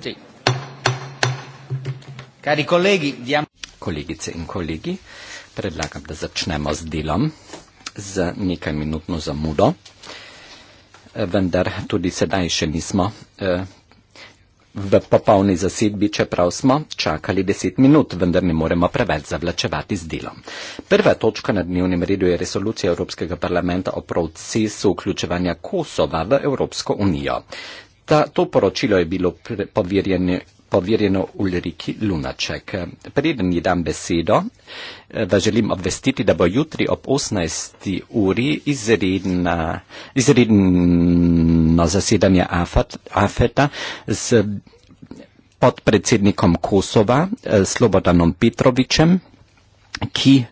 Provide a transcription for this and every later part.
Sì. Cari colleghi, diamo... Kolegice in kolegi, predlagam, da začnemo z delom z nekaj minutno zamudo, e, vendar tudi sedaj še nismo e, v popolni zasedbi, čeprav smo čakali deset minut, vendar ne moremo preveč zavlačevati z delom. Prva točka na dnevnem redu je resolucija Evropskega parlamenta o procesu vključevanja Kosova v Evropsko unijo. Ta, to poročilo je bilo povirjeno povirjeno Ulriki Lunaček. Preden ji dam besedo, da eh, želim obvestiti, da bo jutri ob 18. uri izredna, izredno zasedanje AFET, AFETA z podpredsednikom Kosova eh, Slobodanom Petrovičem, ki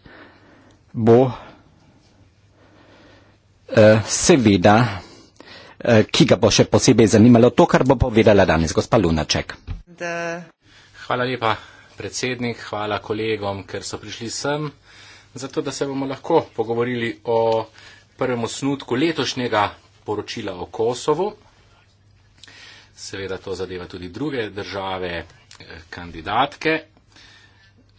bo eh, seveda Eh, ki ga bo še posebej zanimalo to, kar bo povedala danes gospa Lunaček. The... Hvala lepa, predsednik, hvala kolegom, ker so prišli sem, zato da se bomo lahko pogovorili o prvem osnutku letošnjega poročila o Kosovu. Seveda to zadeva tudi druge države eh, kandidatke,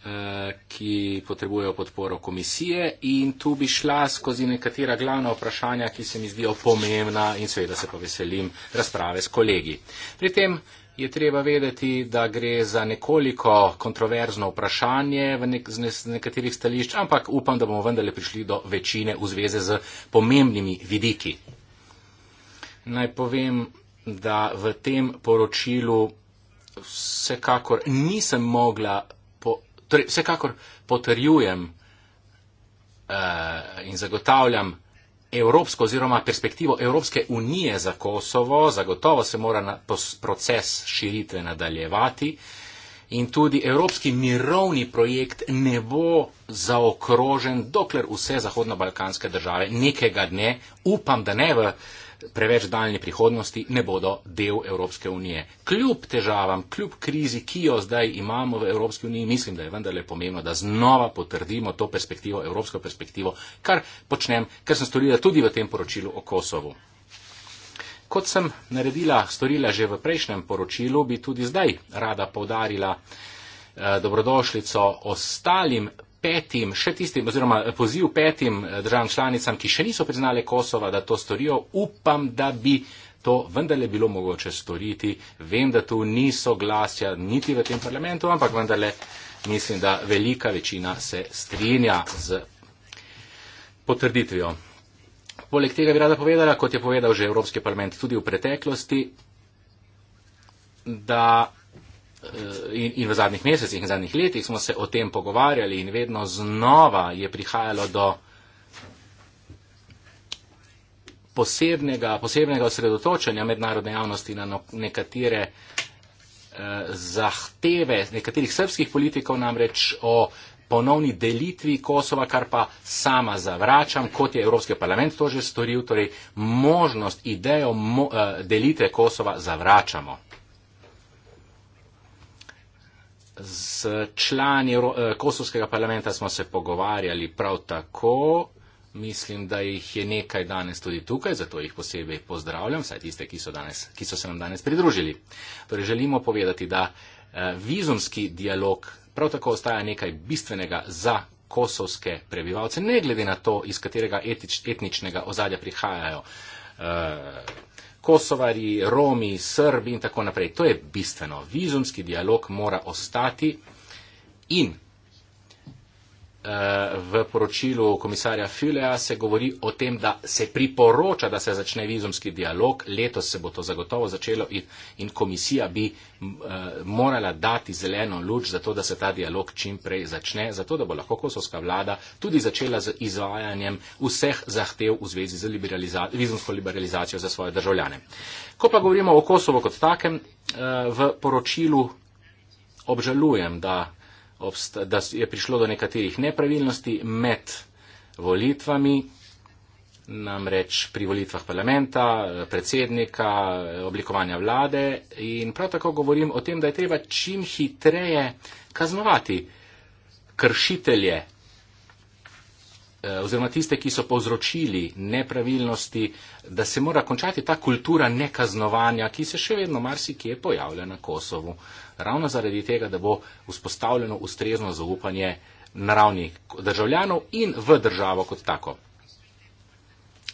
Eh, ki potrebujejo podporo komisije in tu bi šla skozi nekatera glavna vprašanja, ki se mi zdijo pomembna in seveda se pa veselim razprave s kolegi. Pri tem je treba vedeti, da gre za nekoliko kontroverzno vprašanje v nek ne nekaterih stališč, ampak upam, da bomo vendarle prišli do večine v zveze z pomembnimi vidiki. Naj povem, da v tem poročilu vsekakor nisem mogla Torej, vsekakor potrjujem uh, in zagotavljam evropsko oziroma perspektivo Evropske unije za Kosovo, zagotovo se mora na, pos, proces širitve nadaljevati in tudi evropski mirovni projekt ne bo zaokrožen, dokler vse zahodno-balkanske države nekega dne, upam, da ne v. Uh, preveč daljni prihodnosti ne bodo del Evropske unije. Kljub težavam, kljub krizi, ki jo zdaj imamo v Evropski uniji, mislim, da je vendarle pomembno, da znova potrdimo to perspektivo, evropsko perspektivo, kar počnem, kar sem storila tudi v tem poročilu o Kosovu. Kot sem naredila, storila že v prejšnjem poročilu, bi tudi zdaj rada povdarila eh, dobrodošlico ostalim petim, še tistim, oziroma poziv petim eh, državam članicam, ki še niso priznale Kosova, da to storijo, upam, da bi to vendarle bilo mogoče storiti. Vem, da tu ni soglasja niti v tem parlamentu, ampak vendarle mislim, da velika večina se strinja z potrditvijo. Poleg tega bi rada povedala, kot je povedal že Evropski parlament tudi v preteklosti, da Eh, in, in v zadnjih mesecih in zadnjih letih smo se o tem pogovarjali in vedno znova je prihajalo do posebnega, posebnega osredotočanja mednarodne javnosti na no, nekatere eh, zahteve nekaterih srpskih politikov namreč o ponovni delitvi Kosova, kar pa sama zavračam, kot je Evropski parlament to že storil, torej možnost, idejo mo, eh, delitve Kosova zavračamo. Z člani eh, kosovskega parlamenta smo se pogovarjali prav tako. Mislim, da jih je nekaj danes tudi tukaj, zato jih posebej pozdravljam, vsaj tiste, ki so, danes, ki so se nam danes pridružili. Torej, želimo povedati, da eh, vizumski dialog prav tako ostaja nekaj bistvenega za kosovske prebivalce, ne glede na to, iz katerega etič, etničnega ozadja prihajajo. Eh, Kosovari, Romi, Srbi in tako naprej. To je bistveno. Vizumski dialog mora ostati in v poročilu komisarja Fileja se govori o tem, da se priporoča, da se začne vizumski dialog. Letos se bo to zagotovo začelo in, in komisija bi eh, morala dati zeleno luč za to, da se ta dialog čim prej začne, zato da bo lahko kosovska vlada tudi začela z izvajanjem vseh zahtev v zvezi z liberaliza vizumsko liberalizacijo za svoje državljane. Ko pa govorimo o Kosovo kot takem, eh, v poročilu obžalujem, da da je prišlo do nekaterih nepravilnosti med volitvami, namreč pri volitvah parlamenta, predsednika, oblikovanja vlade in prav tako govorim o tem, da je treba čim hitreje kaznovati kršitelje Eh, oziroma tiste, ki so povzročili nepravilnosti, da se mora končati ta kultura nekaznovanja, ki se še vedno marsikje pojavlja na Kosovu. Ravno zaradi tega, da bo vzpostavljeno ustrezno zaupanje na ravni državljanov in v državo kot tako.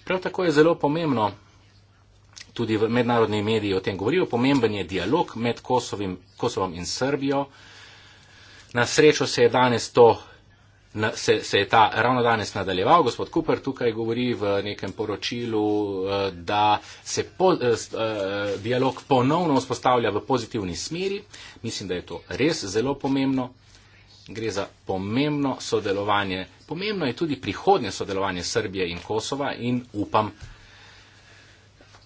Prav tako je zelo pomembno, tudi v mednarodni mediji o tem govorijo, pomemben je dialog med Kosovim, Kosovom in Srbijo. Na srečo se je danes to na, se, se je ta ravno danes nadaljeval. Gospod Kuper tukaj govori v nekem poročilu, eh, da se po, eh, eh, dialog ponovno vzpostavlja v pozitivni smeri. Mislim, da je to res zelo pomembno. Gre za pomembno sodelovanje. Pomembno je tudi prihodnje sodelovanje Srbije in Kosova in upam,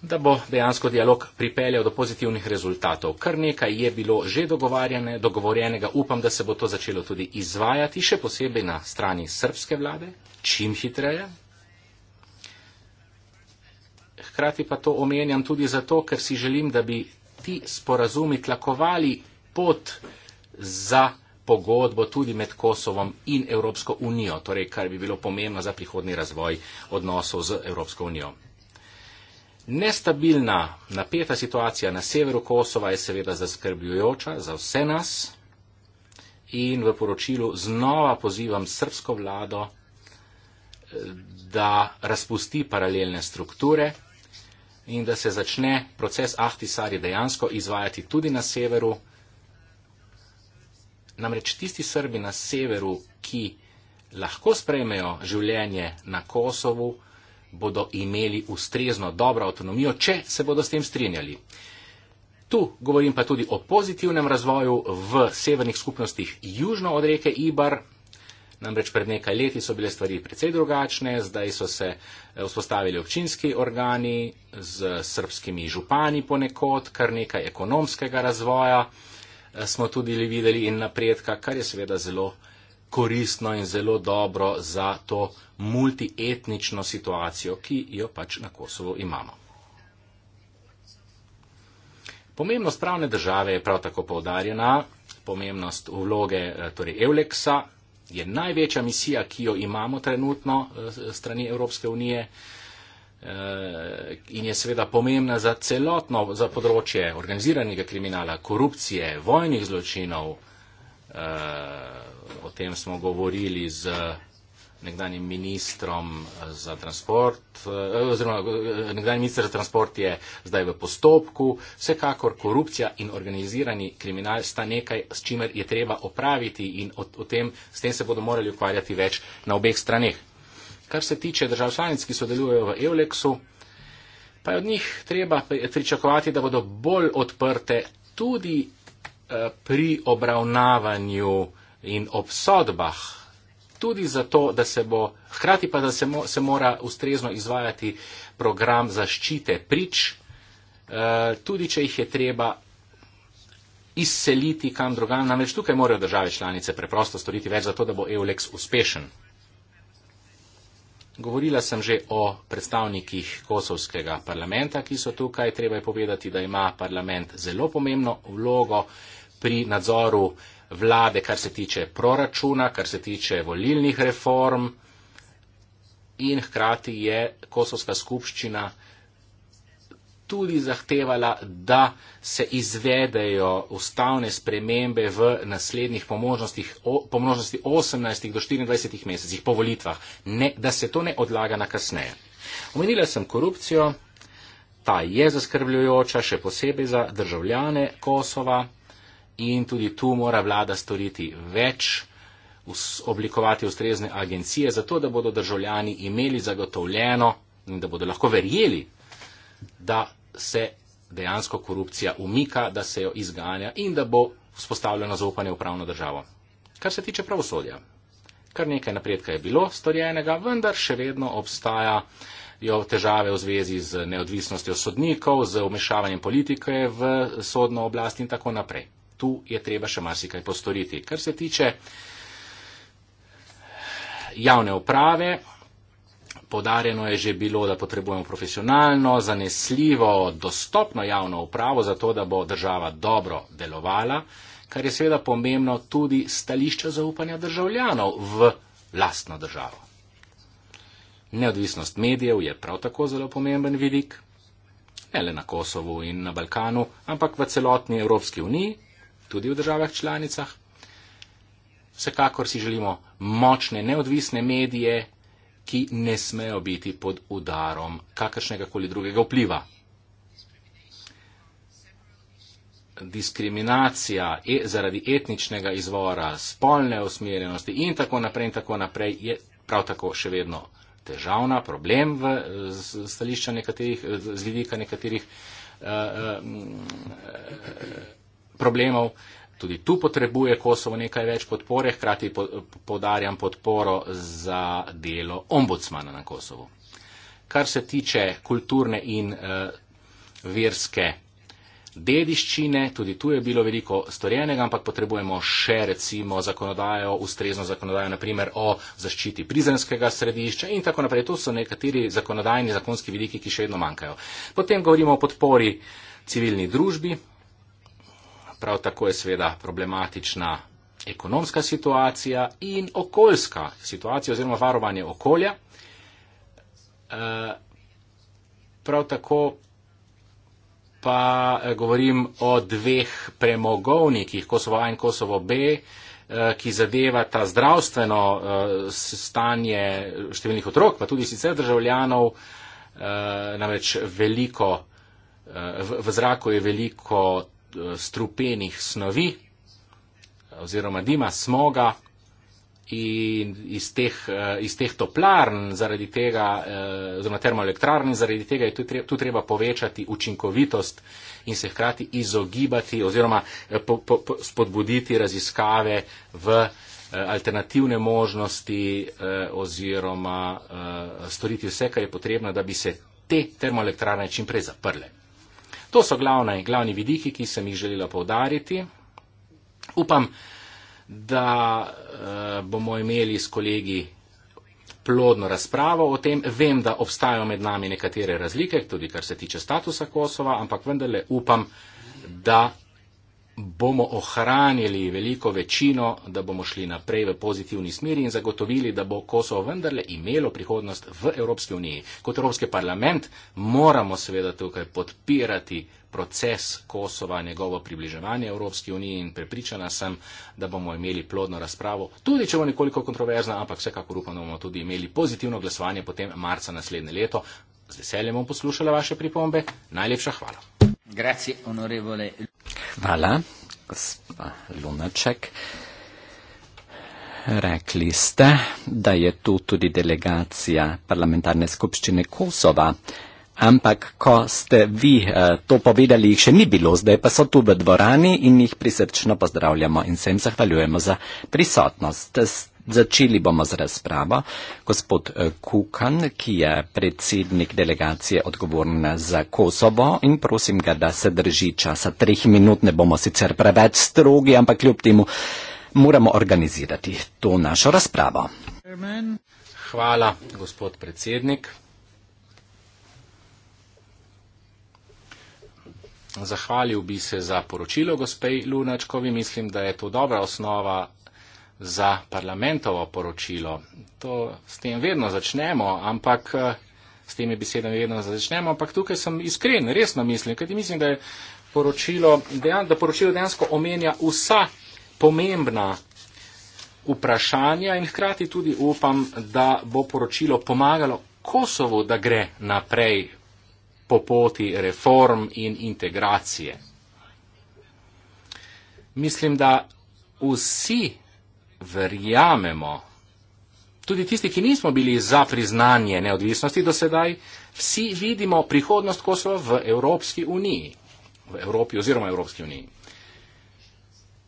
da bo dejansko dialog pripeljal do pozitivnih rezultatov. Kar nekaj je bilo že dogovarjane, dogovorjenega, upam, da se bo to začelo tudi izvajati, še posebej na strani srpske vlade, čim hitreje. Hkrati pa to omenjam tudi zato, ker si želim, da bi ti sporazumi tlakovali pot za pogodbo tudi med Kosovom in Evropsko unijo, torej kar bi bilo pomembno za prihodni razvoj odnosov z Evropsko unijo. Nestabilna, napeta situacija na severu Kosova je seveda zaskrbljujoča za vse nas. In v poročilu znova pozivam srpsko vlado, eh, da razpusti paralelne strukture in da se začne proces Ahtisari dejansko izvajati tudi na severu. Namreč tisti Srbi na severu, ki lahko sprejmejo življenje na Kosovu, bodo imeli ustrezno dobro avtonomijo, če se bodo s tem strinjali. Tu govorim pa tudi o pozitivnem razvoju v severnih skupnostih južno od reke Ibar. Namreč pred nekaj leti so bile stvari precej drugačne, zdaj so se eh, vzpostavili občinski organi z srpskimi župani ponekod, kar nekaj ekonomskega razvoja eh, smo tudi videli in napredka, kar je seveda zelo koristno in zelo dobro za to multietnično situacijo, ki jo pač na Kosovo imamo. Pomembnost pravne države je prav tako povdarjena, pomembnost vloge eh, torej Euleksa je največja misija, ki jo imamo trenutno eh, strani Evropske unije eh, in je seveda pomembna za celotno za področje organiziranega kriminala, korupcije, vojnih zločinov, o tem smo govorili z nekdanjim ministrom za transport, eh, oziroma eh, nekdanji minister za transport je zdaj v postopku. Vsekakor korupcija in organizirani kriminal sta nekaj, s čimer je treba opraviti in o, o tem, s tem se bodo morali ukvarjati več na obeh straneh. Kar se tiče držav članic, ki sodelujejo v Euleksu, pa je od njih treba pričakovati, da bodo bolj odprte tudi eh, pri obravnavanju uh, in obsodbah, tudi zato, da se bo, hkrati pa, da se, mo, se mora ustrezno izvajati program zaščite prič, eh, tudi če jih je treba izseliti kam drugam. Namreč tukaj morajo države članice preprosto storiti več za to, da bo EULEX uspešen. Govorila sem že o predstavnikih kosovskega parlamenta, ki so tukaj. Treba je povedati, da ima parlament zelo pomembno vlogo pri nadzoru uh, vlade, kar se tiče proračuna, kar se tiče volilnih reform in hkrati je Kosovska skupščina tudi zahtevala, da se izvedejo ustavne spremembe v naslednjih pomožnostih, pomožnosti 18 do 24 mesecih po volitvah, ne, da se to ne odlaga na kasneje. Omenila sem korupcijo, ta je zaskrbljujoča, še posebej za državljane Kosova in tudi tu mora vlada storiti več, oblikovati ustrezne agencije, zato da bodo državljani imeli zagotovljeno in da bodo lahko verjeli, da se dejansko korupcija umika, da se jo izganja in da bo vzpostavljeno zaupanje v pravno državo. Kar se tiče pravosodja, kar nekaj napredka je bilo storjenega, vendar še vedno obstaja. Jo težave v zvezi z neodvisnostjo sodnikov, z umešavanjem politike v sodno oblast in tako naprej tu je treba še marsikaj postoriti. Kar se tiče javne uprave, podarjeno je že bilo, da potrebujemo profesionalno, zanesljivo, dostopno javno upravo, zato da bo država dobro delovala, kar je seveda pomembno tudi stališča zaupanja državljanov v lastno državo. Neodvisnost medijev je prav tako zelo pomemben vidik, ne le na Kosovu in na Balkanu, ampak v celotni Evropski uniji tudi v državah članicah. Vsekakor si želimo močne, neodvisne medije, ki ne smejo biti pod udarom kakršnega koli drugega vpliva. Diskriminacija e, zaradi etničnega izvora, spolne usmerjenosti in tako naprej in tako naprej je prav tako še vedno težavna, problem v, z, z stališča nekaterih, z vidika nekaterih. Uh, uh, uh, uh, problemov. Tudi tu potrebuje Kosovo nekaj več podpore, hkrati po, podarjam podporo za delo ombudsmana na Kosovo. Kar se tiče kulturne in uh, verske dediščine, tudi tu je bilo veliko storjenega, ampak potrebujemo še recimo zakonodajo, ustrezno zakonodajo, naprimer o zaščiti prizrenskega središča in tako naprej. To so nekateri zakonodajni, zakonski vidiki, ki še vedno manjkajo. Potem govorimo o podpori civilni družbi, prav tako je seveda problematična ekonomska situacija in okoljska situacija oziroma varovanje okolja. Eh, prav tako pa eh, govorim o dveh premogovnikih, Kosovo A in Kosovo B, eh, ki zadeva ta zdravstveno stanje številnih otrok, pa tudi sicer državljanov, namreč veliko, v zraku je veliko strupenih snovi oziroma dima smoga in iz teh, eh, iz teh toplarn zaradi tega, eh, oziroma termoelektrarn zaradi tega je tu treba povečati učinkovitost in se hkrati izogibati oziroma eh, po, po, po, spodbuditi raziskave v alternativne možnosti oziroma storiti vse, kar je potrebno, da bi se te termoelektrarne čimprej zaprle. To so glavne, glavni vidiki, ki sem jih želela povdariti. Upam, da uh, bomo imeli s kolegi plodno razpravo o tem. Vem, da obstajajo med nami nekatere razlike, tudi kar se tiče statusa Kosova, ampak vendarle upam, da bomo ohranili veliko večino, da bomo šli naprej v pozitivni smeri in zagotovili, da bo Kosovo vendarle imelo prihodnost v Evropski uniji. Kot Evropski parlament moramo seveda tukaj podpirati proces Kosova, njegovo približevanje Evropski uniji in prepričana sem, da bomo imeli plodno razpravo, tudi če bo nekoliko kontroverzna, ampak vsekakor upam, da bomo tudi imeli pozitivno glasovanje potem marca naslednje leto. Z veseljem bom poslušala vaše pripombe. Najlepša hvala. Grazie onorevole. Hvala, gospa Lunaček. Rekli ste, da je tu tudi delegacija parlamentarne skupščine Kosova, ampak ko ste vi uh, to povedali, jih še ni bilo, zdaj pa so tu v dvorani in jih prisrčno pozdravljamo in se jim zahvaljujemo za prisotnost. Ste Začeli bomo z razpravo. Gospod eh, Kukan, ki je predsednik delegacije odgovoren za Kosovo in prosim ga, da se drži časa. Treh minut ne bomo sicer preveč strogi, ampak kljub temu moramo organizirati to našo razpravo. Hvala, gospod predsednik. Zahvalil bi se za poročilo gospej Lunačkovi. Mislim, da je to dobra osnova za parlamentovo poročilo. To s tem vedno začnemo, ampak eh, s temi besedami vedno začnemo, ampak tukaj sem iskren, resno mislim, kajti mislim, da je poročilo, dejan, da poročilo dejansko omenja vsa pomembna vprašanja in hkrati tudi upam, da bo poročilo pomagalo Kosovo, da gre naprej po poti reform in integracije. Mislim, da vsi verjamemo. Tudi tisti, ki nismo bili za priznanje neodvisnosti do sedaj, vsi vidimo prihodnost Kosova v Evropski uniji, v Evropi oziroma Evropski uniji.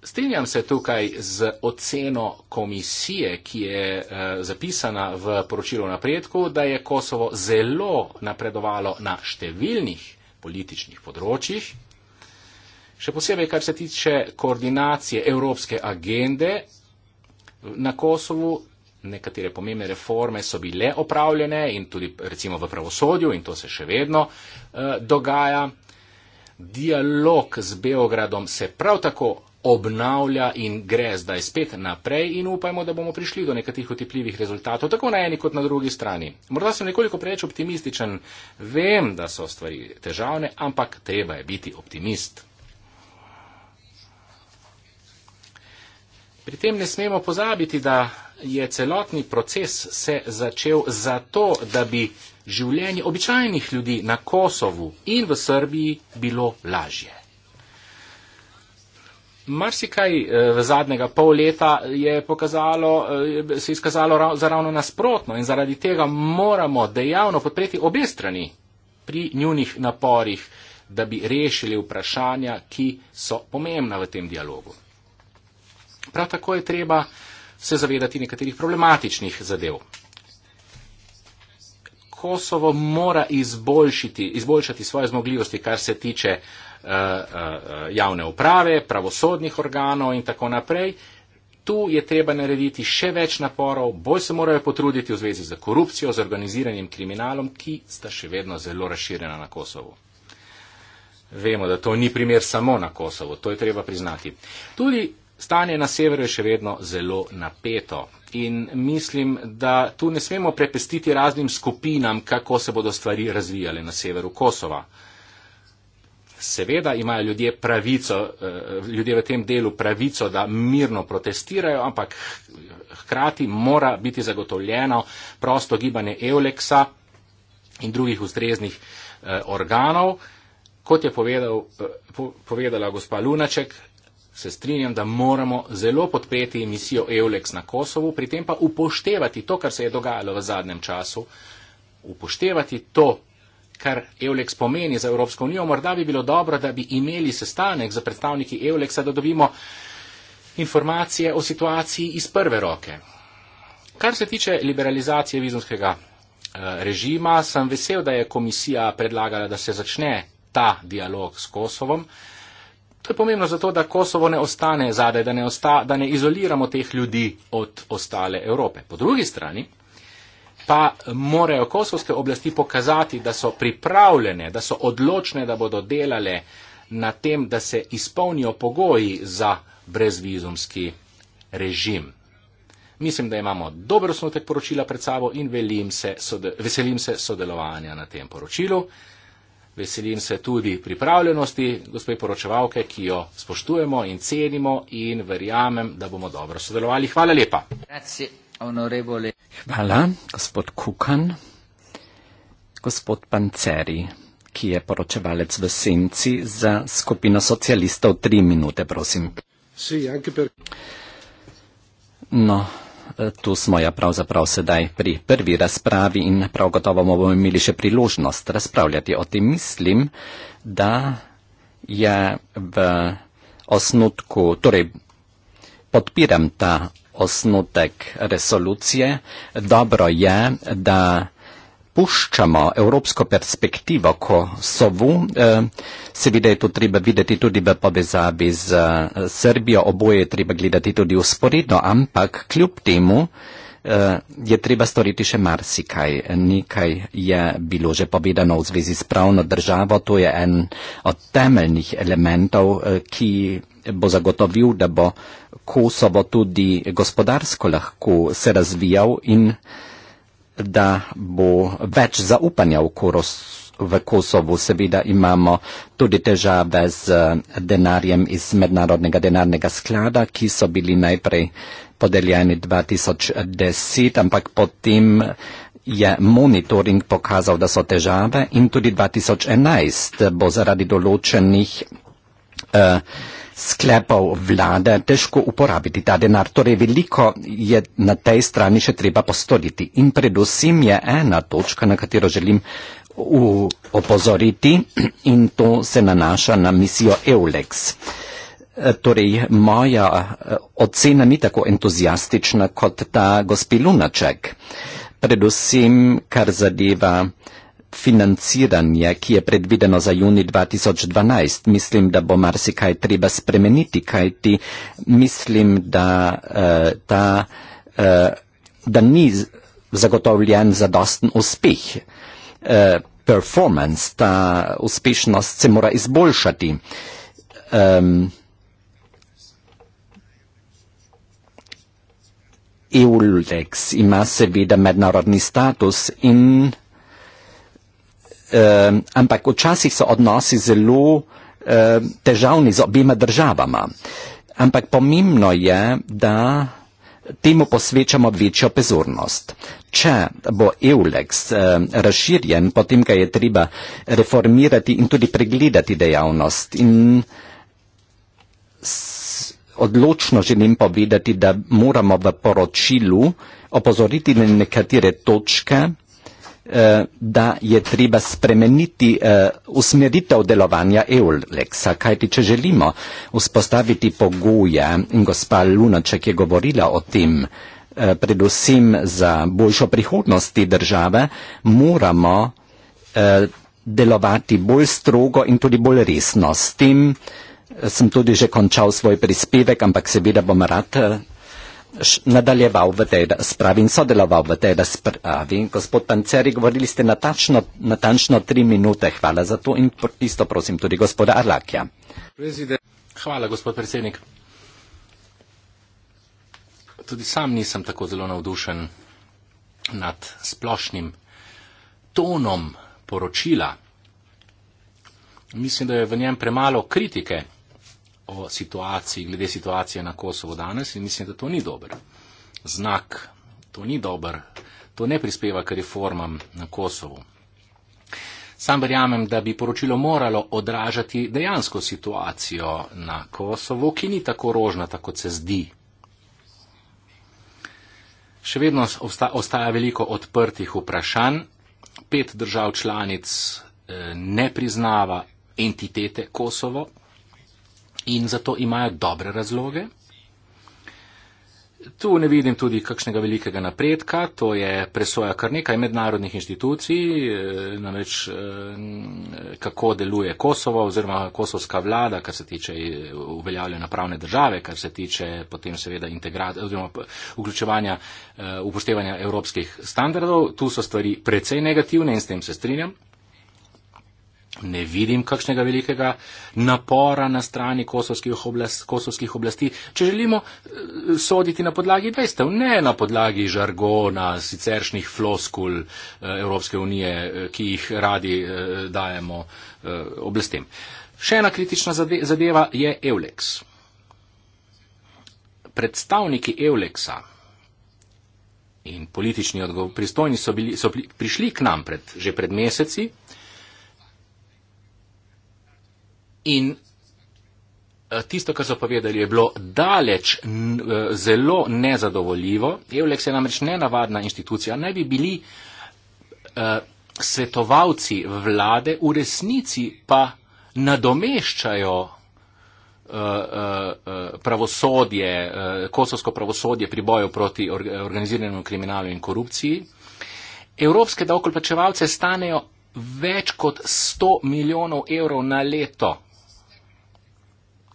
Strinjam se tukaj z oceno komisije, ki je eh, zapisana v poročilu napredku, da je Kosovo zelo napredovalo na številnih političnih področjih, še posebej kar se tiče koordinacije evropske agende na Kosovu. Nekatere pomembne reforme so bile opravljene in tudi recimo v pravosodju in to se še vedno eh, dogaja. Dialog z Beogradom se prav tako obnavlja in gre zdaj spet naprej in upajmo, da bomo prišli do nekatih otepljivih rezultatov, tako na eni kot na drugi strani. Morda sem nekoliko preveč optimističen, vem, da so stvari težavne, ampak treba je biti optimist. Pri tem ne smemo pozabiti, da je celotni proces se začel zato, da bi življenje običajnih ljudi na Kosovu in v Srbiji bilo lažje. Marsikaj eh, v zadnjega pol leta je pokazalo, eh, se je izkazalo za ravno nasprotno in zaradi tega moramo dejavno podpreti obe strani pri njunih naporih, da bi rešili vprašanja, ki so pomembna v tem dialogu. Prav tako je treba se zavedati nekaterih problematičnih zadev. Kosovo mora izboljšati svoje zmogljivosti, kar se tiče uh, uh, javne uprave, pravosodnih organov in tako naprej. Tu je treba narediti še več naporov, bolj se morajo potruditi v zvezi z korupcijo, z organiziranjem kriminalom, ki sta še vedno zelo razširjena na Kosovo. Vemo, da to ni primer samo na Kosovo, to je treba priznati. Tudi Stanje na severu je še vedno zelo napeto in mislim, da tu ne smemo prepestiti raznim skupinam, kako se bodo stvari razvijale na severu Kosova. Seveda imajo ljudje, pravico, eh, ljudje v tem delu pravico, da mirno protestirajo, ampak hkrati mora biti zagotovljeno prosto gibanje Euleksa in drugih ustreznih eh, organov. Kot je povedal, eh, po, povedala gospa Lunaček, se strinjam, da moramo zelo podpreti misijo Eulex na Kosovu, pri tem pa upoštevati to, kar se je dogajalo v zadnjem času, upoštevati to, kar Eulex pomeni za Evropsko unijo. Morda bi bilo dobro, da bi imeli sestanek za predstavniki Eulexa, da dobimo informacije o situaciji iz prve roke. Kar se tiče liberalizacije vizumskega eh, režima, sem vesel, da je komisija predlagala, da se začne ta dialog s Kosovom. To je pomembno zato, da Kosovo ne ostane zadaj, da ne, osta, da ne izoliramo teh ljudi od ostale Evrope. Po drugi strani pa morajo kosovske oblasti pokazati, da so pripravljene, da so odločne, da bodo delale na tem, da se izpolnijo pogoji za brezvizumski režim. Mislim, da imamo dober osnotek poročila pred sabo in se, sode, veselim se sodelovanja na tem poročilu. Veselim se tudi pripravljenosti gospe poročevalke, ki jo spoštujemo in cenimo in verjamem, da bomo dobro sodelovali. Hvala lepa. Hvala, gospod Kukan. Gospod Panceri, ki je poročevalec v Senci za skupino socialistov, tri minute, prosim. No, E, tu smo ja pravzaprav sedaj pri prvi razpravi in prav gotovo bomo imeli še priložnost razpravljati o tem. Mislim, da je v osnutku, torej podpiram ta osnutek resolucije. Dobro je, da opuščamo evropsko perspektivo Kosovu, eh, seveda je to treba videti tudi v povezavi z eh, Srbijo, oboje treba gledati tudi usporedno, ampak kljub temu eh, je treba storiti še marsikaj. Nekaj je bilo že povedano v zvezi s pravno državo, to je en od temeljnih elementov, ki bo zagotovil, da bo Kosovo tudi gospodarsko lahko se razvijal in da bo več zaupanja v, Koros, v Kosovu. Seveda imamo tudi težave z eh, denarjem iz mednarodnega denarnega sklada, ki so bili najprej podeljeni 2010, ampak potem je monitoring pokazal, da so težave in tudi 2011 bo zaradi določenih uh, sklepov vlade težko uporabiti ta denar. Torej, veliko je na tej strani še treba postoriti. In predvsem je ena točka, na katero želim opozoriti in to se nanaša na misijo EULEX. E, torej, moja e, ocena ni tako entuzijastična kot ta gospi Lunaček. Predvsem, kar zadeva uh, financiranje, ki je predvideno za juni 2012. Mislim, da bo marsikaj treba spremeniti, kajti mislim, da, uh, ta, uh, da ni zagotovljen zadosten uspeh. Uh, performance, ta uspešnost se mora izboljšati. Um, EULEX ima seveda mednarodni status in Ehm, ampak včasih so odnosi zelo eh, težavni z obima državama. Ampak pomembno je, da temu posvečamo večjo pozornost. Če bo EULEX eh, razširjen, potem ga je treba reformirati in tudi pregledati dejavnost. In odločno želim povedati, da moramo v poročilu opozoriti na nekatere točke, eh, da je treba spremeniti eh, usmeritev delovanja EULEX-a, kajti če želimo vzpostaviti pogoje, in gospa Lunaček je govorila o tem, eh, predvsem za boljšo prihodnost te države, moramo eh, delovati bolj strogo in tudi bolj resno. S tem eh, sem tudi že končal svoj prispevek, ampak seveda bom rad. Eh, nadaljeval v tej razpravi in sodeloval v tej razpravi. Gospod Panceri, govorili ste natačno, natančno tri minute. Hvala za to in isto prosim tudi gospoda Arlakja. Hvala, gospod predsednik. Tudi sam nisem tako zelo navdušen nad splošnim tonom poročila. Mislim, da je v njem premalo kritike o situaciji, glede situacije na Kosovo danes in mislim, da to ni dober znak, to ni dober, to ne prispeva k reformam na Kosovu. Sam verjamem, da bi poročilo moralo odražati dejansko situacijo na Kosovu, ki ni tako rožnata, kot se zdi. Še vedno obsta, ostaja veliko odprtih vprašanj. Pet držav članic eh, ne priznava entitete Kosovo, in zato imajo dobre razloge. Tu ne vidim tudi kakšnega velikega napredka, to je presoja kar nekaj mednarodnih inštitucij, eh, namreč eh, kako deluje Kosovo oziroma kosovska vlada, kar se tiče eh, uveljavljanja pravne države, kar se tiče potem seveda integracije oziroma vključevanja upoštevanja evropskih standardov. Tu so stvari precej negativne in s tem se strinjam. Ne vidim kakšnega velikega napora na strani kosovskih, oblast, kosovskih oblasti, če želimo eh, soditi na podlagi dejstev, ne na podlagi žargona, siceršnih floskul eh, Evropske unije, eh, ki jih radi dajemo oblastem. Še ena kritična zadeva je Eulex. Predstavniki Eulexa in politični odgovorni pristojni so, bili, so prišli k nam pred, že pred meseci In eh, tisto, kar so povedali, je bilo daleč eh, zelo nezadovoljivo. Evleks je namreč nenavadna institucija. Naj bi bili uh, svetovalci vlade, v resnici pa nadomeščajo pravosodje, kosovsko pravosodje pri boju proti organiziranemu kriminalu in korupciji. Evropske davkoplačevalce stanejo več kot 100 milijonov evrov na leto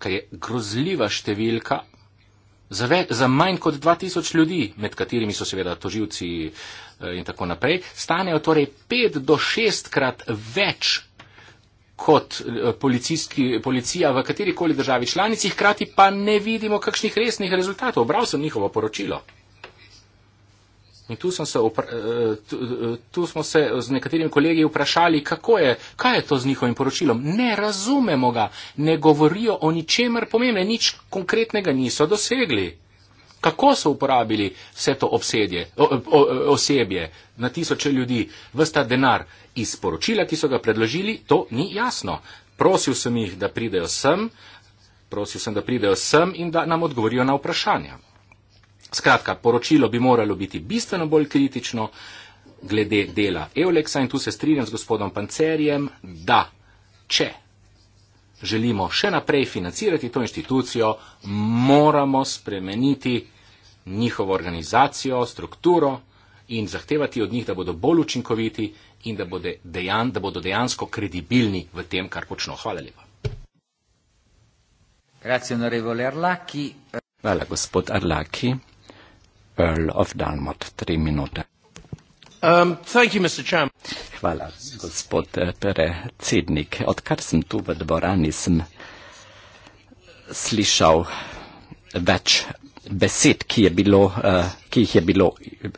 kar je grozljiva številka za, ve, za manj kot 2000 ljudi, med katerimi so seveda toživci eh, in tako naprej, stanejo torej pet do šestkrat več kot eh, policija v katerikoli državi članici, hkrati pa ne vidimo kakšnih resnih rezultatov. Obral sem njihovo poročilo. In tu, se eh, tu, eh, tu smo se z nekaterimi kolegi vprašali, kako je, kaj je to z njihovim poročilom. Ne razumemo ga, ne govorijo o ničemer pomembnem, nič konkretnega niso dosegli. Kako so uporabili vse to obsedje, o, o, osebje na tisoče ljudi, vsta denar iz poročila, ki so ga predložili, to ni jasno. Prosil sem jih, da pridejo sem, prosil sem, da pridejo sem in da nam odgovorijo na vprašanja. Skratka, poročilo bi moralo biti bistveno bolj kritično glede dela Euleksa in tu se strinjam z gospodom Pancerjem, da če želimo še naprej financirati to inštitucijo, moramo spremeniti njihovo organizacijo, strukturo in zahtevati od njih, da bodo bolj učinkoviti in da, bode, dejan, da bodo dejansko kredibilni v tem, kar počno. Hvala lepa. Grazie, Hvala, gospod Arlaki. Earl of Dalmat, tri minute. Um, thank you, Mr. Hvala, gospod eh, predsednik. Odkar sem tu v dvorani, sem slišal več besed, ki, je bilo, uh, ki jih je bilo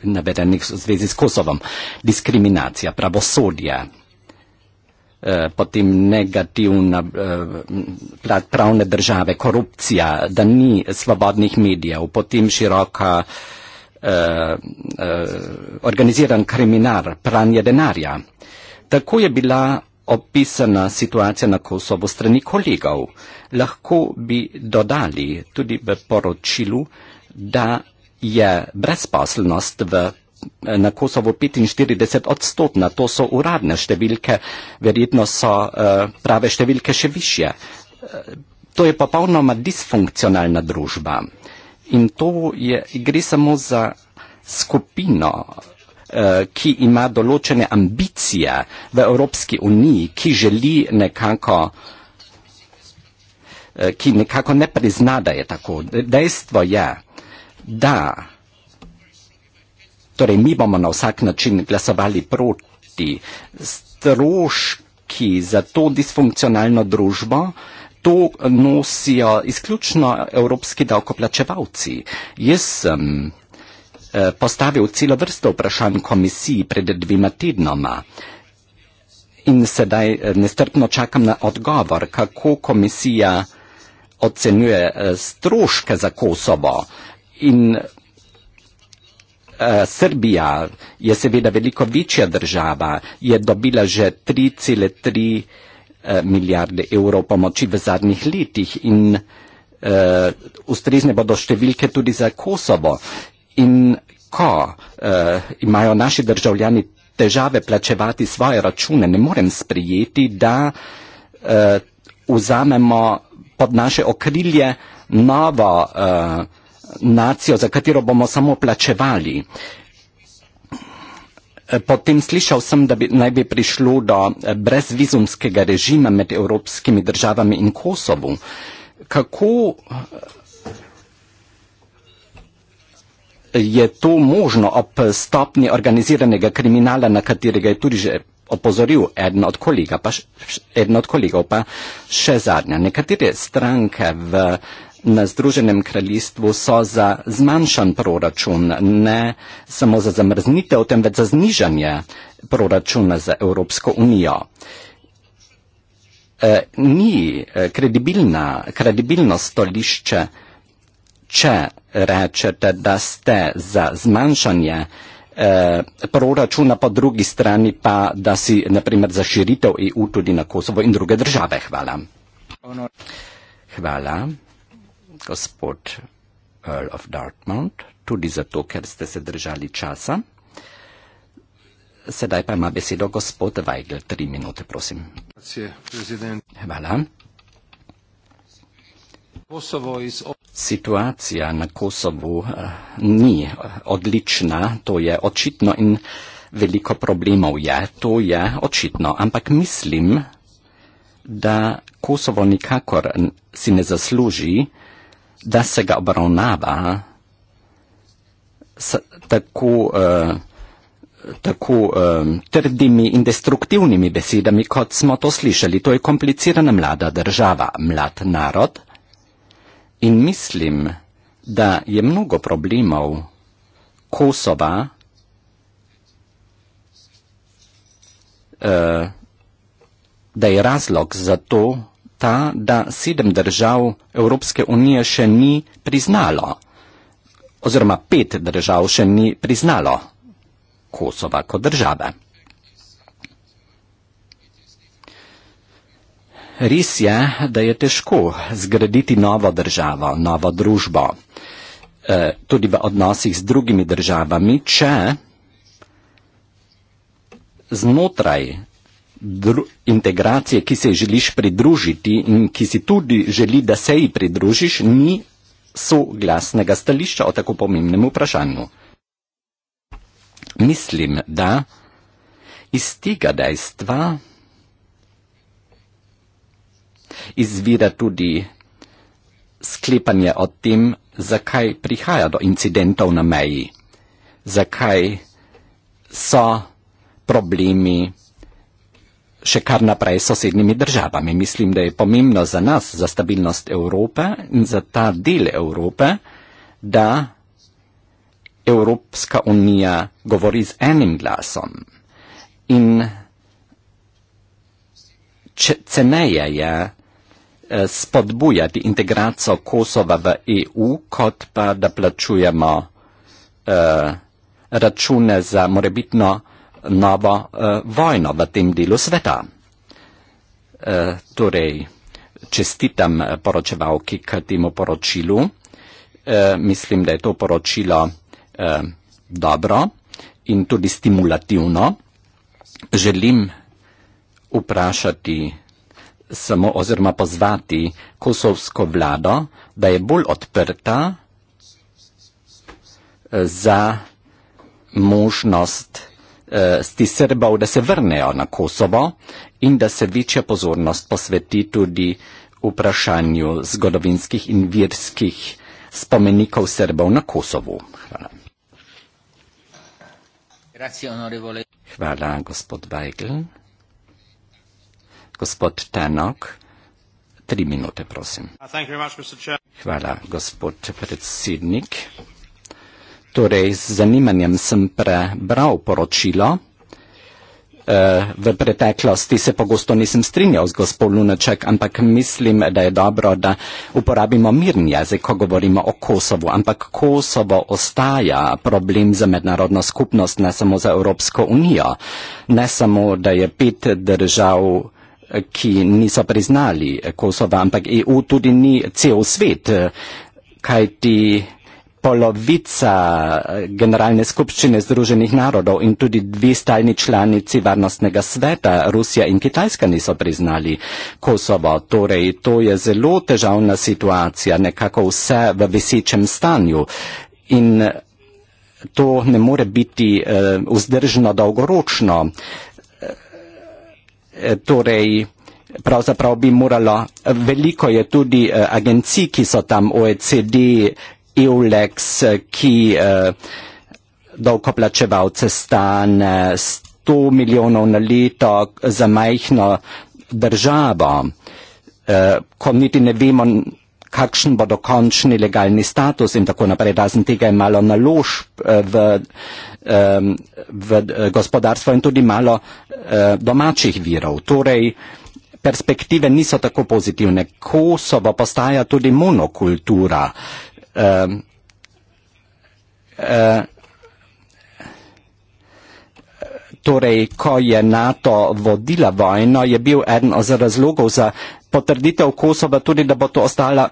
navedenih v zvezi s Kosovom. Diskriminacija, pravosodje, uh, potem negativna uh, pravne države, korupcija, da ni svobodnih medijev, potem široka. Uh, Eh, eh, organiziran kriminal, pranje denarja. Tako je bila opisana situacija na Kosovo strani kolegov. Lahko bi dodali tudi v poročilu, da je brezposelnost v eh, na Kosovo 45 odstotna, to so uradne številke, verjetno so uh, prave številke še više. Uh, to je popolnoma disfunkcionalna družba. Uh, in to je, gre samo za skupino, eh, ki ima določene ambicije v Evropski uniji, ki želi nekako eh, ki nekako ne prizna, da je tako. Dejstvo je, da torej mi bomo na vsak način glasovali proti stroški za to disfunkcionalno družbo, eh, to nosijo izključno evropski davkoplačevalci. Jaz sem eh, postavil celo vrsto vprašanj komisiji pred dvima tednoma in sedaj eh, nestrpno čakam na odgovor, kako komisija ocenjuje eh, stroške za Kosovo in Srbija je seveda veliko večja država, je dobila že 3,3 milijona Eh, milijarde evrov pomoči v zadnjih letih in uh, ustrezne bodo številke tudi za Kosovo. In ko uh, imajo naši državljani težave plačevati svoje račune, ne morem sprijeti, da uh, vzamemo pod naše okrilje novo uh, nacijo, za katero bomo samo plačevali. Uh, Eh, potem slišal sem, da bi, naj bi prišlo do eh, brezvizumskega režima med evropskimi državami in Kosovo. Kako eh, je to možno ob stopni organiziranega kriminala, na katerega je tudi že opozoril eden od, kolega, pa š, eden od kolegov, pa še zadnja. Nekatere stranke v na Združenem kraljestvu so za zmanjšan proračun, ne samo za zamrznitev, temveč za znižanje proračuna za Evropsko unijo. E, ni e, kredibilna, kredibilno stolišče, če rečete, da ste za zmanjšanje e, proračuna, po drugi strani pa, da si naprimer za širitev EU tudi na Kosovo in druge države. Hvala. Hvala gospod Earl of Dartmouth, tudi zato, ker ste se držali časa. Sedaj pa ima besedo gospod Weigl, tri minute, prosim. Hvala. Situacija na Kosovu eh, ni eh, odlična, to je očitno in veliko problemov je, to je očitno, ampak mislim, da Kosovo nikakor si ne zasluži, da se ga obravnava s, tako, uh, tako um, trdimi in destruktivnimi besedami, kot smo to slišali. To je komplicirana mlada država, mlad narod. In mislim, da je mnogo problemov Kosova uh, da je razlog za to, ta, da sedem držav Evropske unije še ni priznalo, oziroma pet držav še ni priznalo Kosova kot države. Res je, da je težko zgraditi novo državo, novo družbo, eh, tudi v odnosih z drugimi državami, če znotraj integracije, ki se želiš pridružiti in ki si tudi želi, da se ji pridružiš, ni soglasnega stališča o tako pomembnem vprašanju. Mislim, da iz tega dejstva izvira tudi sklepanje o tem, zakaj prihaja do incidentov na meji, zakaj so problemi, še kar naprej s sosednjimi državami. Mislim, da je pomembno za nas, za stabilnost Evrope in za ta del Evrope, da Evropska unija govori z enim glasom. In ceneje je eh, spodbujati integracijo Kosova v EU, kot pa da plačujemo uh, račune za morebitno uh, nova uh, vojna v tem delu sveta. Uh, torej, čestitam eh, poročevalki k temu poročilu. Uh, mislim, da je to poročilo uh, dobro in tudi stimulativno. Želim vprašati samo oziroma pozvati kosovsko vlado, da je bolj odprta za možnost Eh, sti Srbov, da se vrnejo na Kosovo in da se večja pozornost posveti tudi vprašanju zgodovinskih in virskih spomenikov Srbov na Kosovu. Hvala. Hvala, gospod Weigl. Gospod Tenok, tri minute, prosim. Hvala, gospod predsednik. Torej, z zanimanjem sem prebral poročilo. Eh, v preteklosti se pogosto nisem strinjal z gospod Lunaček, ampak mislim, da je dobro, da uporabimo mirn jezik, ko govorimo o Kosovu. Ampak Kosovo ostaja problem za mednarodno skupnost, ne samo za Evropsko unijo. Ne samo, da je pet držav, eh, ki niso priznali Kosova, ampak EU tudi ni cel svet. Eh, Kaj ti polovica eh, generalne skupščine Združenih narodov in tudi dve stalni članici varnostnega sveta, Rusija in Kitajska, niso priznali Kosovo. Torej, to je zelo težavna situacija, nekako vse v visečem stanju. In eh, to ne more biti uh, vzdržno dolgoročno. Torej, pravzaprav bi moralo, veliko je tudi agencij, ki so tam OECD, EULEX, ki eh, dolgoplačevalce stane 100 milijonov na leto za majhno državo, eh, ko niti ne vemo, kakšen bo dokončni legalni status in tako naprej. Razen tega je malo naložb eh, v, v gospodarstvo in tudi malo domačih virov. Torej, perspektive niso tako pozitivne. Kosovo postaja tudi monokultura. Um, uh, torej, ko je NATO vodila vojno, je bil eden od razlogov za potrditev Kosova tudi, da bo, ostala,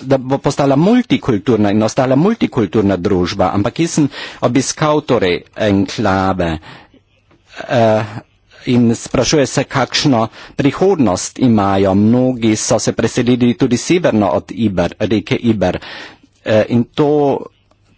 da bo postala multikulturna in ostala multikulturna družba. Ampak jaz sem obiskal torej enklave. Uh, In sprašuje se, kakšno prihodnost imajo. Mnogi so se preselili tudi severno od Iber, reke Iber. Uh, Eh, in to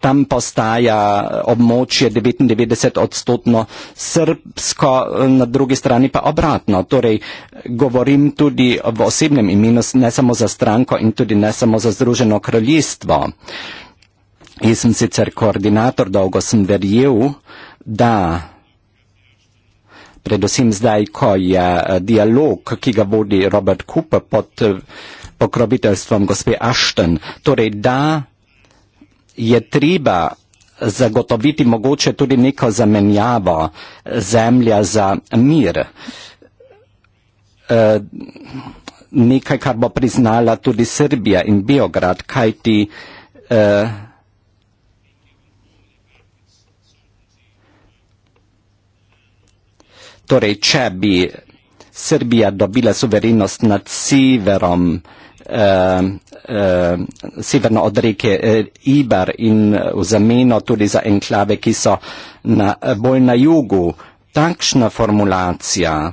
tam postaja območje 99 odstotno srbsko, eh, na drugi strani pa obratno. Torej, govorim tudi v osebnem imenu, ne samo za stranko in tudi ne samo za Združeno kraljestvo. Jaz sem sicer koordinator, dolgo sem verjel, da predvsem zdaj, ko je eh, dialog, ki ga vodi Robert Cooper pod pokroviteljstvom gospe Ashton, torej da je treba zagotoviti mogoče tudi neko zamenjavo zemlja za mir. Eh, nekaj, kar bo priznala tudi Srbija in Biograd, kaj ti eh, Torej, če bi Srbija dobila suverenost nad severom eh, eh, eh, severno od reke eh, Ibar in eh, v zameno tudi za enklave, ki so na, eh, bolj na jugu. Takšna formulacija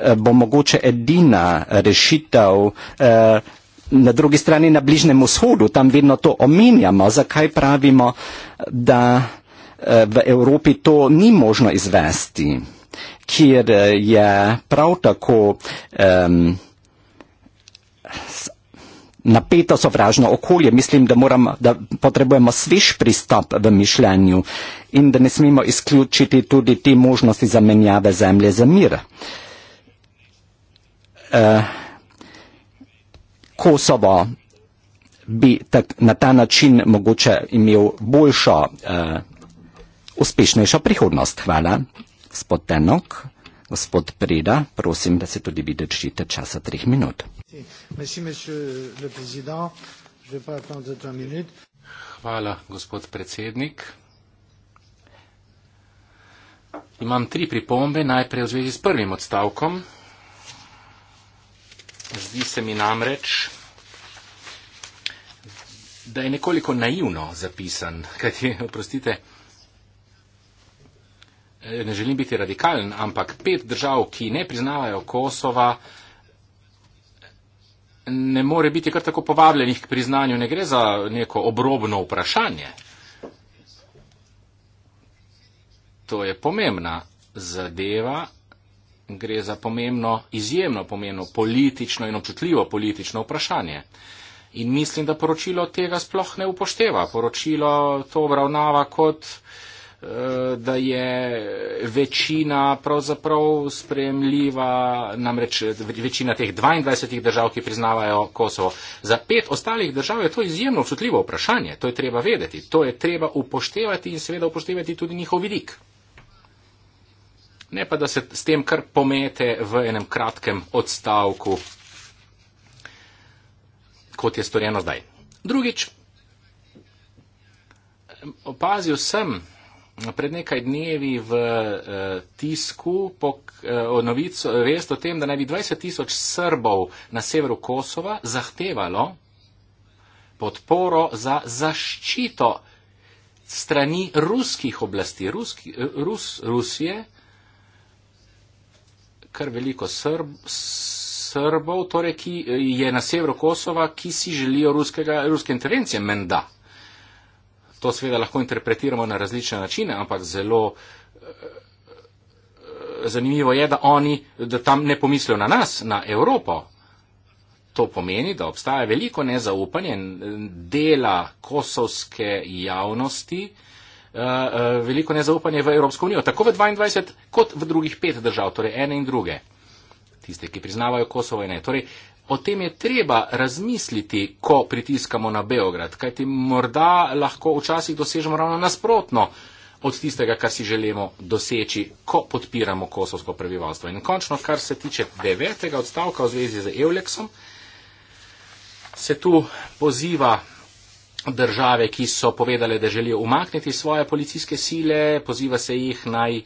eh, bo mogoče edina rešitev eh, na drugi strani na Bližnem vzhodu, tam vedno to omenjamo, zakaj pravimo, da eh, v Evropi to ni možno izvesti, kjer eh, je prav tako eh, napeto sovražno okolje. Mislim, da, moram, da potrebujemo svež pristop v mišljenju in da ne smemo izključiti tudi te možnosti zamenjave zemlje za mir. Eh, Kosovo bi tak, na ta način mogoče imel boljšo, eh, uspešnejšo prihodnost. Hvala, gospod Tenok. Gospod Preda, prosim, da se tudi vi držite časa treh minut. Hvala, gospod predsednik. Imam tri pripombe, najprej v zvezi s prvim odstavkom. Zdi se mi namreč, da je nekoliko naivno zapisan, kajti, oprostite, Eh, ne želim biti radikalen, ampak pet držav, ki ne priznavajo Kosova, ne more biti kar tako povabljenih k priznanju. Ne gre za neko obrobno vprašanje. To je pomembna zadeva. Gre za pomembno, izjemno pomembno politično in občutljivo politično vprašanje. In mislim, da poročilo tega sploh ne upošteva. Poročilo to obravnava kot. Eh, da je večina pravzaprav sprejemljiva, namreč večina teh 22 držav, ki priznavajo Kosovo. Za pet ostalih držav je to izjemno občutljivo vprašanje, to je treba vedeti, to je treba upoštevati in seveda upoštevati tudi njihov vidik. Ne pa, da se s tem kar pomete v enem kratkem odstavku, kot je storjeno zdaj. Drugič, opazil sem, pred nekaj dnevi v eh, tisku pok, eh, o novico, vest o tem, da naj bi 20 tisoč Srbov na severu Kosova zahtevalo podporo za zaščito strani ruskih oblasti, ruski, eh, rus, Rusije, kar veliko Srb, Srbov, torej, ki je na severu Kosova, ki si želijo ruskega, ruske intervencije, menda. To seveda lahko interpretiramo na različne načine, ampak zelo eh, zanimivo je, da oni da tam ne pomislijo na nas, na Evropo. To pomeni, da obstaja veliko nezaupanje eh, dela kosovske javnosti, eh, veliko nezaupanje v Evropsko unijo, tako v 22 kot v drugih pet držav, torej ene in druge, tiste, ki priznavajo Kosovo in ne. Torej, O tem je treba razmisliti, ko pritiskamo na Beograd, kajti morda lahko včasih dosežemo ravno nasprotno od tistega, kar si želimo doseči, ko podpiramo kosovsko prebivalstvo. In končno, kar se tiče devetega odstavka v zvezi z Euleksom, se tu poziva države, ki so povedale, da želijo umakniti svoje policijske sile, poziva se jih naj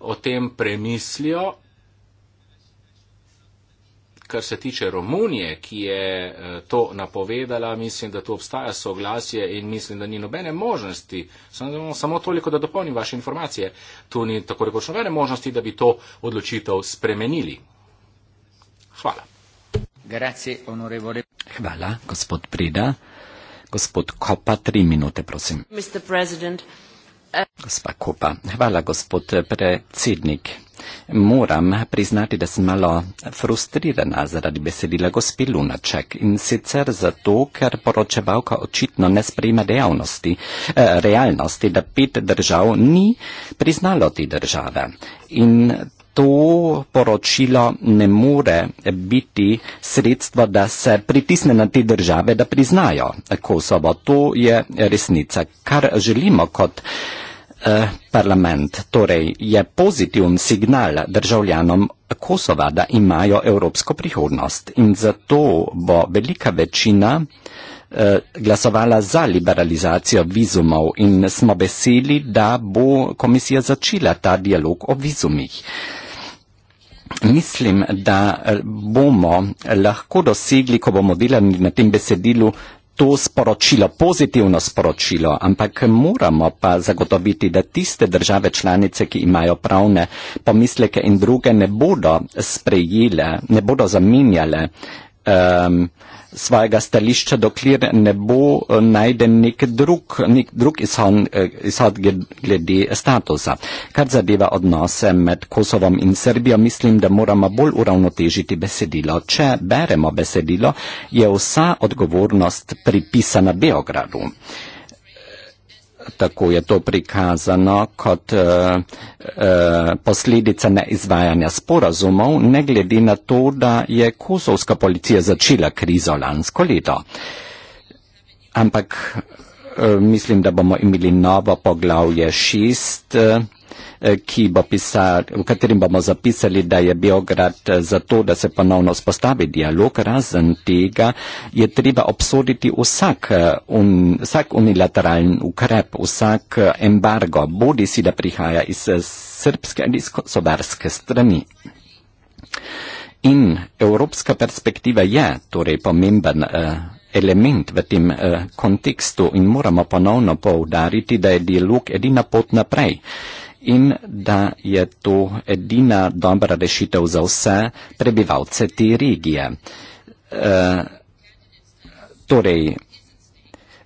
o tem premislijo kar se tiče Romunije, ki je eh, to napovedala, mislim, da tu obstaja soglasje in mislim, da ni nobene možnosti, samo, samo toliko, da dopolnim vaše informacije, tu ni tako rekoč nobene možnosti, da bi to odločitev spremenili. Hvala. Grazie, onorevole. Hvala, gospod Prida. Gospod Kopa, tri minute, prosim. Mr. President, Gospa Kupa, hvala gospod predsednik. Moram priznati, da sem malo frustrirana zaradi besedila gospe Lunaček in sicer zato, ker poročevalka očitno ne sprejme dejavnosti, eh, realnosti, da pet držav ni priznalo te države. In to poročilo ne more biti sredstvo, da se pritisne na te države, da priznajo Kosovo. To je resnica, kar želimo kot eh, parlament. Torej je pozitiven signal državljanom Kosova, da imajo evropsko prihodnost in zato bo velika večina eh, glasovala za liberalizacijo vizumov in smo veseli, da bo komisija začela ta dialog o vizumih. Mislim, da eh, bomo lahko dosegli, ko bomo delali na tem besedilu, to sporočilo, pozitivno sporočilo, ampak moramo pa zagotoviti, da tiste države članice, ki imajo pravne pomisleke in druge, ne bodo sprejele, ne bodo zamenjale uh, um, svojega stališča, dokler ne bo eh, najden nek drug, nek drug izhod, eh, izhod glede statusa. Kar zadeva odnose med Kosovom in Srbijo, mislim, da moramo bolj uravnotežiti besedilo. Če beremo besedilo, je vsa odgovornost pripisana Beogradu tako je to prikazano, kot e, e, posledica neizvajanja sporazumov, ne glede na to, da je kosovska policija začela krizo lansko leto. Ampak e, mislim, da bomo imeli novo poglavje šest. E, Eh, ki bo pisal, v katerem bomo zapisali, da je Biograd eh, za to, da se ponovno spostavi dialog, razen tega je treba obsoditi vsak, eh, un, vsak unilateralen ukrep, vsak embargo, bodi si, da prihaja iz srpske ali iz sobarske strani. In evropska perspektiva je torej pomemben eh, element v tem eh, kontekstu in moramo ponovno poudariti, da je dialog edina pot naprej. Eh, in da je to edina dobra rešitev za vse prebivalce te regije. Uh, torej,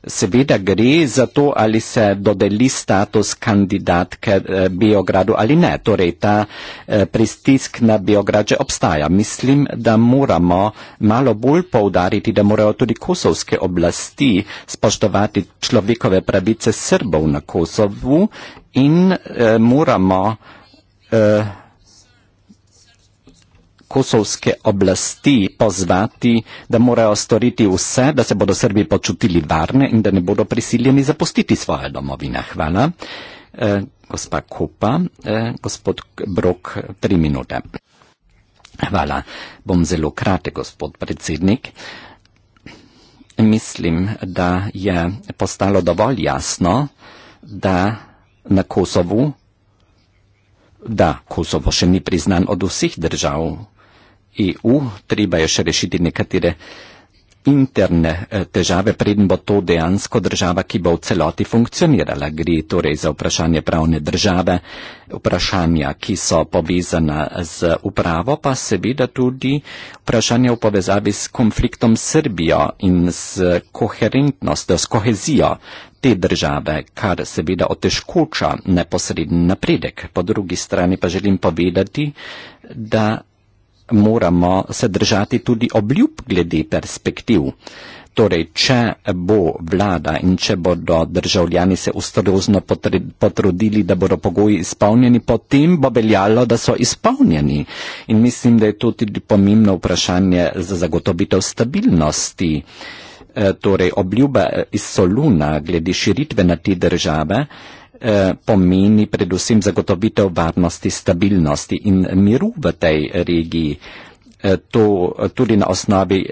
Seveda gre za to, ali se dodeli status kandidatke eh, Biogradu ali ne. Torej, ta eh, pristisk na Biograd že obstaja. Mislim, da moramo malo bolj poudariti, da morajo tudi kosovske oblasti spoštovati človekove pravice Srbov na Kosovu in eh, moramo kosovske oblasti pozvati, da morajo storiti vse, da se bodo Srbi počutili varne in da ne bodo prisiljeni zapustiti svoje domovine. Hvala. E, gospa Kupa, e, gospod Brok, tri minute. Hvala. Bom zelo kratek, gospod predsednik. Mislim, da je postalo dovolj jasno, da na Kosovu, da Kosovo še ni priznan od vseh držav EU, treba je še rešiti nekatere interne eh, težave, preden bo to dejansko država, ki bo v celoti funkcionirala. Gre torej za vprašanje pravne države, vprašanja, ki so povezana z upravo, pa seveda tudi vprašanje v povezavi s konfliktom s Srbijo in s koherentnostjo, s kohezijo te države, kar seveda otežkoča neposreden napredek. Po drugi strani pa želim povedati, da moramo se držati tudi obljub glede perspektiv. Torej, če bo vlada in če bodo državljani se ustrezno potrudili, da bodo pogoji izpolnjeni, potem bo veljalo, da so izpolnjeni. In mislim, da je to tudi pomembno vprašanje za zagotovitev stabilnosti. E, torej, obljuba iz Soluna glede širitve na te države Eh, pomeni predvsem zagotovitev varnosti, stabilnosti in miru v tej regiji. Eh, to eh, tudi na osnovi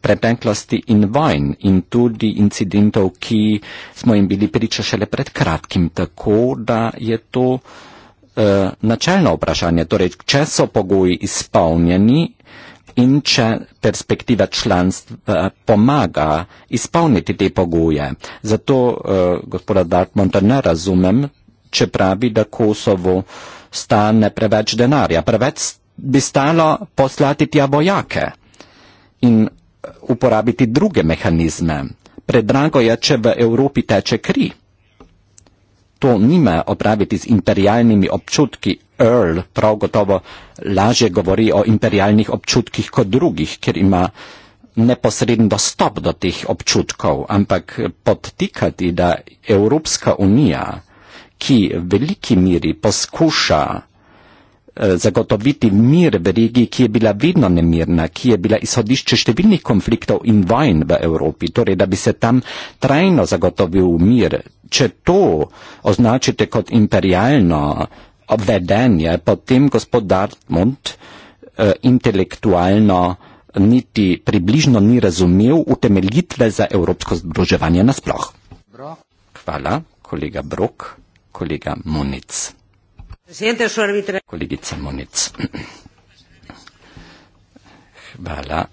preteklosti in vojn in tudi incidentov, ki smo jim bili priča šele pred kratkim, tako da je to uh, načelno vprašanje. Torej, če so pogoji izpolnjeni, in če perspektiva članstva eh, pomaga izpolniti te pogoje. Zato uh, gospoda Dartmonta ne razumem, če pravi, da Kosovo stane preveč denarja. Preveč bi stalo poslati tja vojake in eh, uporabiti druge mehanizme. Predrago je, če v Evropi teče kri. To nima opraviti z imperialnimi občutki Earl prav gotovo lažje govori o imperialnih občutkih kot drugih, ker ima neposreden dostop do teh občutkov, ampak podtikati, da Evropska unija, ki v veliki miri poskuša eh, zagotoviti mir v regiji, ki je bila vedno nemirna, ki je bila izhodišče številnih konfliktov in vojn v Evropi, torej da bi se tam trajno zagotovil mir. Če to označite kot imperialno obvedenje potem gospod Dartmund uh, eh, intelektualno niti približno ni razumel utemeljitve za evropsko združevanje nasploh. Hvala, kolega Brok, kolega Munic. Kolegica Munic. Hvala,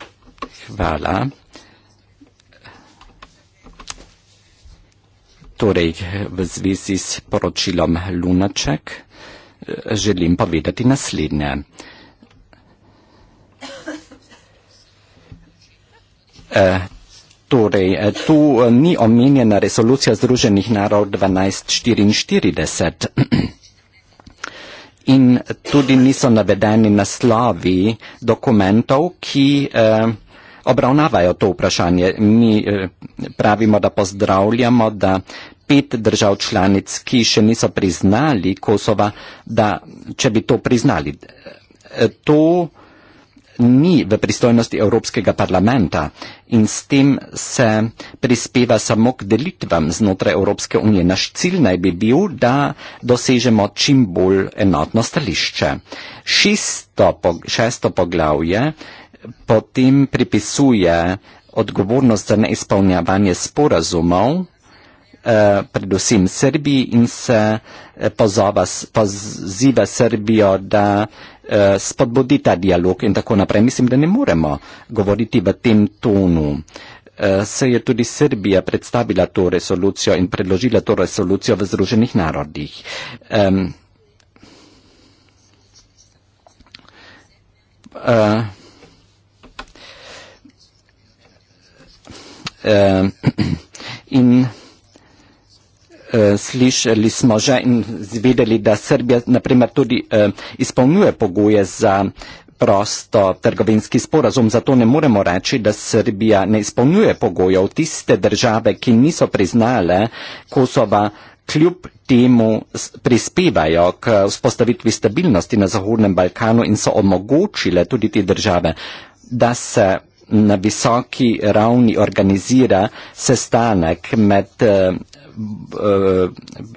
hvala. Torej, v zvezi s poročilom Lunaček želim povedati naslednje. Eh, torej, eh, tu eh, ni omenjena resolucija Združenih narodov 1244 in tudi niso navedeni naslovi dokumentov, ki obravnavajo to vprašanje. Mi pravimo, da pozdravljamo, da pet držav članic, ki še niso priznali Kosova, da če bi to priznali. E, to ni v pristojnosti Evropskega parlamenta in s tem se prispeva samo k delitvam znotraj Evropske unije. Naš cilj naj bi bil, da dosežemo čim bolj enotno stališče. Šesto, šesto poglavje potem pripisuje odgovornost za neizpolnjevanje sporazumov. Eh, predvsem Srbiji in se eh, pozova, poziva Srbijo, da eh, spodbudi ta dialog in tako naprej. Mislim, da ne moremo govoriti v tem tonu. Se je tudi Srbija predstavila to resolucijo in predložila to resolucijo v Združenih narodih. Um, uh, uh, in Eh, slišali smo že in zvedeli, da Srbija naprimer tudi eh, izpolnjuje pogoje za prosto trgovinski sporazum, zato ne moremo reči, da Srbija ne izpolnjuje pogojev. Tiste države, ki niso priznale Kosova, kljub temu prispevajo k vzpostavitvi stabilnosti na Zahodnem Balkanu in so omogočile tudi te države, da se na visoki ravni organizira sestanek med eh, uh,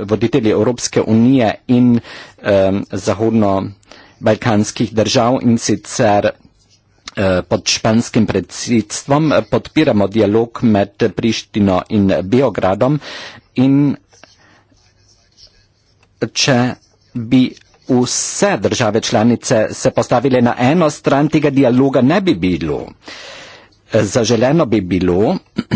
voditelji Evropske unije in um, zahodno-balkanskih držav in sicer eh, pod španskim predsedstvom podpiramo dialog med Prištino in Beogradom in če bi vse države članice se postavile na eno stran, tega dialoga ne bi bilo. Zaželeno bi bilo,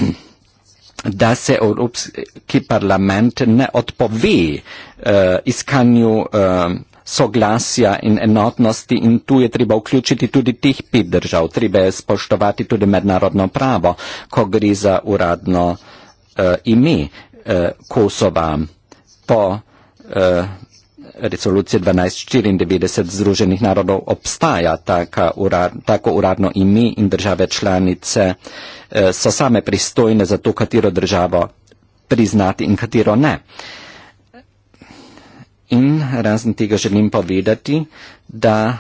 da se Evropski parlament ne odpove uh, iskanju uh, soglasja in enotnosti in tu je treba vključiti tudi teh pet držav. Treba je spoštovati tudi mednarodno pravo, ko gre za uradno uh, ime uh, Kosova po uh, resolucije 1294 Združenih narodov obstaja urad, tako uradno ime in države članice eh, so same pristojne za to, katero državo priznati in katero ne. In razen tega želim povedati, da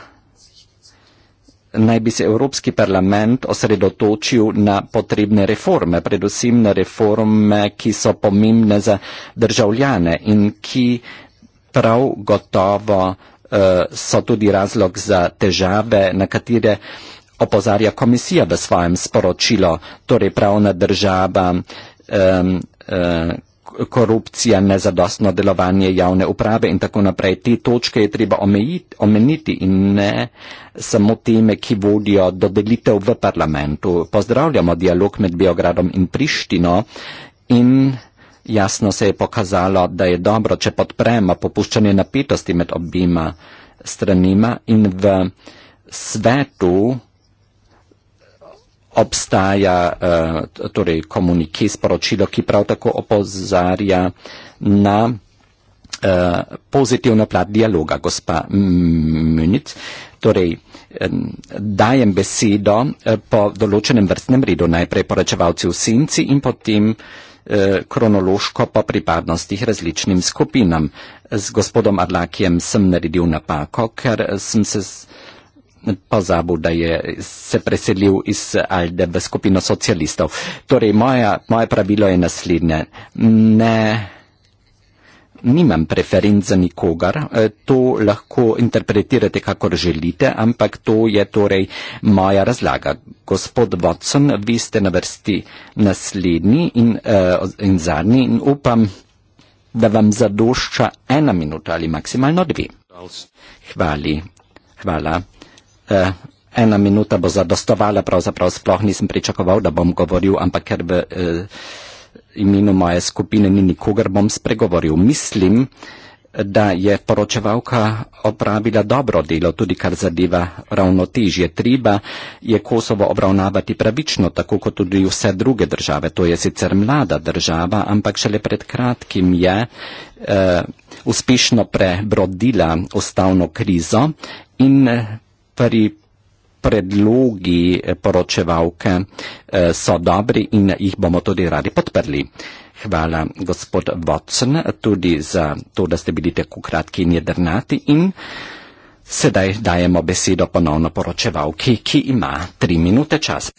naj bi se Evropski parlament osredotočil na potrebne reforme, predvsem na reforme, ki so pomembne za državljane in ki prav gotovo eh, so tudi razlog za težave, na katere opozarja komisija v svojem sporočilo, torej pravna država, eh, korupcija, nezadostno delovanje javne uprave in tako naprej. Te točke je treba omejiti, omeniti in ne samo teme, ki vodijo do delitev v parlamentu. Pozdravljamo dialog med Biogradom in Prištino in Jasno se je pokazalo, da je dobro, če podpremo popuščanje napetosti med obima stranima in v svetu obstaja eh, torej komunike sporočilo, ki prav tako opozarja na eh, pozitivno plat dialoga, gospa Münic. Torej, dajem besedo eh, po določenem vrstnem redu, najprej porečevalci v senci in potem uh, Eh, kronološko po pripadnostih različnim skupinam. Z gospodom Arlakijem sem naredil napako, ker sem se pozabil, da je se preselil iz Alde v skupino socialistov. Torej, moja, moje pravilo je naslednje. Ne nimam preferenc za nikogar, eh, to lahko interpretirate, kakor želite, ampak to je torej moja razlaga. Gospod Watson, vi ste na vrsti naslednji in, eh, in zadnji in upam, da vam zadošča ena minuta ali maksimalno dve. Hvali, hvala. Eh, ena minuta bo zadostovala, pravzaprav sploh nisem pričakoval, da bom govoril, ampak ker v imenu moje skupine ni nikogar bom spregovoril. Mislim, da je poročevalka opravila dobro delo, tudi kar zadeva ravnotežje. Treba je Kosovo obravnavati pravično, tako kot tudi vse druge države. To je sicer mlada država, ampak šele pred kratkim je uh, uspešno prebrodila ustavno krizo in pri. Uh, predlogi eh, poročevalke eh, so dobri in jih bomo tudi radi podprli. Hvala, gospod Watson, tudi za to, da ste bili tako kratki in jedrnati in sedaj dajemo besedo ponovno poročevalki, ki ima tri minute čas.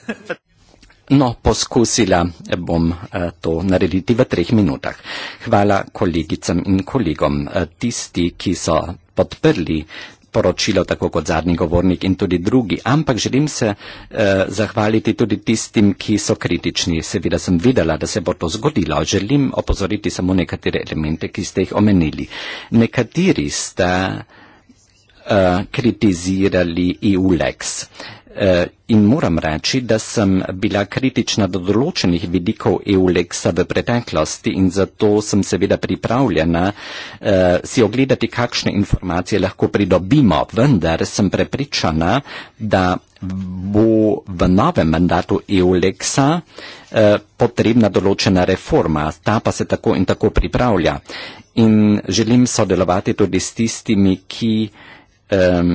No, poskusila bom eh, to narediti v treh minutah. Hvala kolegicam in kolegom, tisti, ki so podprli poročilo, tako kot zadnji govornik in tudi drugi. Ampak želim se eh, zahvaliti tudi tistim, ki so kritični. Seveda sem videla, da se bo to zgodilo. Želim opozoriti samo nekatere elemente, ki ste jih omenili. Nekateri sta eh, kritizirali EU-Lex. Eh, Eh, in moram reči, da sem bila kritična do določenih vidikov EU-leksa v preteklosti in zato sem seveda pripravljena eh, si ogledati, kakšne informacije lahko pridobimo. Vendar sem prepričana, da bo v novem mandatu EU-leksa eh, potrebna določena reforma. Ta pa se tako in tako pripravlja. In želim sodelovati tudi s tistimi, ki. Eh,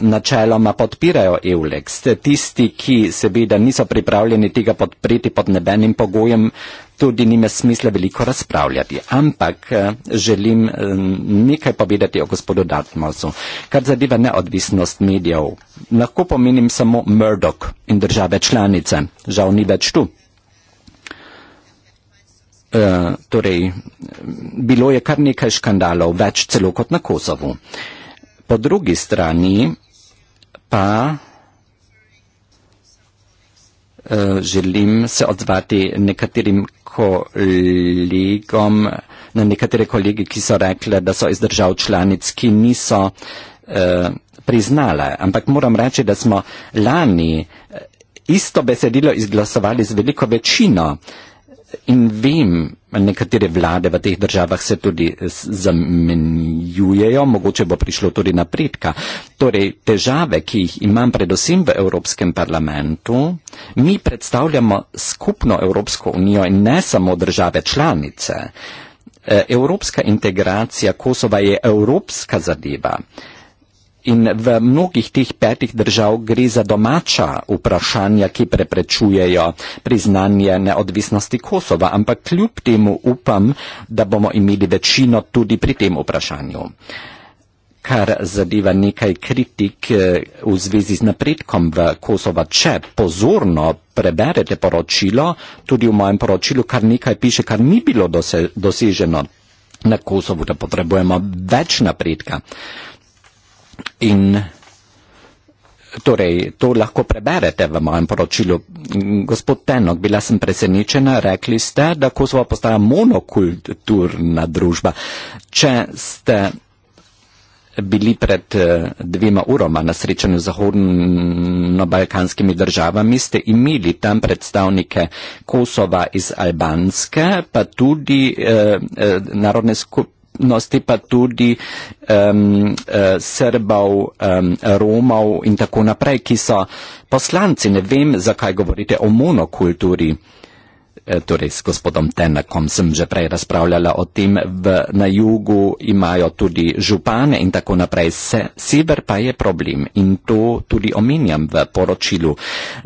načeloma podpirajo EULEX. Tisti, ki seveda niso pripravljeni tega podpreti pod nebenim pogojem, tudi nime smisla veliko razpravljati. Ampak eh, želim eh, nekaj povedati o gospodu Dartmouthu, kar zadeva neodvisnost medijev. Lahko pomenim samo Murdoch in države članice. Žal ni več tu. Uh, torej, bilo je kar nekaj škandalov, več celo kot na Kosovu. Uh, Po drugi strani pa eh, želim se odzvati nekaterim kolegom, na nekatere kolegi, ki so rekli, da so iz držav članic, ki niso eh, priznale. Ampak moram reči, da smo lani eh, isto besedilo izglasovali z veliko večino eh, In vem, nekatere vlade v teh državah se tudi zamenjujejo, mogoče bo prišlo tudi napredka. Torej, težave, ki jih imam predvsem v Evropskem parlamentu, mi predstavljamo skupno Evropsko unijo in ne samo države članice. E, evropska integracija Kosova je evropska zadeva. In v mnogih teh petih držav gre za domača vprašanja, ki preprečujejo priznanje neodvisnosti Kosova, ampak kljub temu upam, da bomo imeli večino tudi pri tem vprašanju. Kar zadeva nekaj kritik eh, v zvezi z napredkom v Kosova, če pozorno preberete poročilo, tudi v mojem poročilu kar nekaj piše, kar ni bilo dose doseženo na Kosovu, da potrebujemo več napredka. In torej, to lahko preberete v mojem poročilu. Gospod Tenok, bila sem presenečena, rekli ste, da Kosovo postaja monokulturna družba. Če ste bili pred eh, dvema uroma na srečanju z zahodno-balkanskimi državami, ste imeli tam predstavnike Kosova iz Albanske, pa tudi eh, eh narodne skupine skupnosti, pa tudi um, uh, Srbov, um, Romov in tako naprej, ki so poslanci. Ne vem, zakaj govorite o monokulturi. Uh, Eh, torej s gospodom Tenakom sem že prej razpravljala o tem, v, na jugu imajo tudi župane in tako naprej. Se, sever pa je problem in to tudi omenjam v poročilu.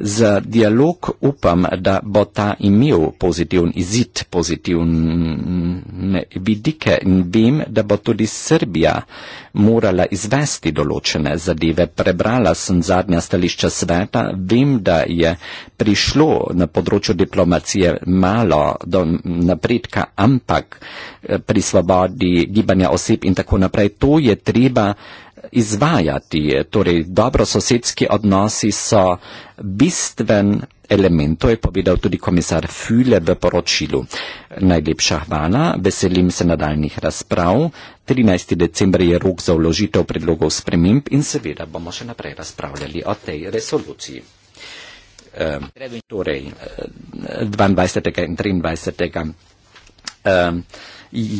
Za dialog upam, da bo ta imel pozitiven izid, pozitivne vidike in vem, da bo tudi Srbija morala izvesti določene zadeve. Prebrala sem zadnja stališča sveta, vem, da je prišlo na področju diplomacije malo do napredka, ampak eh, pri svobodi gibanja oseb in tako naprej, to je treba izvajati. Torej, dobro sosedski odnosi so bistven element, to je povedal tudi komisar Füle v poročilu. Najlepša hvala, veselim se nadaljnih razprav. 13. decembr je rok za vložitev predlogov sprememb in seveda bomo še naprej razpravljali o tej resoluciji. Treven torej, eh, torej 22. in 23. Eh,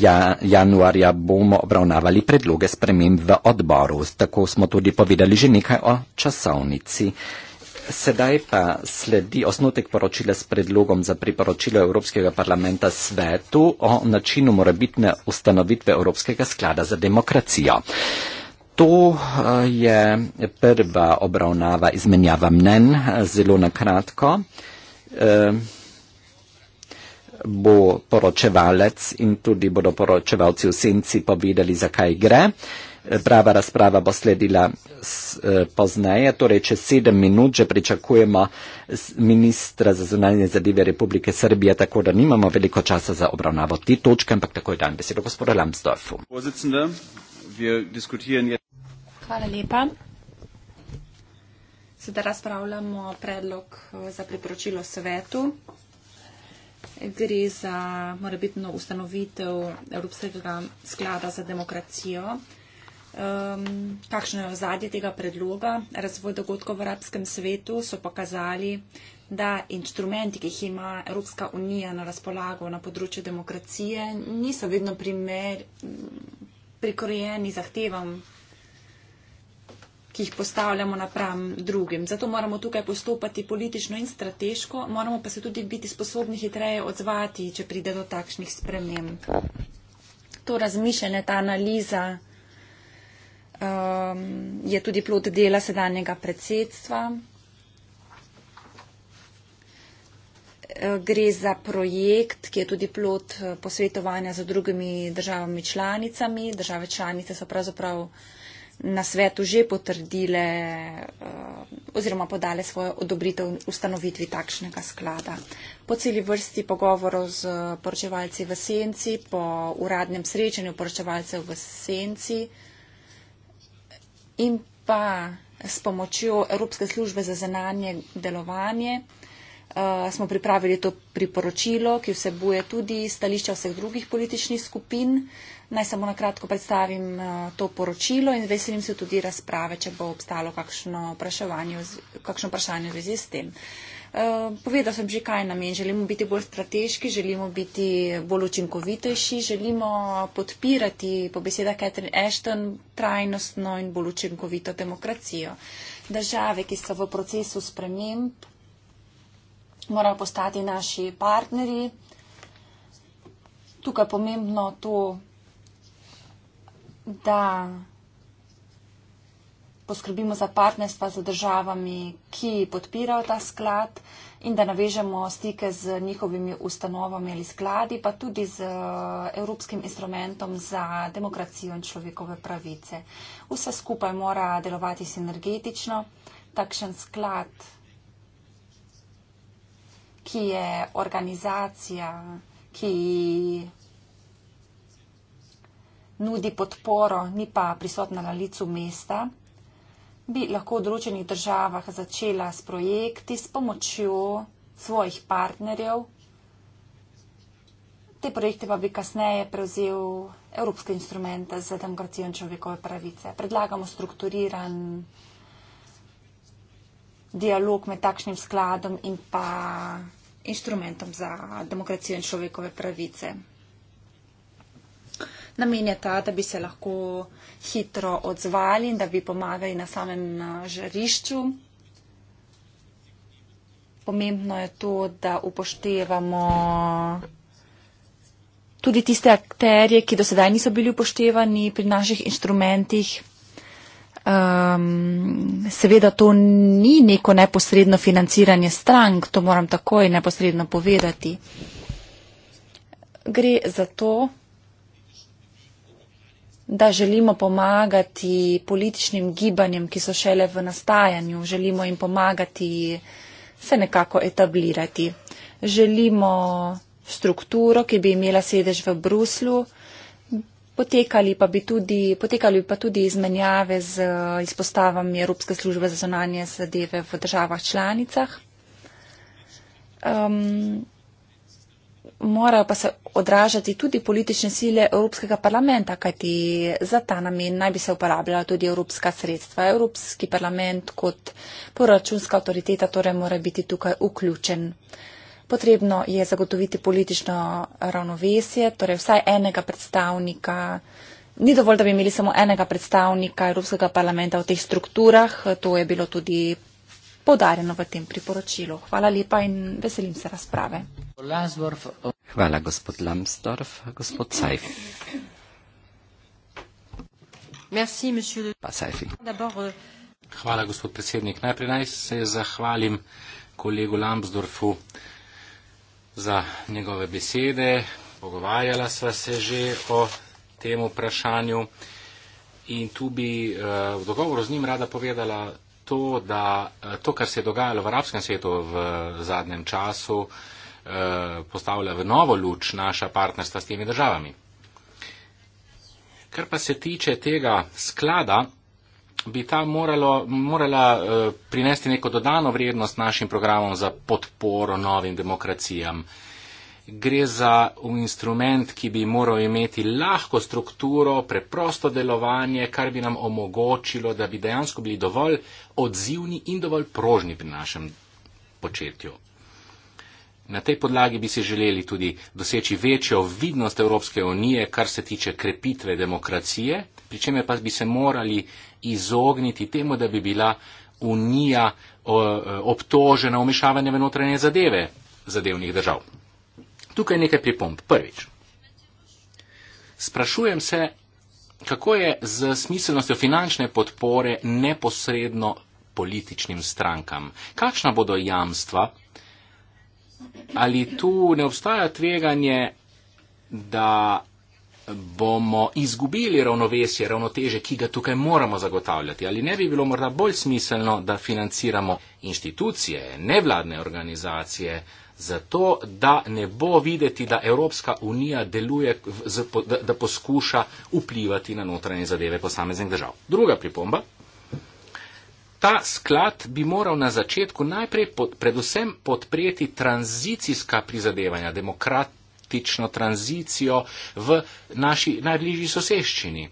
ja, januarja bomo obravnavali predloge sprememb v odboru. Tako smo tudi povedali že nekaj o časovnici. Sedaj pa sledi osnotek poročila s predlogom za priporočilo Evropskega parlamenta svetu o načinu morebitne ustanovitve Evropskega sklada za demokracijo. Eh, To eh, je prva obravnava izmenjava mnen, eh, zelo nakratko. Eh, bo poročevalec in tudi bodo poročevalci v senci povedali, zakaj gre. Prava razprava bo sledila pozneje, torej čez sedem minut že pričakujemo ministra za zunanje zadeve Republike Srbije, tako da nimamo veliko časa za obravnavo te točke, ampak takoj dan besedo gospoda Lambsdorfu. Wir diskutieren jetzt. Hvala lepa. Sedaj razpravljamo predlog eh, za priporočilo svetu. Gre za morebitno ustanovitev Evropskega sklada za demokracijo. Um, kakšno je ozadje tega predloga? Razvoj dogodkov v arabskem svetu so pokazali, da inštrumenti, ki jih ima Evropska unija na razpolago na področju demokracije, niso vedno primer, prikrojeni zahtevam ki jih postavljamo napram drugim. Zato moramo tukaj postopati politično in strateško, moramo pa se tudi biti sposobni hitreje odzvati, če pride do takšnih sprememb. To razmišljanje, ta analiza um, je tudi plod dela sedanjega predsedstva. Gre za projekt, ki je tudi plod uh, posvetovanja z drugimi državami članicami. Države članice so pravzaprav uh, na svetu že potrdile eh, oziroma podale svojo odobritev ustanovitvi takšnega sklada. Po celi vrsti pogovorov z poročevalci v Senci, po uradnem srečanju poročevalcev v Senci in pa s pomočjo Evropske službe za zananje delovanje uh, smo pripravili to priporočilo, ki vsebuje tudi stališča vseh drugih političnih skupin. Naj samo nakratko predstavim uh, to poročilo in veselim se tudi razprave, če bo obstalo kakšno vprašanje, kakšno vprašanje v zvezi s tem. Eh, povedal sem že, kaj je namen. Želimo biti bolj strateški, želimo biti bolj učinkovitejši, želimo podpirati, po besedah Catherine Ashton, trajnostno in bolj učinkovito demokracijo. Države, ki so v procesu sprememb, morajo postati naši partnerji. Tukaj je pomembno to, da poskrbimo za partnerstva z državami, ki podpirajo ta sklad in da navežemo stike z njihovimi ustanovami ali skladi, pa tudi z Evropskim instrumentom za demokracijo in človekove pravice. Vse skupaj mora delovati sinergetično. Takšen sklad ki je organizacija, ki nudi podporo, ni pa prisotna na licu mesta, bi lahko v določenih državah začela s projekti s pomočjo svojih partnerjev. Te projekte pa bi kasneje prevzel Evropske instrumente za demokracijo in človekove pravice. Predlagamo strukturiran dialog med takšnim skladom in pa inštrumentom za demokracijo in človekove pravice. Namen je ta, da bi se lahko hitro odzvali in da bi pomagali na samem žarišču. Pomembno je to, da upoštevamo tudi tiste akterje, ki do sedaj niso bili upoštevani pri naših inštrumentih. Um, seveda to ni neko neposredno financiranje strank, to moram takoj neposredno povedati. Gre za to, da želimo pomagati političnim gibanjem, ki so šele v nastajanju, želimo jim pomagati se nekako etablirati. Želimo strukturo, ki bi imela sedež v Bruslu, Potekali pa bi tudi, potekali pa tudi izmenjave z izpostavami Evropske službe za zonanje zadeve v državah članicah. Um, morajo pa se odražati tudi politične sile Evropskega parlamenta, kajti za ta namen naj bi se uporabljala tudi evropska sredstva. Evropski parlament kot proračunska avtoriteta torej mora biti tukaj vključen. Uh, Potrebno je zagotoviti politično ravnovesje, torej vsaj enega predstavnika. Ni dovolj, da bi imeli samo enega predstavnika Evropskega parlamenta v teh strukturah. To je bilo tudi podarjeno v tem priporočilu. Hvala lepa in veselim se razprave. Hvala, gospod Lambsdorff. Gospod Sajf. Euh, Hvala, gospod predsednik. Najprej naj se zahvalim kolegu Lambsdorffu za njegove besede. Pogovarjala sva se že o tem vprašanju in tu bi eh, v dogovoru z njim rada povedala to, da eh, to, kar se je dogajalo v arabskem svetu v zadnjem času, eh, postavlja v novo luč naša partnerstva s temi državami. Kar pa se tiče tega sklada, bi ta moralo, morala eh, prinesti neko dodano vrednost našim programom za podporo novim demokracijam. Gre za instrument, ki bi moral imeti lahko strukturo, preprosto delovanje, kar bi nam omogočilo, da bi dejansko bili dovolj odzivni in dovolj prožni pri našem početju. Na tej podlagi bi si želeli tudi doseči večjo vidnost Evropske unije, kar se tiče krepitve demokracije, pri čemer pa bi se morali izogniti temu, da bi bila Unija obtožena vmešavanja v notranje zadeve zadevnih držav. Tukaj nekaj pripomb. Prvič. Sprašujem se, kako je z smiselnostjo finančne podpore neposredno političnim strankam. Kakšna bodo jamstva? Ali tu ne obstaja tveganje, da bomo izgubili ravnovesje, ravnoteže, ki ga tukaj moramo zagotavljati. Ali ne bi bilo morda bolj smiselno, da financiramo inštitucije, nevladne organizacije, zato da ne bo videti, da Evropska unija deluje, da poskuša vplivati na notranje zadeve posameznih držav. Druga pripomba. Ta sklad bi moral na začetku najprej pod, predvsem podpreti tranzicijska prizadevanja demokrati geopolitično tranzicijo v naši najbližji soseščini.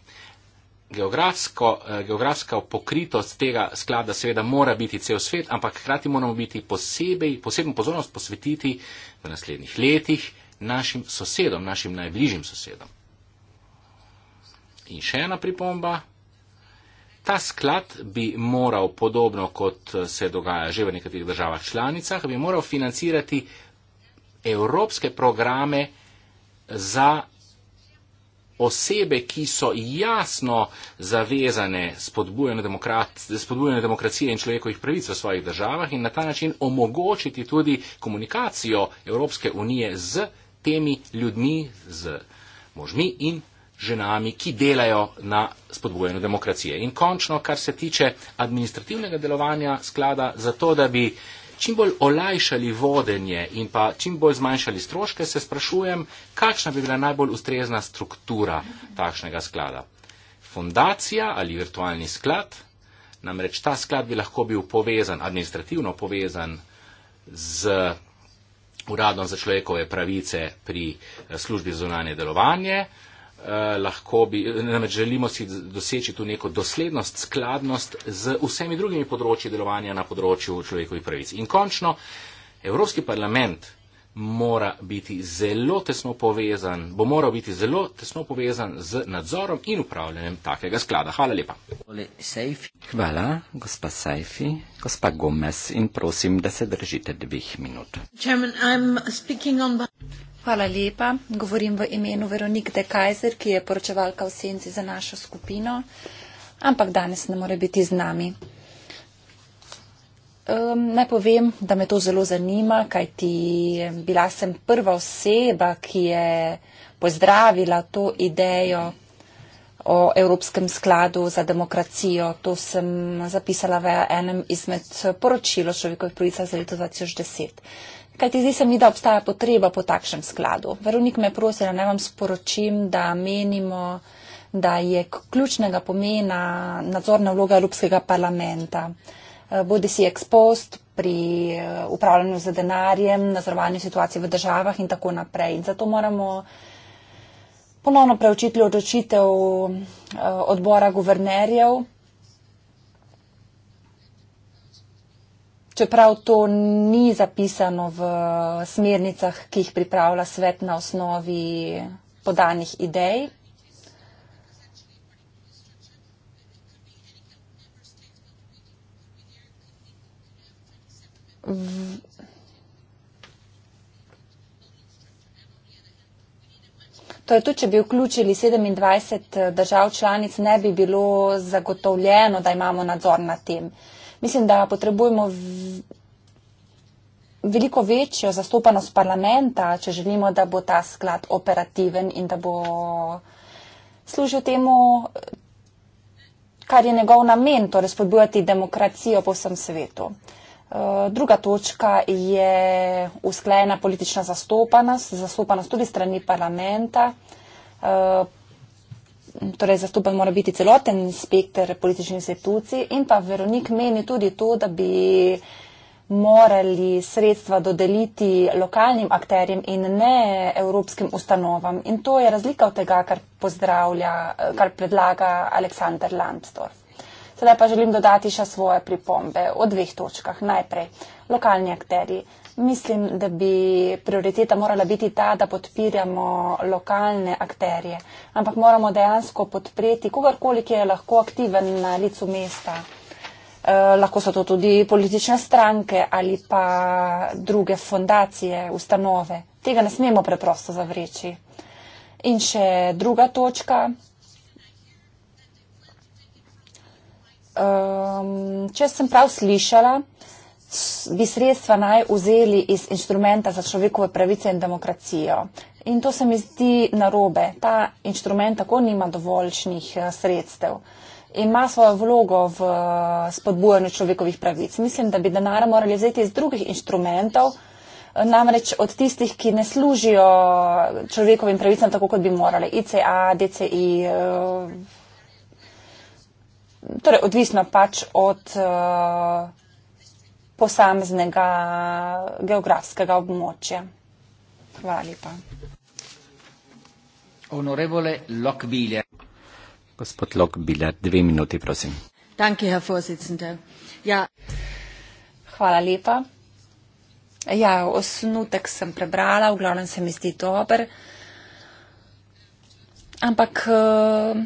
Geografsko, eh, geografska pokritost tega sklada seveda mora biti cel svet, ampak hkrati moramo biti posebej, posebno pozornost posvetiti v naslednjih letih našim sosedom, našim najbližjim sosedom. In še ena pripomba. Ta sklad bi moral, podobno kot eh, se dogaja že v nekaterih državah članicah, bi moral financirati evropske programe za osebe, ki so jasno zavezane spodbujanju demokracije in človekovih pravic v svojih državah in na ta način omogočiti tudi komunikacijo Evropske unije z temi ljudmi, z možmi in ženami, ki delajo na spodbujanju demokracije. In končno, kar se tiče administrativnega delovanja sklada, zato da bi uh, čim bolj olajšali vodenje in pa čim bolj zmanjšali stroške, se sprašujem, kakšna bi bila najbolj ustrezna struktura takšnega sklada. Fundacija ali virtualni sklad, namreč ta sklad bi lahko bil povezan, administrativno povezan z uradom za človekove pravice pri eh, službi zunanje delovanje, eh, lahko bi, namreč želimo si doseči tu neko doslednost, skladnost z vsemi drugimi področji delovanja na področju človekovih pravic. In končno, Evropski parlament mora biti zelo tesno povezan, bo moral biti zelo tesno povezan z nadzorom in upravljanjem takega sklada. Hvala lepa. Hvala, gospa Sajfi, gospa Gomez in prosim, da se držite dveh minut. Chairman, Hvala lepa. Govorim v imenu Veronik De Kajzer, ki je poročevalka v senci za našo skupino, ampak danes ne more biti z nami. Um, naj povem, da me to zelo zanima, kajti bila sem prva oseba, ki je pozdravila to idejo o Evropskem skladu za demokracijo. To sem zapisala v enem izmed poročil o človekovih pravicah za leto 2010. Kajti zdi se mi, da obstaja potreba po takšnem skladu. Veronik me prosi, da naj vam sporočim, da menimo, da je ključnega pomena nadzorna vloga Evropskega parlamenta. Eh, Bodi si ekspost pri eh, upravljanju z denarjem, nazorovanju situacije v državah in tako naprej. In zato moramo ponovno preučiti odločitev eh, odbora guvernerjev čeprav to ni zapisano v smernicah, ki jih pripravlja svet na osnovi podanih idej. To je tudi, če bi vključili 27 eh, držav članic, ne bi bilo zagotovljeno, da imamo nadzor nad tem. Uh, mislim, da potrebujemo veliko večjo zastopanost parlamenta, če želimo, da bo ta sklad operativen in da bo služil temu, kar je njegov namen, torej spodbujati demokracijo po vsem svetu. Eh, druga točka je usklajena politična zastopanost, zastopanost tudi strani parlamenta. Eh, torej zastopan mora biti celoten spekter političnih institucij in pa Veronik meni tudi to, da bi morali sredstva dodeliti lokalnim akterjem in ne evropskim ustanovam. In to je razlika od tega, kar pozdravlja, kar predlaga Aleksandr Landstorf. Sedaj pa želim dodati še svoje pripombe o dveh točkah. Najprej, lokalni akteri. Mislim, da bi prioriteta morala biti ta, da podpiramo lokalne akterje, ampak moramo dejansko podpreti kogarkoli, ki je lahko aktiven na licu mesta. Eh, lahko so to tudi politične stranke ali pa druge fondacije, ustanove. Tega ne smemo preprosto zavreči. In še druga točka, um, če sem prav slišala, bi sredstva naj vzeli iz inštrumenta za človekove pravice in demokracijo. In to se mi zdi narobe. Ta inštrument tako nima dovoljšnih eh, sredstev. Ima svojo vlogo v eh, spodbujanju človekovih pravic. Mislim, da bi denar morali vzeti iz drugih inštrumentov, eh, namreč od tistih, ki ne služijo človekovim pravicam tako, kot bi morali. ICA, DCI. Uh, torej odvisno pač od eh, posameznega geografskega območja. Hvala lepa. Honorable Lokbilja. Gospod Lokbilja, dve minuti, prosim. Danke, Herr Vorsitzender. Ja. Hvala lepa. Ja, osnutek sem prebrala, v glavnem se mi zdi dober. Ampak uh,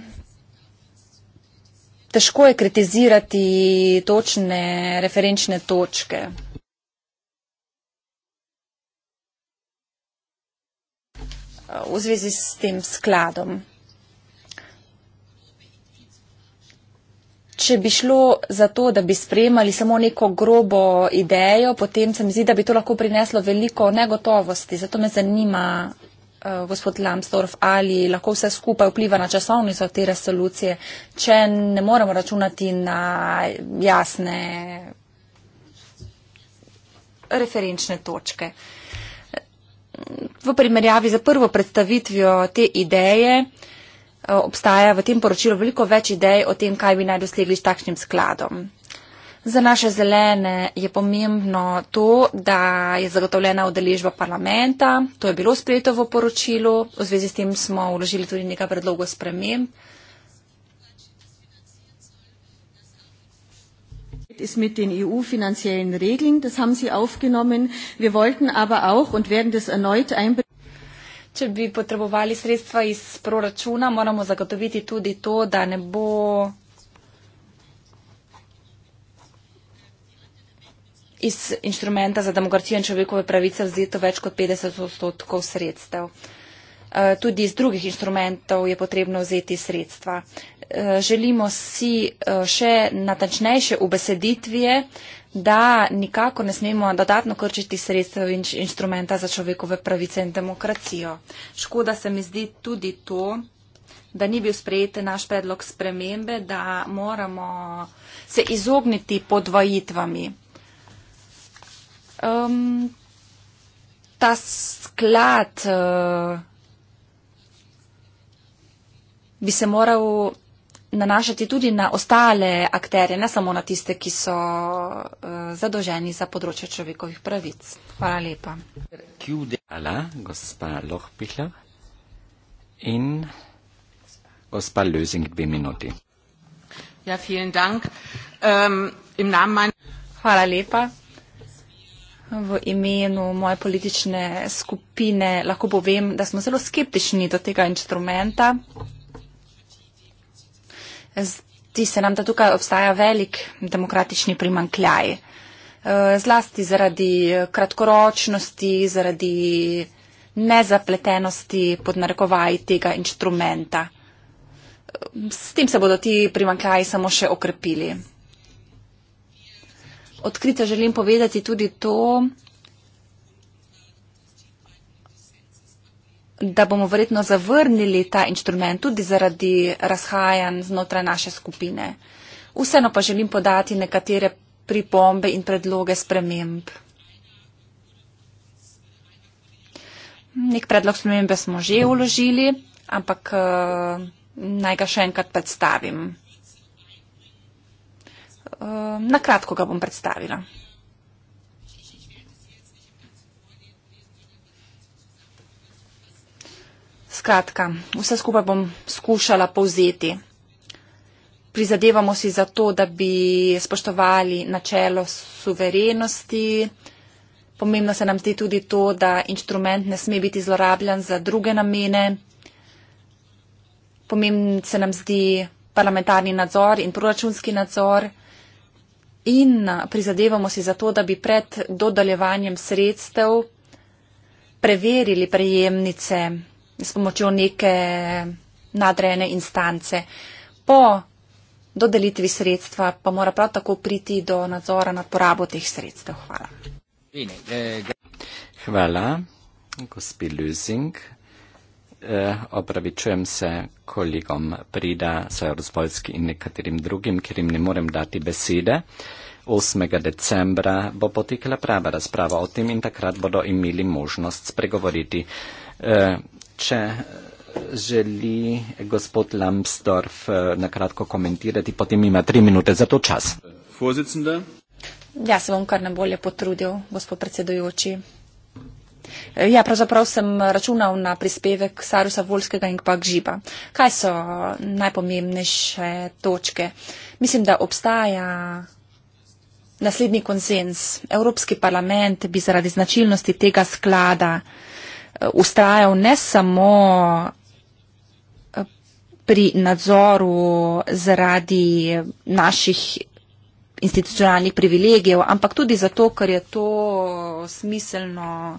težko je kritizirati točne referenčne točke. V zvezi s tem skladom. Če bi šlo za to, da bi sprejemali samo neko grobo idejo, potem se mi zdi, da bi to lahko prineslo veliko negotovosti. Zato me zanima, Eh, gospod Lambsdorff, ali lahko vse skupaj vpliva na časovnico te resolucije, če ne moremo računati na jasne referenčne točke. V primerjavi za prvo predstavitvijo te ideje eh, obstaja v tem poročilu veliko več idej o tem, kaj bi naj dosegli s takšnim skladom. Za naše zelene je pomembno to, da je zagotovljena udeležba parlamenta. To je bilo sprejeto v poročilu. V zvezi s tem smo uložili tudi nekaj predlogov sprememb. Z EU-financijalnim reglingom, to sam si aufgenomen, vi volten, aber auch und werden das erneut einbringen. Če bi potrebovali sredstva iz proračuna, moramo zagotoviti tudi to, da ne bo iz inštrumenta za demokracijo in človekove pravice vzeto več kot 50 odstotkov sredstev. Eh, tudi iz drugih inštrumentov je potrebno vzeti sredstva. Eh, želimo si eh, še natančnejše ubeseditvije, da nikako ne smemo dodatno krčiti sredstev in inštrumenta za človekove pravice in demokracijo. Škoda se mi zdi tudi to, da ni bil sprejet naš predlog spremembe, da moramo se izogniti podvojitvami. Um, ta sklad uh, bi se moral nanašati tudi na ostale akterje, ne samo na tiste, ki so uh, zadolženi za področje človekovih pravic. Hvala lepa. Hvala, gospa Lohpihla. In gospa Lösing, dve minuti. Ja, vielen Dank. Um, Hvala lepa v imenu moje politične skupine lahko povem, da smo zelo skeptični do tega instrumenta. Zdi se nam, da tukaj obstaja velik demokratični primankljaj. Eh, zlasti zaradi kratkoročnosti, zaradi nezapletenosti pod narekovaji tega instrumenta. S tem se bodo ti primankljaji samo še okrepili odkrito želim povedati tudi to, da bomo verjetno zavrnili ta inštrument tudi zaradi razhajanj znotraj naše skupine. Vseeno pa želim podati nekatere pripombe in predloge sprememb. Nek predlog spremembe smo že uložili, ampak eh, naj ga še enkrat predstavim. Ehm, na kratko ga bom predstavila. Skratka, vse skupaj bom skušala povzeti. Prizadevamo si za to, da bi spoštovali načelo suverenosti. Pomembno se nam zdi tudi to, da inštrument ne sme biti zlorabljan za druge namene. Pomembno se nam zdi parlamentarni nadzor in proračunski nadzor in prizadevamo si za to, da bi pred dodaljevanjem sredstev preverili prejemnice s pomočjo neke nadrejene instance. Po dodelitvi sredstva pa mora prav tako priti do nadzora nad porabo teh sredstev. Hvala. Eh, Hvala, gospod Lüzing opravičujem se kolegom Prida, Sajorzbojski in nekaterim drugim, ker jim ne morem dati besede. 8. decembra bo potekala prava razprava o tem in takrat bodo imeli možnost spregovoriti. E, če želi gospod Lambsdorff e, nakratko komentirati, potem ima tri minute za to čas. Ja, se bom kar najbolje potrudil, gospod predsedujoči. Ja, pravzaprav sem računal na prispevek Sarusa Volskega in pa Gžiba. Kaj so najpomembnejše točke? Mislim, da obstaja naslednji konsens. Evropski parlament bi zaradi značilnosti tega sklada eh, ustrajal ne samo eh, pri nadzoru zaradi naših institucionalnih privilegijev, ampak tudi zato, ker je to smiselno uh,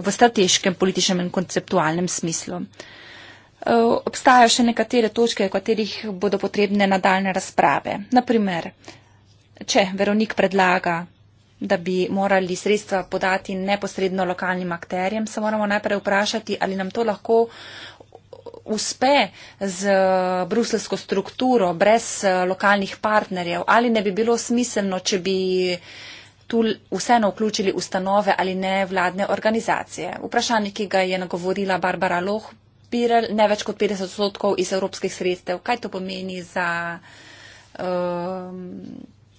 v strateškem, političnem in konceptualnem smislu. Eh, obstajajo še nekatere točke, o katerih bodo potrebne nadaljne razprave. Naprimer, če Veronik predlaga, da bi morali sredstva podati neposredno lokalnim akterjem, se moramo najprej vprašati, ali nam to lahko uspe z bruselsko strukturo brez eh, lokalnih partnerjev, ali ne bi bilo smiselno, če bi tu vseeno vključili ustanove ali ne vladne organizacije. Vprašanje, ki ga je nagovorila Barbara Loh, Pirel, ne več kot 50 odstotkov iz evropskih sredstev. Kaj to pomeni za um,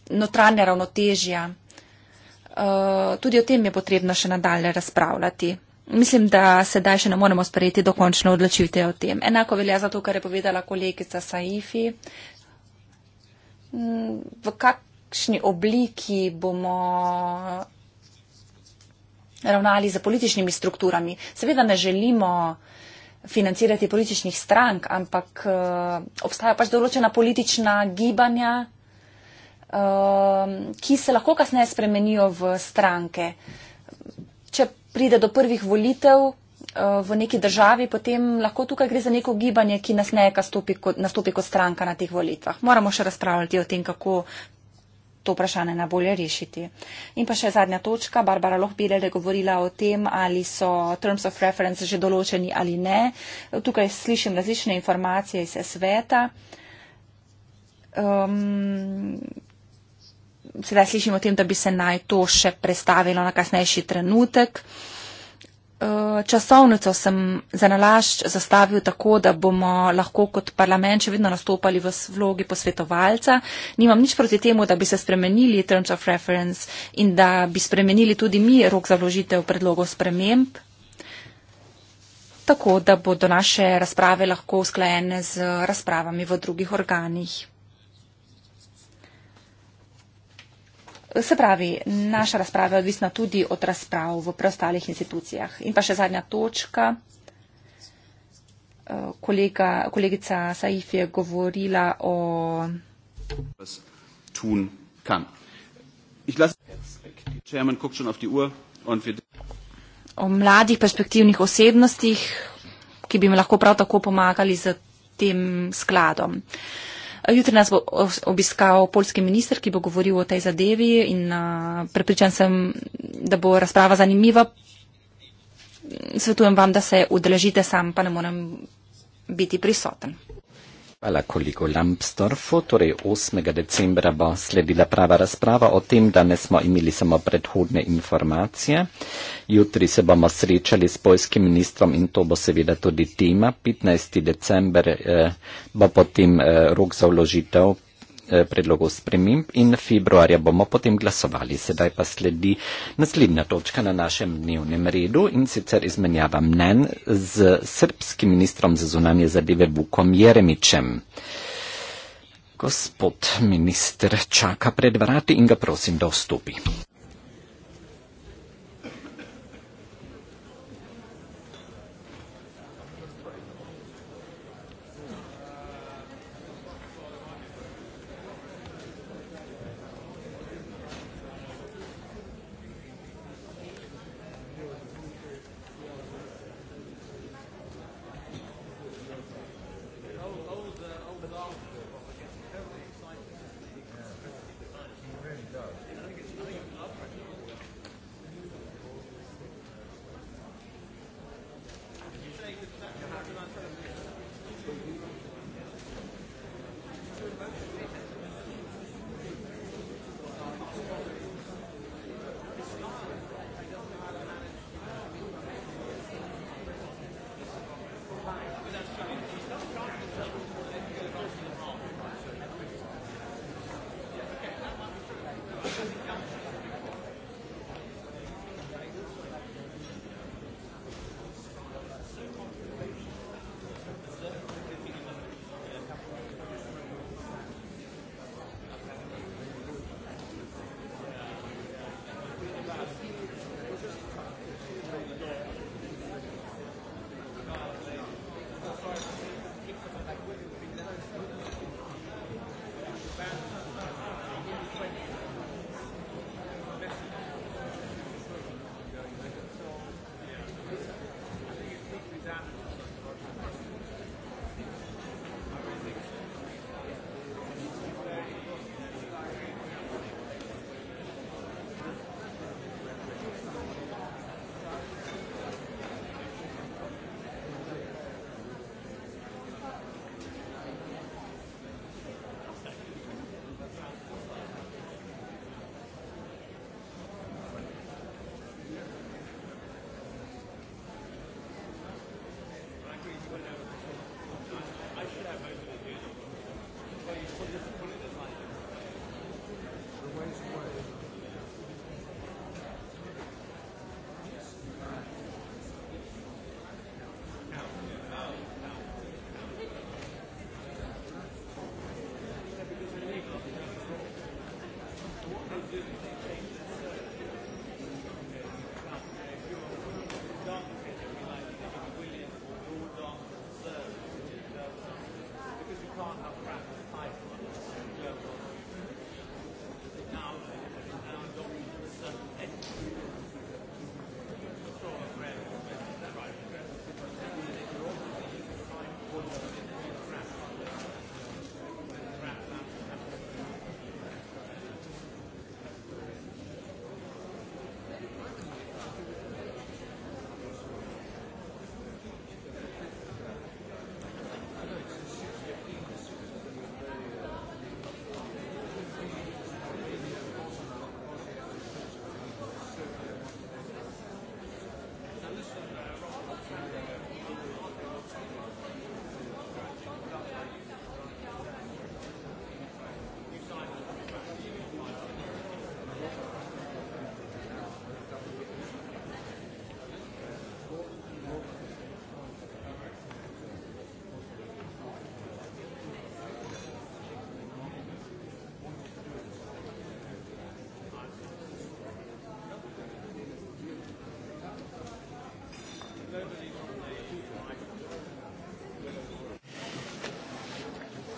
notranje ravnotežje? Uh, tudi o tem je potrebno še nadalje razpravljati. Mislim, da sedaj še ne moremo sprejeti dokončno odločitev o tem. Enako velja za to, kar je povedala kolegica Saifi. Mm, v kak kakšni obliki bomo ravnali za političnimi strukturami. Seveda ne želimo financirati političnih strank, ampak eh, obstajajo pač določena politična gibanja, eh, ki se lahko kasneje spremenijo v stranke. Če pride do prvih volitev eh, v neki državi, potem lahko tukaj gre za neko gibanje, ki nasneje nastopi kot stranka na teh volitvah. Moramo še razpravljati o tem, kako to vprašanje na bolje rešiti. In pa še zadnja točka. Barbara Lohbiler je govorila o tem, ali so terms of reference že določeni ali ne. Tukaj slišim različne informacije iz sveta. Um, sedaj slišim o tem, da bi se naj to še predstavilo na kasnejši trenutek. Eh, časovnico sem za nalašč zastavil tako, da bomo lahko kot parlament še vedno nastopali v vlogi posvetovalca. Nimam nič proti temu, da bi se spremenili terms of reference in da bi spremenili tudi mi rok za vložitev predlogov sprememb, tako da bodo naše razprave lahko usklajene z razpravami v drugih organih. Se pravi, naša razprava je odvisna tudi od razprav v preostalih institucijah. In pa še zadnja točka. Eh, kolega, kolegica Saif je govorila o. O mladih perspektivnih osebnostih, ki bi mi lahko prav tako pomagali z tem skladom. Uh, Jutri nas bo obiskal polski minister, ki bo govoril o tej zadevi in uh, prepričan sem, da bo razprava zanimiva. Svetujem vam, da se udeležite sam, pa ne morem biti prisoten. Hvala, koliko Lambsdorfu. Torej 8. decembra bo sledila prava razprava o tem, da ne smo imeli samo predhodne informacije. Jutri se bomo srečali s poljskim ministrom in to bo seveda tudi tema. 15. december eh, bo potem eh, rok za vložitev Eh, predlogov sprememb in februarja bomo potem glasovali. Sedaj pa sledi naslednja točka na našem dnevnem redu in sicer izmenjava mnen z srpskim ministrom za zunanje zadeve Vukom Jeremičem. Gospod minister čaka pred vrati in ga prosim, da vstopi.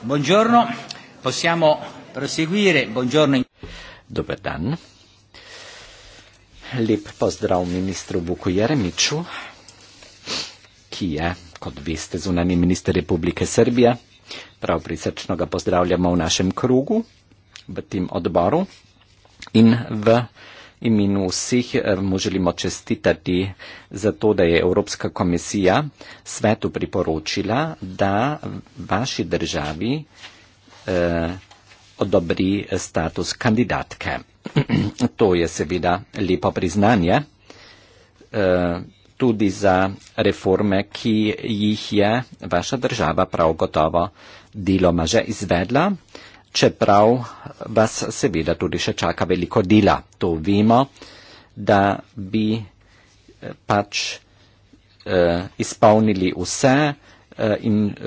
Buongiorno, possiamo proseguire. Buongiorno. Dober dan. Lep pozdrav ministru Vuku Jeremiću, ki je, kot vi ste, zunani minister Republike Srbije. Prav prisrčno ga pozdravljamo v našem krugu, v tem odboru in v imenu vseh eh, mu želimo čestitati za to, da je Evropska komisija svetu priporočila, da vaši državi eh, odobri status kandidatke. to je seveda lepo priznanje eh, tudi za reforme, ki jih je vaša država prav gotovo deloma že izvedla. Eh, čeprav vas seveda tudi še čaka veliko dela. To vemo, da bi eh, pač uh, izpolnili vse uh, in uh,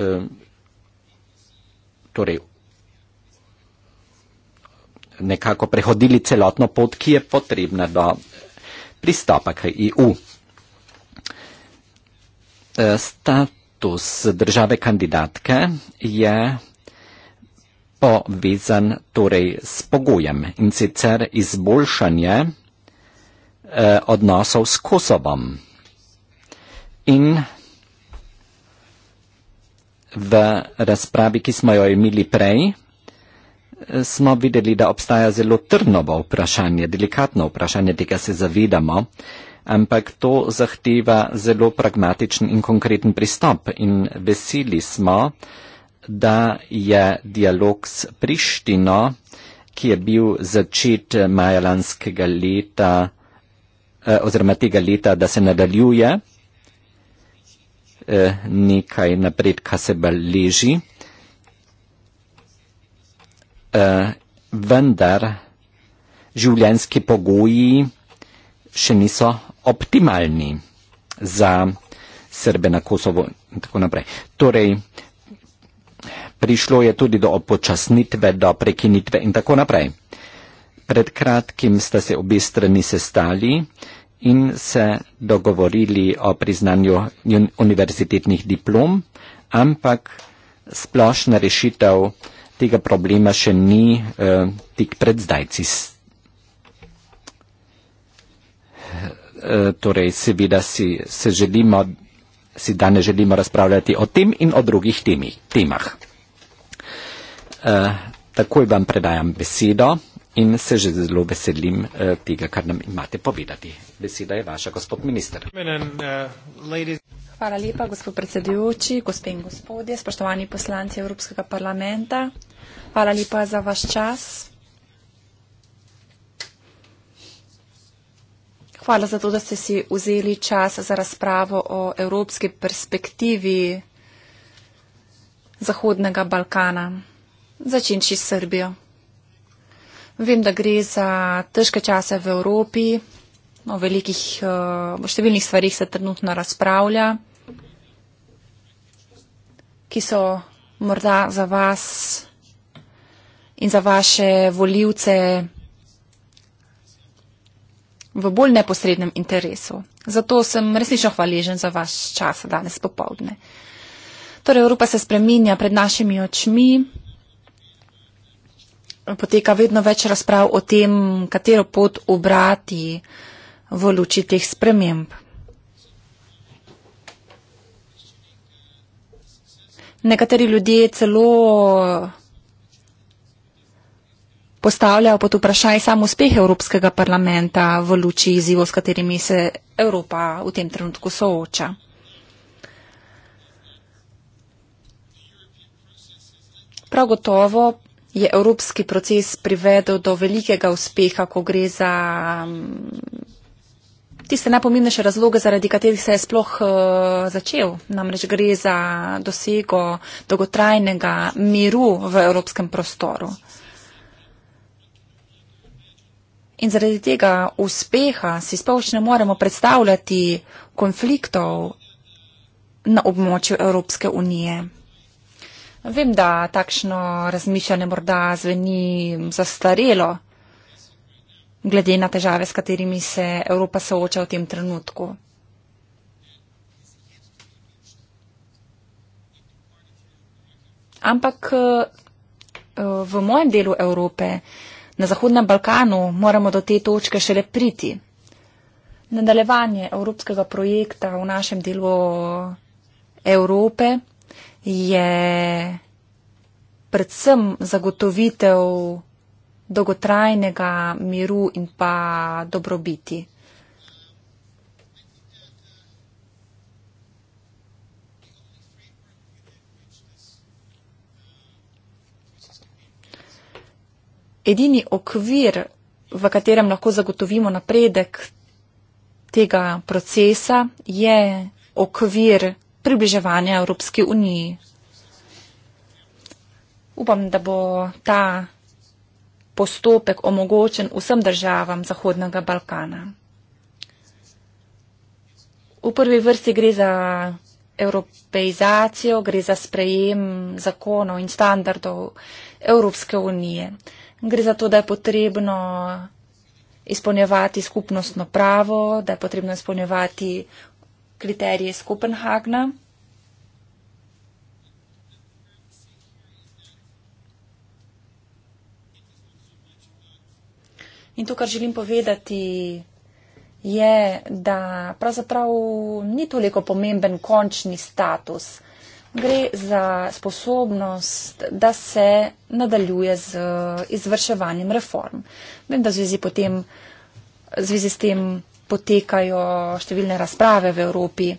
torej nekako prehodili celotno pot, ki je potrebna do pristopa k EU. Uh, status države kandidatke je povezan torej s pogojem in sicer izboljšanje eh, odnosov s Kosovom in v razpravi, ki smo jo imeli prej, eh, smo videli, da obstaja zelo trnovo vprašanje, delikatno vprašanje, tega se zavedamo, ampak to zahteva zelo pragmatičen in konkreten pristop in veseli smo, da je dialog s Prištino, ki je bil začet maja lanskega leta, eh, oziroma tega leta, da se nadaljuje, eh, nekaj napredka se beleži, eh, vendar življenjski pogoji še niso optimalni za Srbe na Kosovo in tako naprej. Torej, prišlo je tudi do opočasnitve, do prekinitve in tako naprej. Pred kratkim sta se obi strani sestali in se dogovorili o priznanju univerzitetnih diplom, ampak splošna rešitev tega problema še ni eh, tik pred zdajci. Eh, torej, seveda si, se želimo, si danes želimo razpravljati o tem in o drugih temih. temah eh, takoj vam predajam besedo in se že zelo veselim eh, tega, kar nam imate povedati. Beseda je vaša, gospod minister. Hvala lepa, gospod predsedujoči, gospe in gospodje, spoštovani poslanci Evropskega parlamenta. Hvala lepa za vaš čas. Hvala za to, da ste si vzeli čas za razpravo o evropski perspektivi Zahodnega Balkana. Začenči s Srbijo. Vem, da gre za težke čase v Evropi, o velikih, eh, o številnih stvarih se trenutno razpravlja, ki so morda za vas in za vaše voljivce v bolj neposrednem interesu. Zato sem resnično hvaležen za vaš čas danes popovdne. Torej, Evropa se spreminja pred našimi očmi poteka vedno več razprav o tem, katero pot obrati v luči teh sprememb. Nekateri ljudje celo postavljajo pod vprašaj sam uspeh Evropskega parlamenta v luči izzivov, s katerimi se Evropa v tem trenutku sooča. Prav gotovo je evropski proces privedel do velikega uspeha, ko gre za mm, tiste najpomembnejše razloge, zaradi katerih se je sploh eh, začel. Namreč gre za dosego dolgotrajnega miru v evropskem prostoru. In zaradi tega uspeha si sploh ne moremo predstavljati konfliktov na območju Evropske unije. Vem, da takšno razmišljanje morda zveni zastarelo, glede na težave, s katerimi se Evropa sooča v tem trenutku. Ampak eh, v mojem delu Evrope, na Zahodnem Balkanu, moramo do te točke šele priti. Nadaljevanje evropskega projekta v našem delu Evrope je predvsem zagotovitev dolgotrajnega miru in pa dobrobiti. Edini okvir, v katerem lahko zagotovimo napredek tega procesa, je okvir približevanja Evropski uniji. Upam, da bo ta postopek omogočen vsem državam Zahodnega Balkana. V prvi vrsti gre za evropeizacijo, gre za sprejem zakonov in standardov Evropske unije. Gre za to, da je potrebno izpolnjevati skupnostno pravo, da je potrebno izpolnjevati kriterije iz Kopenhagna. In to, kar želim povedati, je, da pravzaprav ni toliko pomemben končni status. Gre za sposobnost, da se nadaljuje z izvrševanjem reform. Vem, da zvezi potem, zvezi s tem potekajo številne razprave v Evropi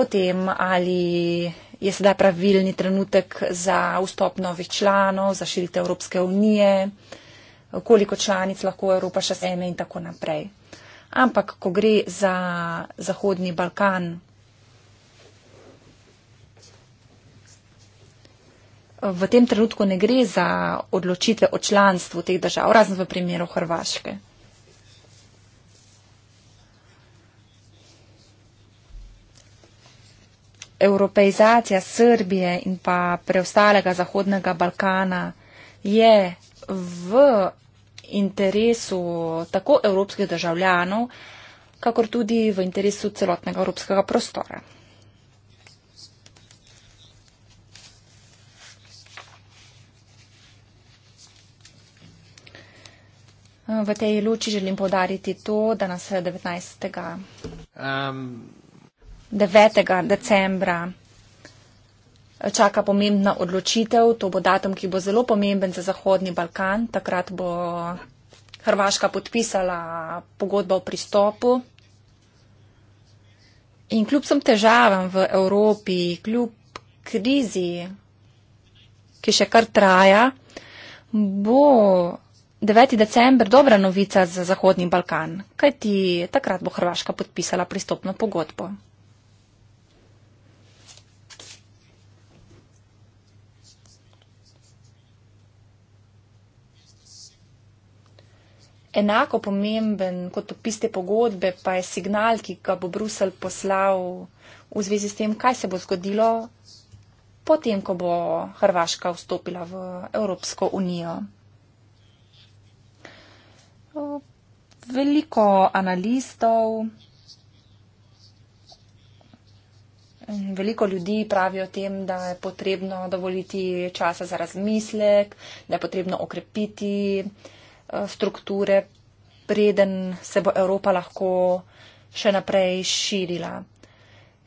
o tem, ali je sedaj pravilni trenutek za vstop novih članov, za širitev Evropske unije, koliko članic lahko Evropa še sejme in tako naprej. Ampak, ko gre za Zahodni Balkan, v tem trenutku ne gre za odločitve o članstvu teh držav, razen v primeru Hrvaške. evropeizacija Srbije in pa preostalega Zahodnega Balkana je v interesu tako evropskih državljanov, kakor tudi v interesu celotnega evropskega prostora. V tej luči želim povdariti to, da nas 19. Um. 9. decembra čaka pomembna odločitev. To bo datum, ki bo zelo pomemben za Zahodni Balkan. Takrat bo Hrvaška podpisala pogodbo o pristopu. In kljub vsem težavam v Evropi, kljub krizi, ki še kar traja, bo 9. december dobra novica za Zahodni Balkan, kajti takrat bo Hrvaška podpisala pristopno pogodbo. enako pomemben kot opis te pogodbe, pa je signal, ki ga bo Bruselj poslal v zvezi s tem, kaj se bo zgodilo potem, ko bo Hrvaška vstopila v Evropsko unijo. Veliko analistov, veliko ljudi pravi o tem, da je potrebno dovoliti časa za razmislek, da je potrebno okrepiti uh, strukture, preden se bo Evropa lahko še naprej širila.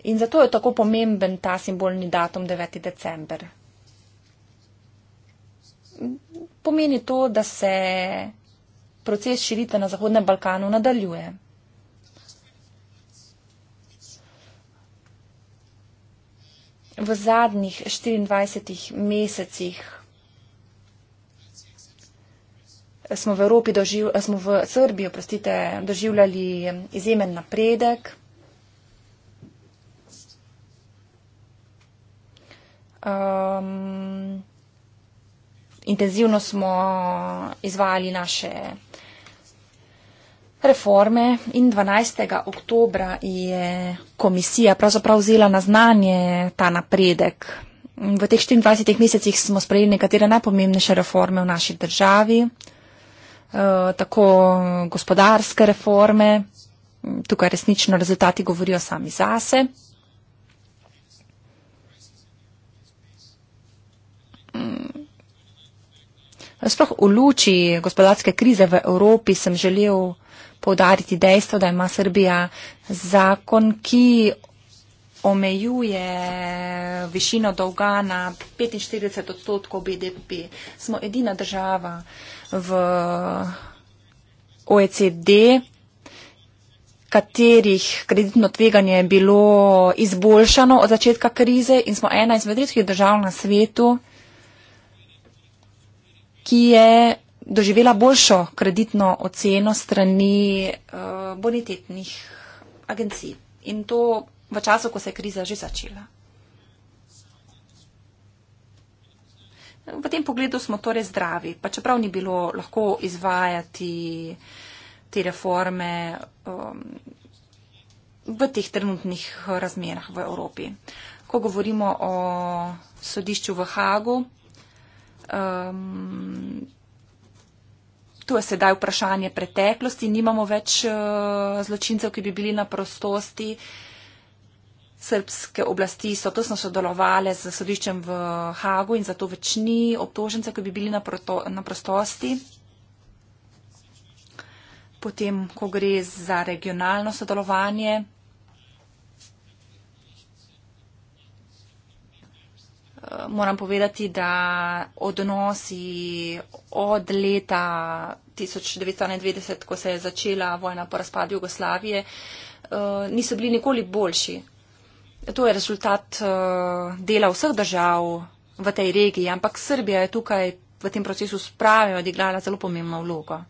In zato je tako pomemben ta simbolni datum 9. december. Pomeni to, da se proces širitve na Zahodnem Balkanu nadaljuje. V zadnjih 24 mesecih smo v Evropi doživljali, smo v Srbiji, oprostite, doživljali izjemen napredek. Um, intenzivno smo izvajali naše reforme in 12. oktobra je komisija pravzaprav vzela na znanje ta napredek. V teh 24 mesecih smo sprejeli nekatere najpomembnejše reforme v naši državi. Eh, tako gospodarske reforme. Tukaj resnično rezultati govorijo sami zase. Mm. Sploh v luči gospodarske krize v Evropi sem želel povdariti dejstvo, da ima Srbija zakon, ki omejuje višino dolga na 45 odstotkov BDP. Smo edina država, v OECD, katerih kreditno tveganje je bilo izboljšano od začetka krize in smo ena izmed redkih držav na svetu, ki je doživela boljšo kreditno oceno strani eh, bonitetnih agencij. In to v času, ko se je kriza že začela. V tem pogledu smo torej zdravi, pa čeprav ni bilo lahko izvajati te reforme um, v teh trenutnih razmerah v Evropi. Ko govorimo o sodišču v Hagu, um, tu je sedaj vprašanje preteklosti, nimamo več uh, zločincev, ki bi bili na prostosti. Uh, srpske oblasti so tesno sodelovali z sodiščem v Hagu in zato več ni obtožence, ki bi bili na, proto, na prostosti. Potem, ko gre za regionalno sodelovanje, moram povedati, da odnosi od leta 1991, ko se je začela vojna po razpadu Jugoslavije, eh, niso bili nikoli boljši. To je rezultat eh, dela vseh držav v tej regiji, ampak Srbija je tukaj v tem procesu sprave odigrala zelo pomembno vlogo.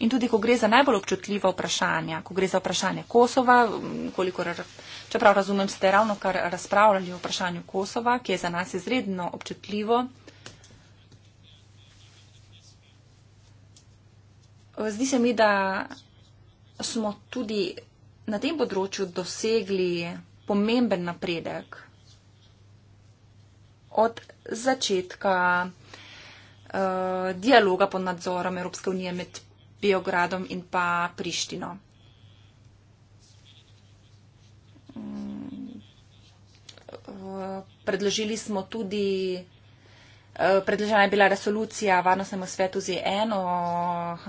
In tudi, ko gre za najbolj občutljiva vprašanja, ko gre za vprašanje Kosova, koliko, čeprav razumem, ste ravno kar razpravljali o vprašanju Kosova, ki je za nas izredno občutljivo. Zdi se mi, da smo tudi na tem področju dosegli pomemben napredek. Od začetka uh, dialoga pod nadzorom Evropske unije med Biogradom in pa Prištino. Eh, predložili smo tudi, eh, predložena je bila resolucija Varnostnemu svetu ZN o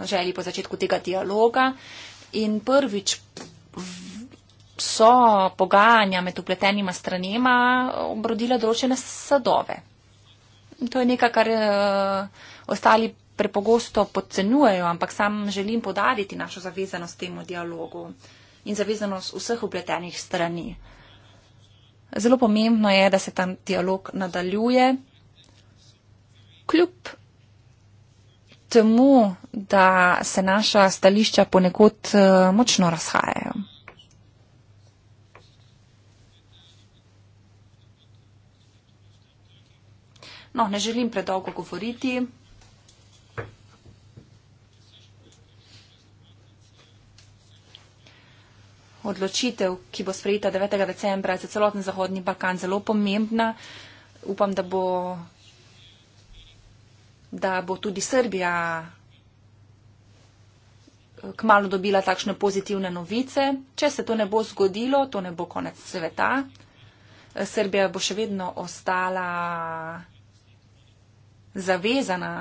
želji po začetku tega dialoga, in prvič so pogajanja med upletenima stranima obrodila določene sadove. To je nekaj, kar eh, ostali prepogosto podcenjujejo, ampak sam želim podariti našo zavezanost temu dialogu in zavezanost vseh upletenih strani. Zelo pomembno je, da se ta dialog nadaljuje kljub temu, da se naša stališča ponekod eh, močno razhajajo. No, ne želim predolgo govoriti. Odločitev, ki bo sprejeta 9. decembra, je za celoten Zahodni Balkan zelo pomembna. Upam, da bo da bo tudi Srbija eh, kmalo dobila takšne pozitivne novice. Če se to ne bo zgodilo, to ne bo konec sveta. Eh, Srbija bo še vedno ostala zavezana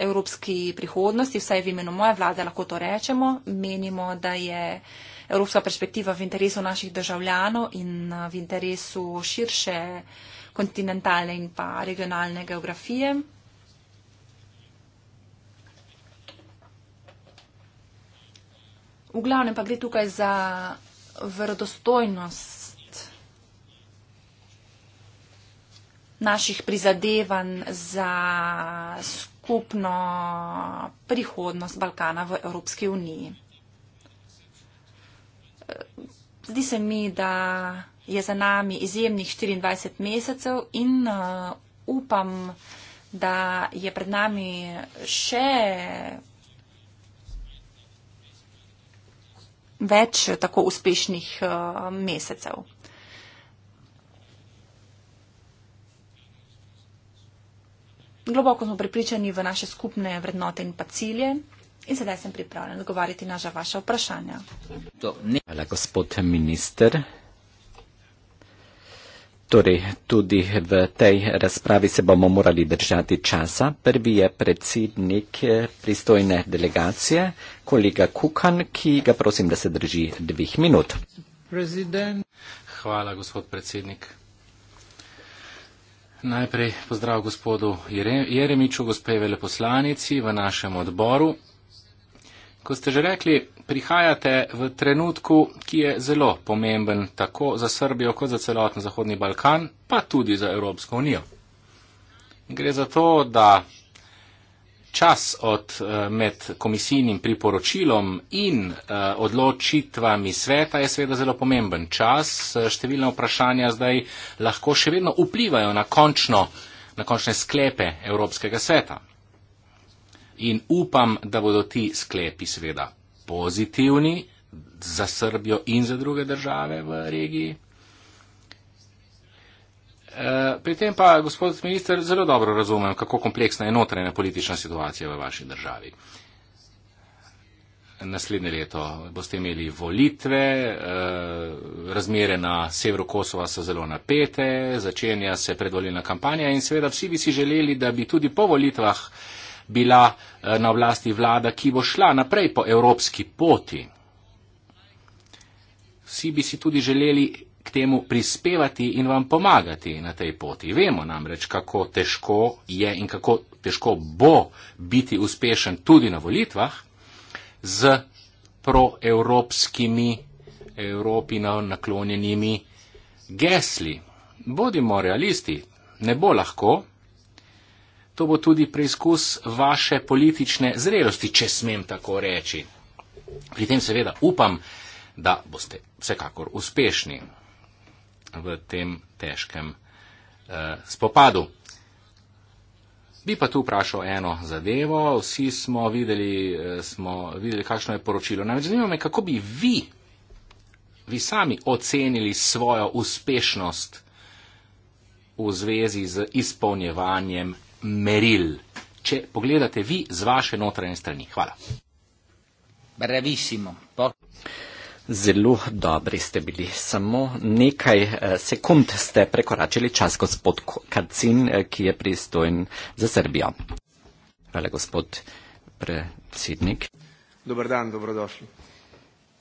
evropski prihodnosti, vsaj v imenu moje vlade lahko to rečemo. Menimo, da je evropska perspektiva v interesu naših državljanov in eh, v interesu širše kontinentalne in pa regionalne geografije. V glavnem pa gre tukaj za vrdostojnost naših prizadevanj za skupno prihodnost Balkana v Evropski uniji. Zdi se mi, da je za nami izjemnih 24 mesecev in uh, upam, da je pred nami še več tako uspešnih eh, mesecev. Globoko smo pripričani v naše skupne vrednote in pa cilje in sedaj sem pripravljen odgovarjati na vaše vprašanja. Hvala, gospod minister. Torej, tudi v tej razpravi se bomo morali držati časa. Prvi je predsednik pristojne delegacije, kolega Kukan, ki ga prosim, da se drži dveh minut. President. Hvala, gospod predsednik. Najprej pozdrav gospodu Jeremiču, gospe veleposlanici v našem odboru. Kot ste že rekli, prihajate v trenutku, ki je zelo pomemben tako za Srbijo, kot za celoten Zahodni Balkan, pa tudi za Evropsko unijo. Gre za to, da čas od, eh, med komisijnim priporočilom in eh, odločitvami sveta je seveda zelo pomemben čas. Eh, številna vprašanja zdaj lahko še vedno vplivajo na, končno, na končne sklepe Evropskega sveta in upam, da bodo ti sklepi seveda pozitivni za Srbijo in za druge države v regiji. E, pri tem pa, gospod minister, zelo dobro razumem, kako kompleksna je notranja politična situacija v vaši državi. Naslednje leto boste imeli volitve, e, razmere na severu Kosova so zelo napete, začenja se predvoljena kampanja in seveda vsi bi si želeli, da bi tudi po volitvah bila eh, na vlasti vlada, ki bo šla naprej po evropski poti. Vsi bi si tudi želeli k temu prispevati in vam pomagati na tej poti. Vemo namreč, kako težko je in kako težko bo biti uspešen tudi na volitvah z proevropskimi, Evropi naklonjenimi gesli. Bodimo realisti, ne bo lahko to bo tudi preizkus vaše politične zrelosti, če smem tako reči. Pri tem seveda upam, da boste vsekakor uspešni v tem težkem eh, spopadu. Bi pa tu vprašal eno zadevo. Vsi smo videli, eh, smo videli kakšno je poročilo. Namreč zanima me, kako bi vi, vi sami ocenili svojo uspešnost v zvezi z izpolnjevanjem meril, če pogledate vi z vaše notranje strani. Hvala. Bravissimo. Po. Zelo dobri ste bili. Samo nekaj eh, sekund ste prekoračili čas, gospod Kacin, eh, ki je pristojen za Srbijo. Hvala, gospod predsednik. Dobar dan, dobrodošli.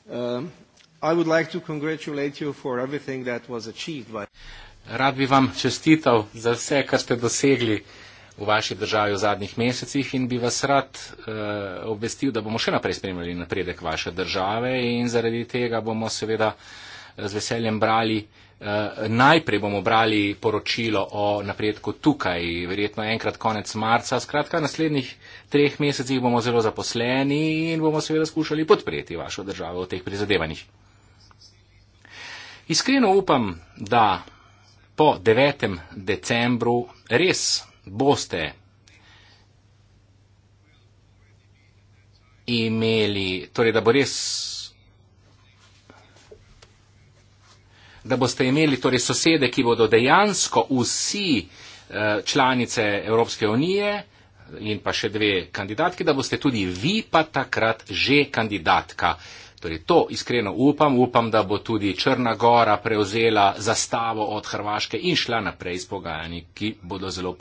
Uh, like by... Rad bi vam čestital za vse, kar ste dosegli v vaši državi v zadnjih mesecih in bi vas rad eh, obvestil, da bomo še naprej spremljali napredek vaše države in zaradi tega bomo seveda eh, z veseljem brali, eh, najprej bomo brali poročilo o napredku tukaj, verjetno enkrat konec marca. Skratka, naslednjih treh mesecih bomo zelo zaposleni in bomo seveda skušali podpreti vašo državo v teh prizadevanjih. Iskreno upam, da po 9. decembru res boste imeli, torej da bo res, da boste imeli torej sosede, ki bodo dejansko vsi eh, članice Evropske unije in pa še dve kandidatki, da boste tudi vi pa takrat že kandidatka. Torej, to iskreno upam, upam, da bo tudi Črna Gora prevzela zastavo od Hrvaške in šla naprej s pogajanji, ki bodo zelo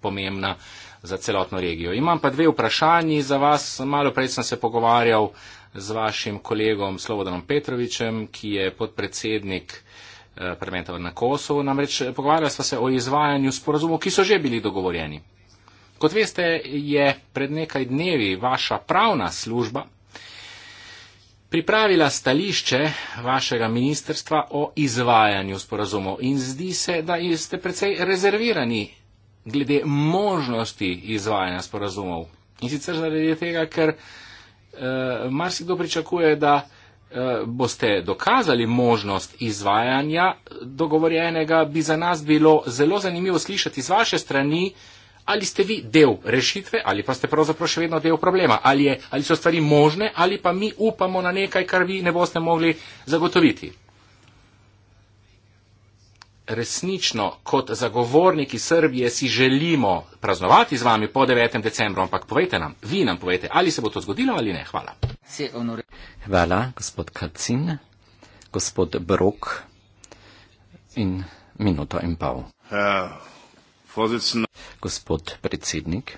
pomembna za celotno regijo. Imam pa dve vprašanji za vas. Malo prej sem se pogovarjal z vašim kolegom Slobodanom Petrovičem, ki je podpredsednik eh, parlamenta na Kosovu. Namreč eh, pogovarjali smo se o izvajanju sporozumov, ki so že bili dogovorjeni. Kot veste, je pred nekaj dnevi vaša pravna služba pripravila stališče vašega ministerstva o izvajanju sporazumov in zdi se, da ste precej rezervirani glede možnosti izvajanja sporazumov. In sicer zaradi tega, ker eh, marsikdo pričakuje, da eh, boste dokazali možnost izvajanja dogovorjenega, bi za nas bilo zelo zanimivo slišati z vaše strani, eh, ali ste vi del rešitve ali pa ste pravzaprav še vedno del problema, ali, je, ali so stvari možne ali pa mi upamo na nekaj, kar vi ne boste mogli zagotoviti. Resnično, kot zagovorniki Srbije si želimo praznovati z vami po 9. decembru, ampak povejte nam, vi nam povejte, ali se bo to zgodilo ali ne. Hvala. Hvala, gospod Kacin, gospod Brok in minuto in pol. Uh. Gospod predsednik,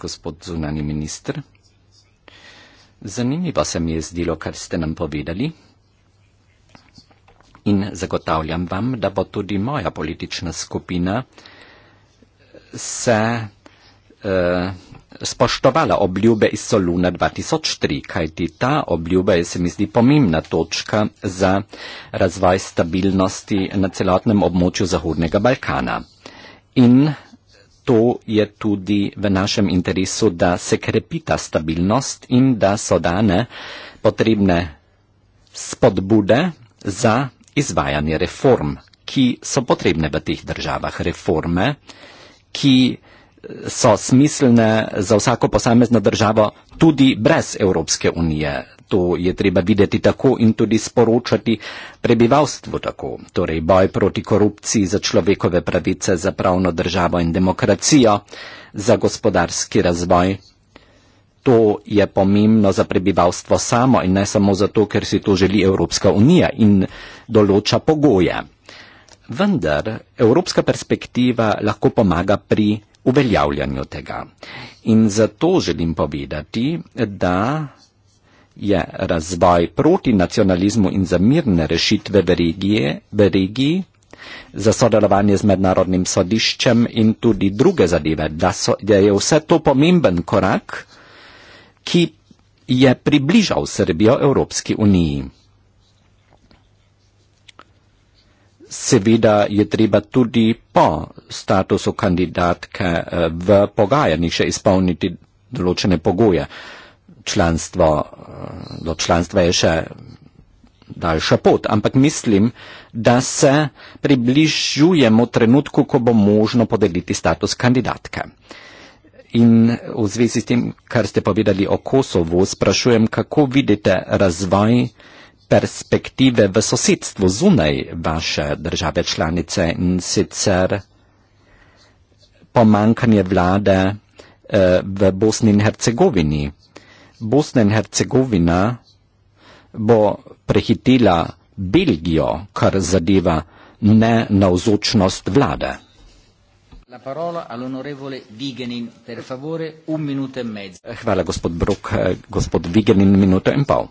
gospod zunani minister, zanimivo se mi je zdelo, kar ste nam povedali in zagotavljam vam, da bo tudi moja politična skupina se eh, spoštovala obljube iz Soluna 2003, kajti ta obljuba je se mi zdi pomembna točka za razvoj stabilnosti na celotnem območju Zahodnega Balkana. In to je tudi v našem interesu, da se krepi ta stabilnost in da so dane potrebne spodbude za izvajanje reform, ki so potrebne v teh državah. Reforme, ki so smiselne za vsako posamezno državo tudi brez Evropske unije to je treba videti tako in tudi sporočati prebivalstvu tako. Torej boj proti korupciji za človekove pravice, za pravno državo in demokracijo, za gospodarski razvoj. To je pomembno za prebivalstvo samo in ne samo zato, ker si to želi Evropska unija in določa pogoje. Vendar evropska perspektiva lahko pomaga pri uveljavljanju tega. In zato želim povedati, da je razvoj proti nacionalizmu in za mirne rešitve v, regije, v regiji, za sodelovanje z mednarodnim sodiščem in tudi druge zadeve, da, so, da je vse to pomemben korak, ki je približal Srbijo Evropski uniji. Seveda je treba tudi po statusu kandidatke eh, v pogajanjih še izpolniti določene pogoje. Uh, članstvo, eh, do članstva je še daljša pot, ampak mislim, da se približujemo trenutku, ko bo možno podeliti status kandidatke. In v zvezi s tem, kar ste povedali o Kosovu, sprašujem, kako vidite razvoj perspektive v sosedstvu zunaj vaše države članice in sicer pomankanje vlade eh, v Bosni in Hercegovini. Bosna in Hercegovina bo prehitela Belgijo, kar zadeva ne navzočnost vlade. E Hvala, gospod Brok, eh, gospod Vigenin, minuto in pol.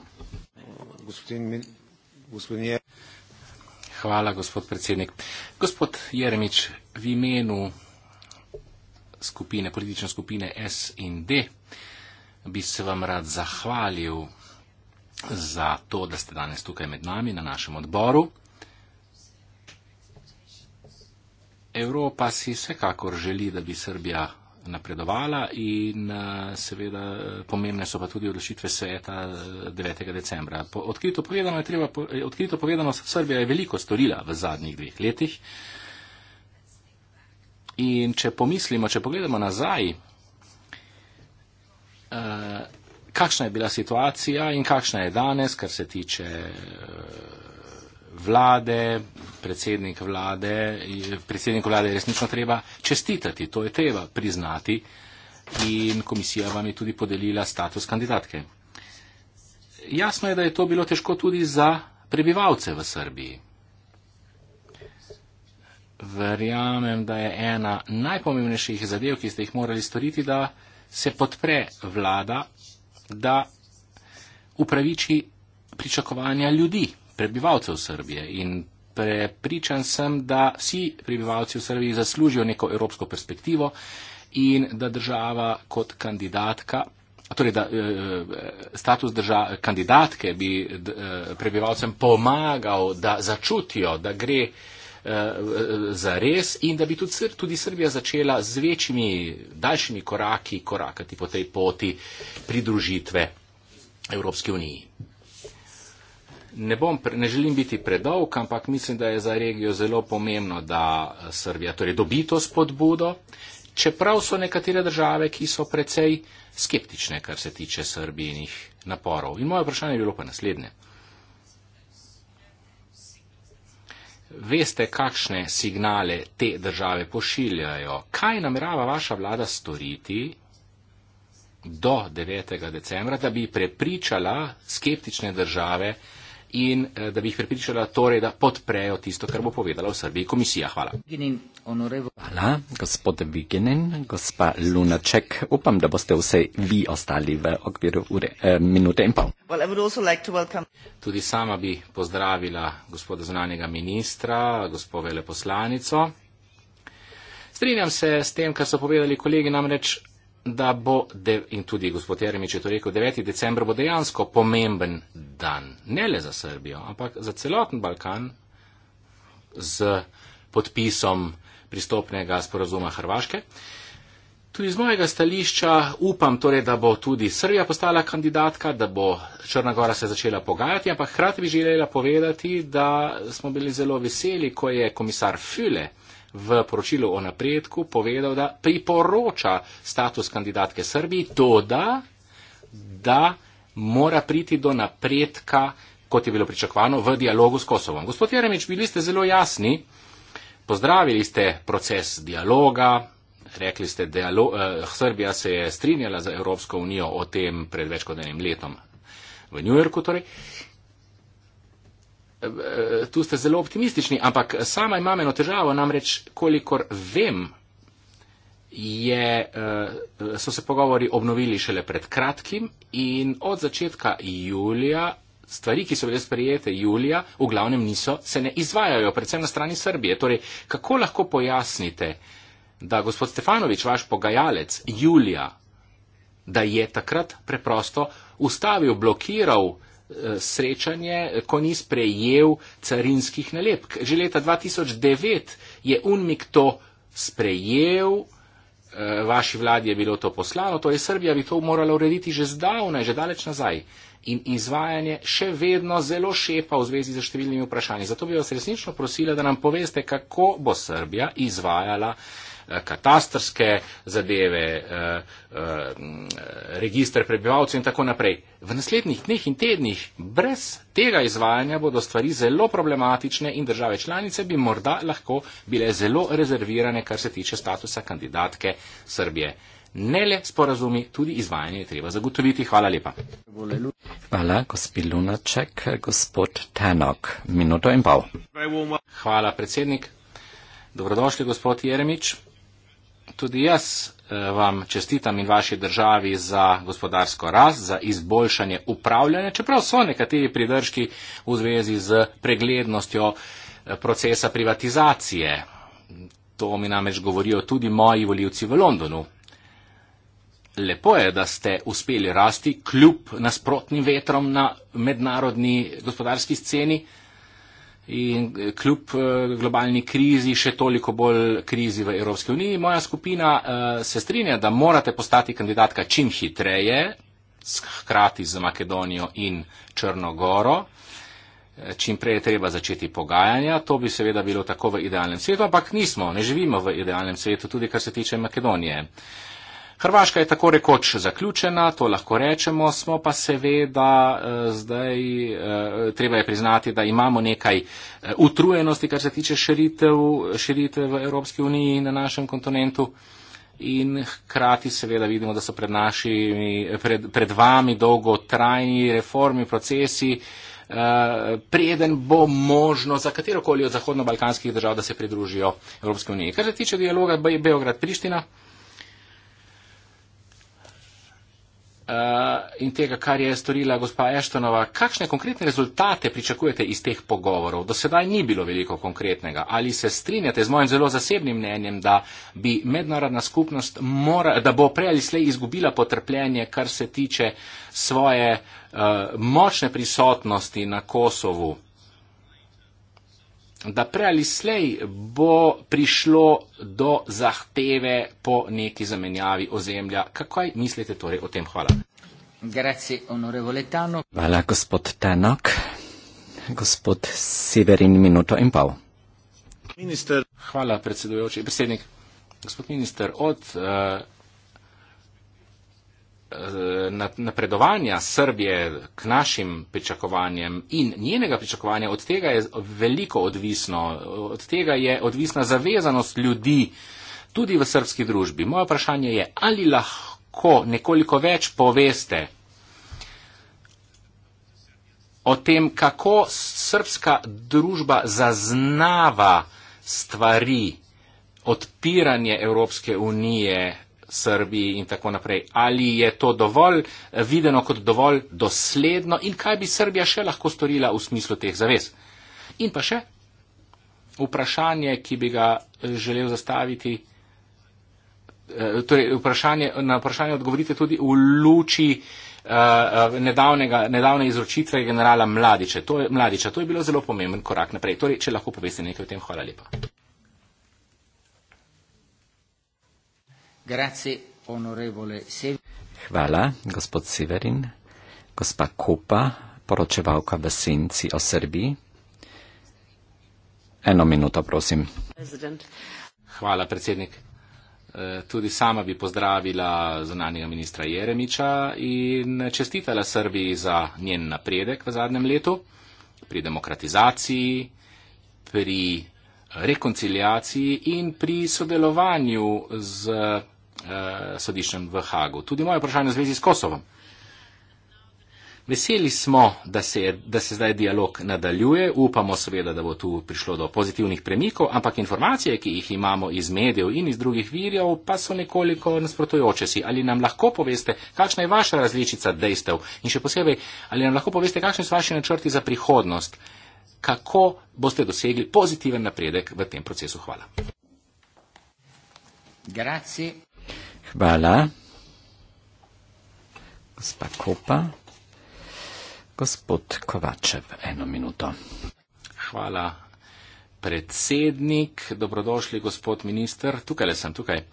Hvala, gospod predsednik. Gospod Jeremič, v imenu skupine, politične skupine S in D bi se vam rad zahvalil za to, da ste danes tukaj med nami na našem odboru. Evropa si vsekakor želi, da bi Srbija napredovala in eh, seveda pomembne so pa tudi odločitve sveta 9. Eh, decembra. Po, odkrito, povedano treba, po, eh, odkrito povedano, Srbija je veliko storila v zadnjih dveh letih. In če pomislimo, če pogledamo nazaj, Eh, kakšna je bila situacija in kakšna je danes, kar se tiče eh, vlade, predsednik vlade, predsednik vlade je resnično treba čestitati, to je treba priznati in komisija vam je tudi podelila status kandidatke. Jasno je, da je to bilo težko tudi za prebivalce v Srbiji. Verjamem, da je ena najpomembnejših zadev, ki ste jih morali storiti, da se podpre vlada, da upraviči pričakovanja ljudi, prebivalcev Srbije. In prepričan sem, da vsi prebivalci v Srbiji zaslužijo neko evropsko perspektivo in da država kot kandidatka. Torej, da e, status drža, kandidatke bi d, e, prebivalcem pomagal, da začutijo, da gre Eh, za res in da bi tudi, tudi Srbija začela z večjimi, daljšimi koraki korakati po tej poti pridružitve Evropski uniji. Ne, bom, ne želim biti predolg, ampak mislim, da je za regijo zelo pomembno, da Srbija torej dobi to spodbudo, čeprav so nekatere države, ki so precej skeptične, kar se tiče srbijinih naporov. In moje vprašanje je bilo pa naslednje. veste, kakšne signale te države pošiljajo. Kaj namerava vaša vlada storiti do 9. decembra, da bi prepričala skeptične države, in eh, da bi jih pripričala torej, da podprejo tisto, kar bo povedala v Srbiji komisija. Hvala. Hvala, gospod Vigenin, gospa Lunaček. Upam, da boste vse vi ostali v okviru ure, eh, minute in pol. Well, like Tudi sama bi pozdravila gospoda zunanjega ministra, gospod veleposlanico. Strinjam se s tem, kar so povedali kolegi, namreč da bo, de, in tudi gospod Jeremič je to rekel, 9. decembr bo dejansko pomemben dan, ne le za Srbijo, ampak za celoten Balkan z podpisom pristopnega sporazuma Hrvaške. Tudi iz mojega stališča upam torej, da bo tudi Srbija postala kandidatka, da bo Črna Gora se začela pogajati, ampak hkrati bi želela povedati, da smo bili zelo veseli, ko je komisar Füle v poročilu o napredku povedal, da priporoča status kandidatke Srbiji, doda, da mora priti do napredka, kot je bilo pričakovano, v dialogu s Kosovom. Gospod Jeremič, bili ste zelo jasni, pozdravili ste proces dialoga, rekli ste, da eh, Srbija se je strinjala za Evropsko unijo o tem pred več kot enim letom v New Yorku. Torej. Eh, tu ste zelo optimistični, ampak sama imam eno težavo, namreč kolikor vem, je, eh, so se pogovori obnovili šele pred kratkim in od začetka julija stvari, ki so bile sprejete julija, v glavnem niso, se ne izvajajo, predvsem na strani Srbije. Torej, kako lahko pojasnite, da gospod Stefanovič, vaš pogajalec, julija, da je takrat preprosto ustavil, blokiral, Eh, srečanje, ko ni sprejel carinskih nalepk. Že leta 2009 je UNMIK to sprejel, eh, vaši vladi je bilo to poslano, torej Srbija bi to morala urediti že zdavnaj, že daleč nazaj. In izvajanje še vedno zelo šepa v zvezi z številnimi vprašanji. Zato bi vas resnično prosila, da nam poveste, kako bo Srbija izvajala Eh, katastarske zadeve, eh, eh, registre prebivalcev in tako naprej. V naslednjih dneh in tednih brez tega izvajanja bodo stvari zelo problematične in države članice bi morda lahko bile zelo rezervirane, kar se tiče statusa kandidatke Srbije. Ne le sporazumi, tudi izvajanje je treba zagotoviti. Hvala lepa. Hvala, gospod Lunaček, gospod Tenok. Minuto in pol. Hvala, predsednik. Dobrodošli, gospod Jeremič tudi jaz eh, vam čestitam in vaši državi za gospodarsko rast, za izboljšanje upravljanja, čeprav so nekateri pridržki v zvezi z preglednostjo eh, procesa privatizacije. To mi namreč govorijo tudi moji voljivci v Londonu. Lepo je, da ste uspeli rasti kljub nasprotnim vetrom na mednarodni gospodarski sceni in eh, kljub eh, globalni krizi, še toliko bolj krizi v Evropski uniji. Moja skupina eh, se strinja, da morate postati kandidatka čim hitreje, hkrati z Makedonijo in Črnogoro. Čim prej je treba začeti pogajanja, to bi seveda bilo tako v idealnem svetu, ampak nismo, ne živimo v idealnem svetu, tudi kar se tiče Makedonije. Uh, Hrvaška je tako rekoč zaključena, to lahko rečemo, smo pa seveda eh, zdaj, eh, treba je priznati, da imamo nekaj eh, utrujenosti, kar se tiče širitev v Evropski uniji in na našem kontinentu. In hkrati seveda vidimo, da so pred, našimi, pred, pred vami dolgotrajni reformi, procesi, preden bo možno za katerokoli od zahodno-balkanskih držav, da se pridružijo Evropski uniji. Kar se tiče dialoga Be Beograd-Priština. Eh, in tega, kar je storila gospa Eštonova. Kakšne konkretne rezultate pričakujete iz teh pogovorov? Do sedaj ni bilo veliko konkretnega. Ali se strinjate z mojim zelo zasebnim mnenjem, da bi mednarodna skupnost, mora, da bo prej ali slej izgubila potrpljenje, kar se tiče svoje uh, močne prisotnosti na Kosovu? da prej ali slej bo prišlo do zahteve po neki zamenjavi ozemlja. Kaj mislite torej o tem? Hvala. Grazie, onorevole Tano. Hvala, gospod Tanok. Gospod Severin, minuto in pol. Minister. Hvala, predsedujoči. Predsednik. Gospod minister, od uh, Eh, napredovanja Srbije k našim pričakovanjem in njenega pričakovanja, od tega je veliko odvisno, od tega je odvisna zavezanost ljudi tudi v srbski družbi. Moje vprašanje je, ali lahko nekoliko več poveste o tem, kako srbska družba zaznava stvari, odpiranje Evropske unije, Srbiji in tako naprej. Ali je to dovolj eh, videno kot dovolj dosledno in kaj bi Srbija še lahko storila v smislu teh zavez? In pa še vprašanje, ki bi ga eh, želel zastaviti. Eh, torej, vprašanje, na vprašanje odgovorite tudi v luči uh, nedavnega, nedavne izročitve generala Mladiče. To je, Mladiča. To je bilo zelo pomemben korak naprej. Torej, če lahko poveste nekaj o tem, hvala lepa. Grazie, onorevole Severin. Hvala, gospod Severin. Gospa Kupa, poročevalka v Sinci o Srbiji. Eno minuto, prosim. President. Hvala, predsednik. E, tudi sama bi pozdravila zunanjega ministra Jeremiča in čestitala Srbiji za njen napredek v zadnjem letu pri demokratizaciji, pri rekonciliaciji in pri sodelovanju z eh, sodiščem v Hagu. Tudi moje vprašanje v zvezi s Kosovom. Veseli smo, da se, da se zdaj dialog nadaljuje, upamo seveda, da bo tu prišlo do pozitivnih premikov, ampak informacije, ki jih imamo iz medijev in iz drugih virjev, pa so nekoliko nasprotujoče si. Ali nam lahko poveste, kakšna je vaša različica dejstev in še posebej, ali nam lahko poveste, kakšni so vaši načrti za prihodnost? Eh, kako boste dosegli pozitiven napredek v tem procesu. Hvala. Grazie. Hvala. Gospa Kopa. Gospod Kovačev, eno minuto. Hvala, predsednik. Dobrodošli, gospod minister. Tukaj le sem, tukaj.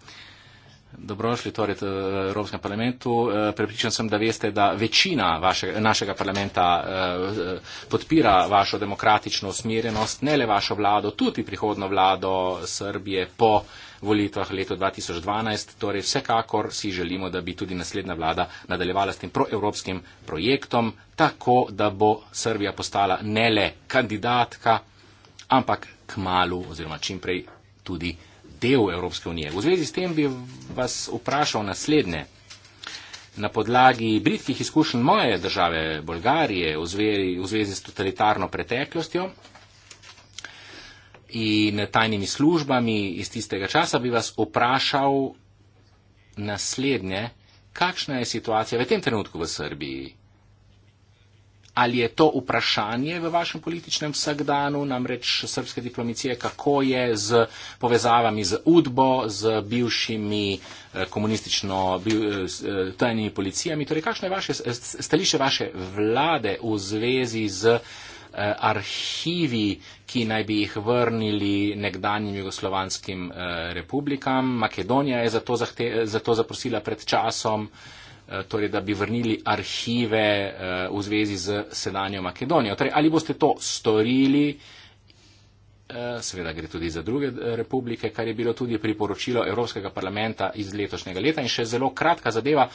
Dobrošli torej v Evropskem parlamentu. Eh, Prepričan sem, da veste, da večina vaše, našega parlamenta eh, podpira vašo demokratično usmerjenost, ne le vašo vlado, tudi prihodno vlado Srbije po volitvah leta 2012. Torej vsekakor si želimo, da bi tudi naslednja vlada nadaljevala s tem proevropskim projektom, tako da bo Srbija postala ne le kandidatka, ampak k malu oziroma čimprej tudi del Evropske unije. V zvezi s tem bi vas vprašal naslednje. Na podlagi britkih izkušenj moje države Bolgarije v zvezi, v zvezi s totalitarno preteklostjo in tajnimi službami iz tistega časa bi vas vprašal naslednje, kakšna je situacija v tem trenutku v Srbiji ali je to vprašanje v vašem političnem vsakdanu, namreč srpske diplomacije, kako je z povezavami z Udbo, z bivšimi eh, komunistično biv, eh, eh, tajnimi policijami. Torej, kakšno je vaše stališče vaše vlade v zvezi z arhivi, ki naj bi jih vrnili nekdanjim jugoslovanskim republikam. Makedonija je za to, zahte, za to zaprosila pred časom. Eh, torej da bi vrnili arhive eh, v zvezi z sedanjo Makedonijo. Torej, ali boste to storili? Eh, seveda gre tudi za druge republike, kar je bilo tudi priporočilo Evropskega parlamenta iz letošnjega leta. In še zelo kratka zadeva,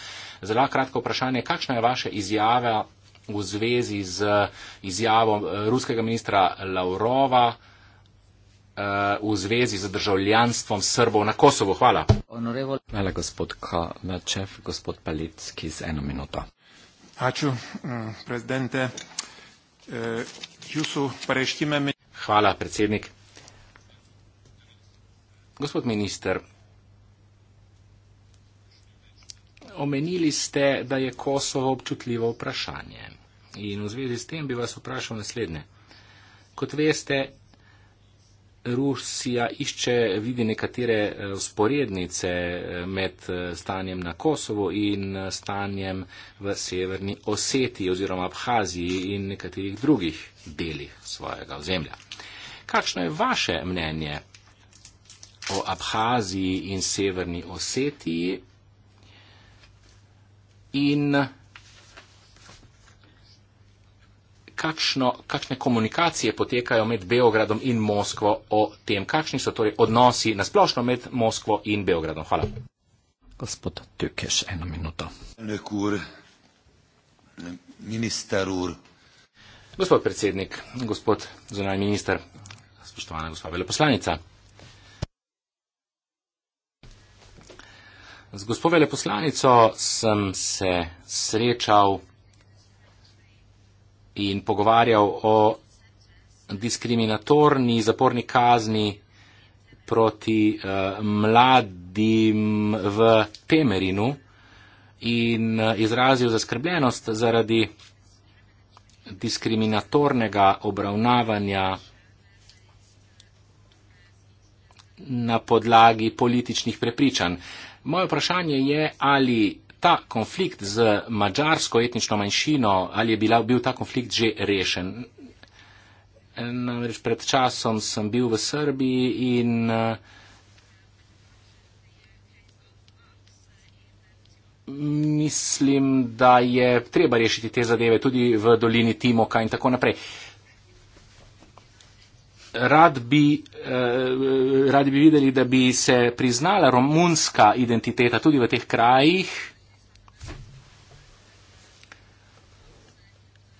zelo kratko vprašanje, kakšna je vaše izjava v zvezi z izjavom ruskega ministra Lavrova? v zvezi z državljanstvom Srbov na Kosovo. Hvala. Honorevo. Hvala, gospod Kovačev, gospod Palicki z eno minuto. Aču, mm, prezidente, e, Jusu, preštime mi. Hvala, predsednik. Gospod minister, omenili ste, da je Kosovo občutljivo vprašanje. In v zvezi s tem bi vas vprašal naslednje. Kot veste, Rusija išče, vidi nekatere sporednice eh, eh, med eh, stanjem na Kosovo in stanjem v severni Oseti oziroma Abhaziji in nekaterih drugih delih svojega ozemlja. Kakšno je vaše mnenje o Abhaziji in severni Oseti in kakšno, kakšne komunikacije potekajo med Beogradom in Moskvo o tem, kakšni so torej odnosi nasplošno med Moskvo in Beogradom. Hvala. Gospod Tukeš, eno minuto. Nekur, minister ur. Gospod predsednik, gospod zunaj minister, spoštovana gospa veleposlanica. Z gospod veleposlanico sem se srečal in pogovarjal o diskriminatorni zaporni kazni proti uh, mladim v Temerinu in uh, izrazil zaskrbljenost zaradi diskriminatornega obravnavanja na podlagi političnih prepričanj. Moje vprašanje je, ali ta konflikt z mačarsko etnično manjšino, ali je bila, bil ta konflikt že rešen? Namreč pred časom sem bil v Srbiji in eh, mislim, da je treba rešiti te zadeve tudi v dolini Timoka in tako naprej. Rad bi, eh, rad bi videli, da bi se priznala romunska identiteta tudi v teh krajih,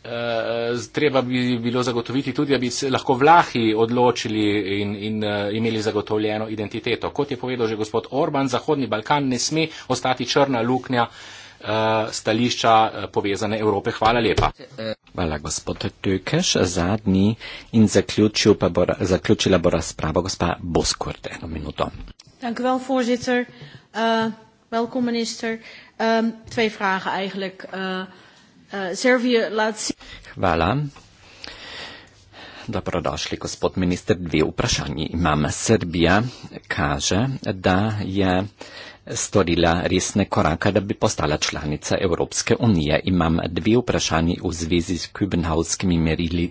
Eh, eh, treba bi bilo zagotoviti tudi, da bi se lahko vlahi odločili in, in uh, imeli zagotovljeno identiteto. Kot je povedal že gospod Orban, Zahodni Balkan ne sme ostati črna luknja stališča povezane Evrope. Hvala lepa. Hvala gospod Tökeš, zadnji in pa bo, zaključila bo razpravo gospa Boskurt. Eno minuto. Well, uh, well, um, dve vprašanje. Uh, Eh, Servijo, Laci. Hvala. Dobrodošli, gospod minister. Dve vprašanji imam. Srbija kaže, da je storila resne korake, da bi postala članica Evropske unije. Imam dve vprašanji v zvezi s kubenhavskimi merili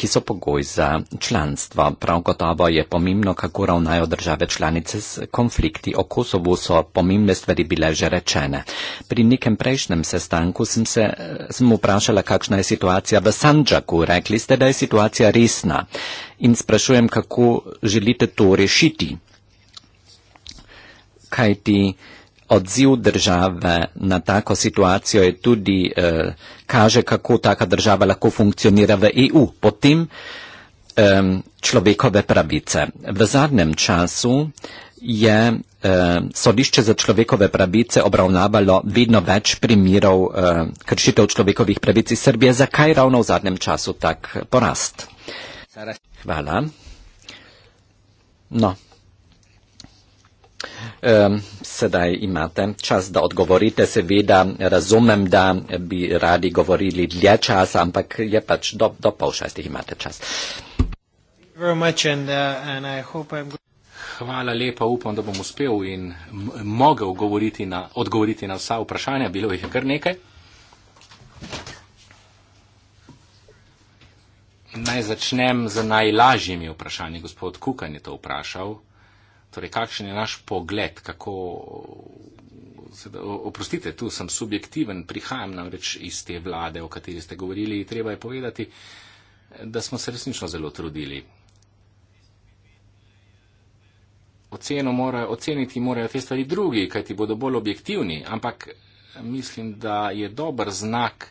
ki so pogoj za članstvo. Prav gotovo je pomembno, kako ravnajo države članice s konflikti o Kosovu, so pomembne stvari bile že rečene. Pri nekem prejšnjem sestanku sem se eh, sem vprašala, kakšna je situacija v Sanđaku. Rekli ste, da je situacija resna in sprašujem, kako želite to rešiti. Kaj ti? odziv države na tako situacijo je tudi, eh, kaže, kako taka država lahko funkcionira v EU, potem eh, človekove pravice. V zadnjem času je eh, sodišče za človekove pravice obravnavalo vedno več primirov eh, kršitev človekovih pravic iz Srbije. Zakaj ravno v zadnjem času tak porast? Hvala. No. Sedaj imate čas, da odgovorite. Seveda razumem, da bi radi govorili dlje časa, ampak je pač do, do pol šestih imate čas. Uh, Hvala lepa, upam, da bom uspel in mogel na, odgovoriti na vsa vprašanja. Bilo jih je kar nekaj. Naj začnem z najlažjimi vprašanji. Gospod Kukan je to vprašal. Torej, kakšen je naš pogled, kako. Oprostite, tu sem subjektiven, prihajam namreč iz te vlade, o kateri ste govorili. Treba je povedati, da smo se resnično zelo trudili. Oceno morajo, oceniti morajo te stvari drugi, kajti bodo bolj objektivni, ampak mislim, da je dober znak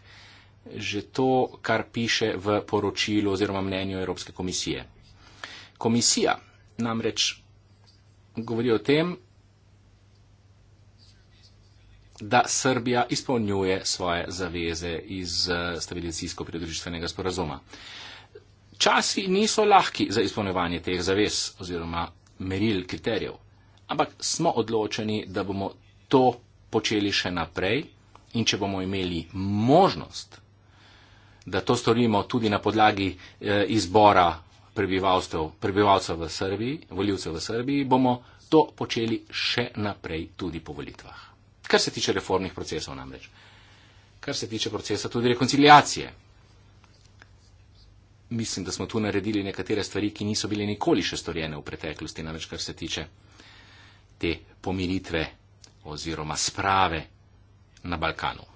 že to, kar piše v poročilu oziroma mnenju Evropske komisije. Komisija namreč govori o tem, da Srbija izpolnjuje svoje zaveze iz eh, stabilizacijsko pridružitvenega sporazuma. Časi niso lahki za izpolnjevanje teh zavez oziroma meril kriterijev, ampak smo odločeni, da bomo to počeli še naprej in če bomo imeli možnost, da to storimo tudi na podlagi eh, izbora prebivalstev, prebivalcev v Srbiji, voljivcev v Srbiji, bomo to počeli še naprej tudi po volitvah. Kar se tiče reformnih procesov namreč. Kar se tiče procesa tudi rekonciliacije. Mislim, da smo tu naredili nekatere stvari, ki niso bile nikoli še storjene v preteklosti, namreč kar se tiče te pomiritve oziroma sprave na Balkanu.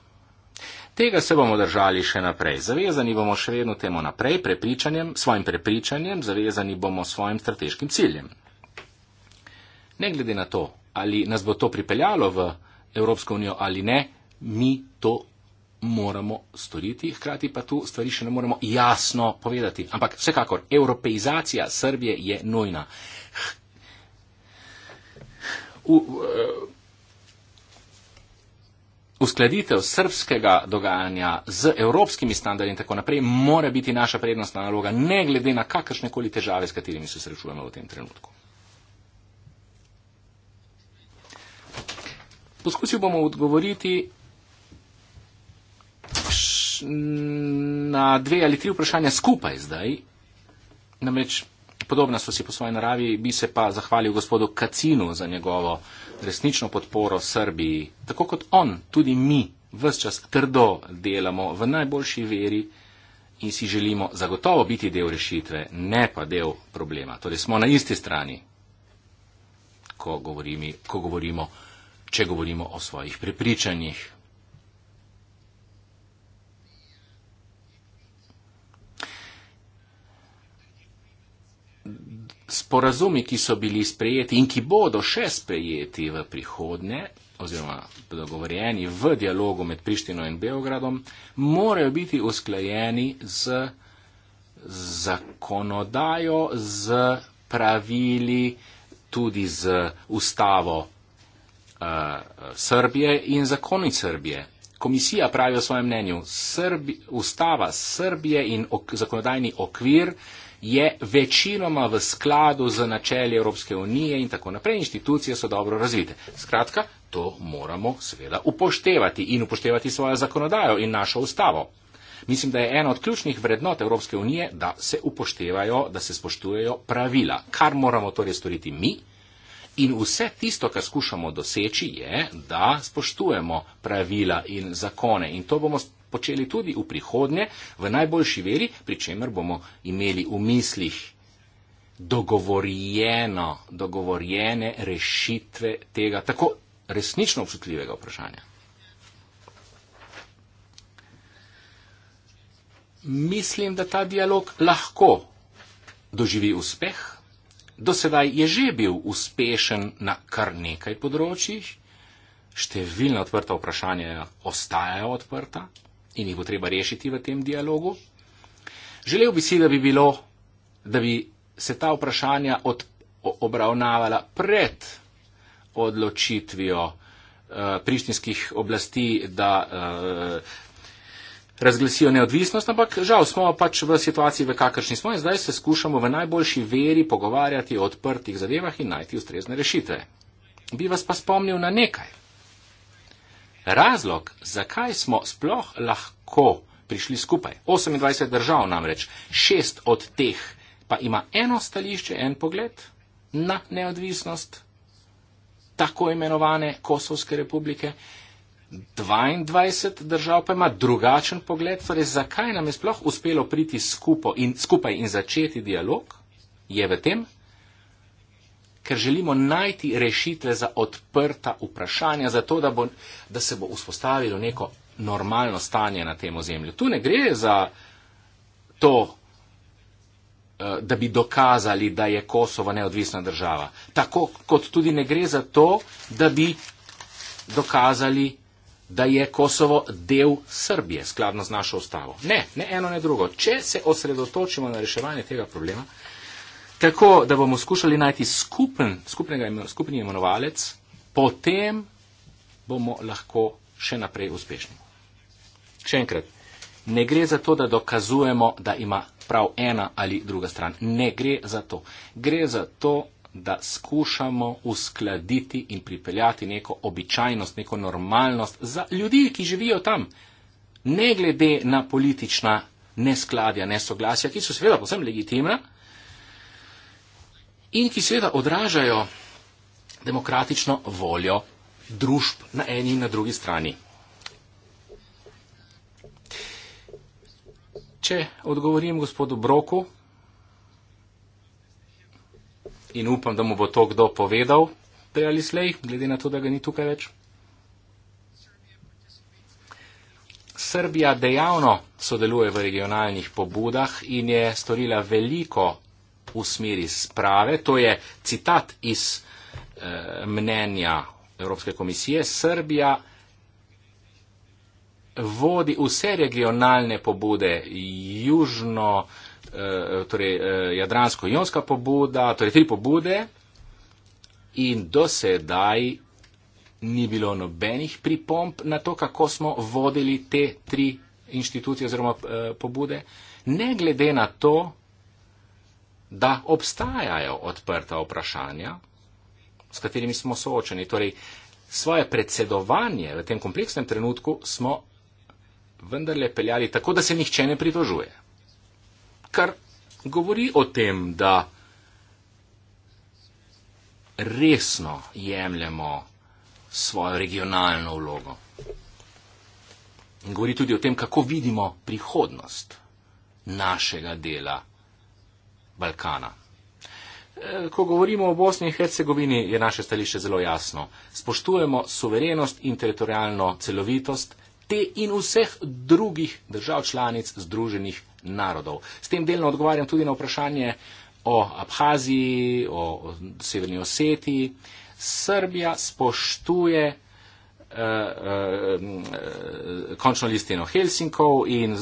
Tega se bomo držali še naprej. Zavezani bomo še vedno temu naprej, prepričanjem, svojim prepričanjem, zavezani bomo svojim strateškim ciljem. Ne glede na to, ali nas bo to pripeljalo v Evropsko unijo ali ne, mi to moramo storiti, hkrati pa tu stvari še ne moremo jasno povedati. Ampak vsekakor, evropeizacija Srbije je nujna. V, v, eh, uskladitev srpskega dogajanja z evropskimi standardi in tako naprej mora biti naša prednostna naloga, ne glede na kakršne koli težave, s katerimi se srečujemo v tem trenutku. Poskusil bomo odgovoriti na dve ali tri vprašanja skupaj zdaj. Namreč Podobna so si po svoji naravi, bi se pa zahvalil gospodu Kacinu za njegovo resnično podporo Srbiji. Tako kot on, tudi mi vse čas trdo delamo v najboljši veri in si želimo zagotovo biti del rešitve, ne pa del problema. Torej smo na isti strani, ko, govorimi, ko govorimo, če govorimo o svojih prepričanjih. sporazumi, ki so bili sprejeti in ki bodo še sprejeti v prihodnje, oziroma dogovorjeni v dialogu med Prištino in Beogradom, morajo biti usklajeni z zakonodajo, z pravili, tudi z ustavo uh, Srbije in zakoni Srbije. Komisija pravi o svojem mnenju, Srbi, ustava Srbije in ok, zakonodajni okvir uh, je večinoma v skladu z načeli Evropske unije in tako naprej, inštitucije so dobro razvite. Skratka, to moramo seveda upoštevati in upoštevati svojo zakonodajo in našo ustavo. Mislim, da je ena od ključnih vrednot Evropske unije, da se upoštevajo, da se spoštujejo pravila, kar moramo torej storiti mi. In vse tisto, kar skušamo doseči, je, da spoštujemo pravila in zakone. In to bomo počeli tudi v prihodnje v najboljši veri, pri čemer bomo imeli v mislih dogovorjeno, dogovorjene rešitve tega tako resnično občutljivega vprašanja. Mislim, da ta dialog lahko doživi uspeh. Do sedaj je že bil uspešen na kar nekaj področjih, številna odprta vprašanja ostajajo odprta, in jih bo treba rešiti v tem dialogu. Želel bi si, da bi, bilo, da bi se ta vprašanja od, obravnavala pred odločitvijo uh, prištinskih oblasti, da uh, razglasijo neodvisnost, ampak žal smo pač v situaciji, v kakršni smo in zdaj se skušamo v najboljši veri pogovarjati o odprtih zadevah in najti ustrezne rešitve. Bi vas pa spomnil na nekaj razlog, zakaj smo sploh lahko prišli skupaj. 28 držav namreč, šest od teh pa ima eno stališče, en pogled na neodvisnost tako imenovane Kosovske republike, 22 držav pa ima drugačen pogled, torej zakaj nam je sploh uspelo priti skupaj in, skupaj in začeti dialog, je v tem, ker želimo najti rešitve za odprta vprašanja, zato da, bo, da se bo vzpostavilo neko normalno stanje na tem ozemlju. Tu ne gre za to, eh, da bi dokazali, da je Kosovo neodvisna država. Tako kot tudi ne gre za to, da bi dokazali, da je Kosovo del Srbije, skladno z našo ustavo. Ne, ne eno, ne drugo. Če se osredotočimo na reševanje tega problema, Tako da bomo skušali najti skupen, skupnega, skupni imenovalec, potem bomo lahko še naprej uspešni. Še enkrat, ne gre za to, da dokazujemo, da ima prav ena ali druga stran. Ne gre za to. Gre za to, da skušamo uskladiti in pripeljati neko običajnost, neko normalnost za ljudi, ki živijo tam, ne glede na politična neskladja, nesoglasja, ki so seveda posebno legitimna in ki seveda odražajo demokratično voljo družb na eni in na drugi strani. Če odgovorim gospodu Broku in upam, da mu bo to kdo povedal, prej ali slej, glede na to, da ga ni tukaj več. Srbija dejavno sodeluje v regionalnih pobudah in je storila veliko v smeri sprave. To je citat iz e, mnenja Evropske komisije. Srbija vodi vse regionalne pobude, južno, e, torej e, jadransko-jonska pobuda, torej tri pobude in dosedaj ni bilo nobenih pripomp na to, kako smo vodili te tri inštitucije oziroma e, pobude. Ne glede na to, da obstajajo odprta vprašanja, s katerimi smo soočeni. Torej, svoje predsedovanje v tem kompleksnem trenutku smo vendarle peljali tako, da se nihče ne pritožuje. Kar govori o tem, da resno jemljemo svojo regionalno vlogo. In govori tudi o tem, kako vidimo prihodnost našega dela Balkana. E, ko govorimo o Bosni in Hercegovini, je naše stališče zelo jasno. Spoštujemo suverenost in teritorijalno celovitost te in vseh drugih držav članic Združenih narodov. S tem delno odgovarjam tudi na vprašanje o Abhaziji, o Severni Osetiji. Srbija spoštuje eh, eh, končno listino Helsinkov in eh,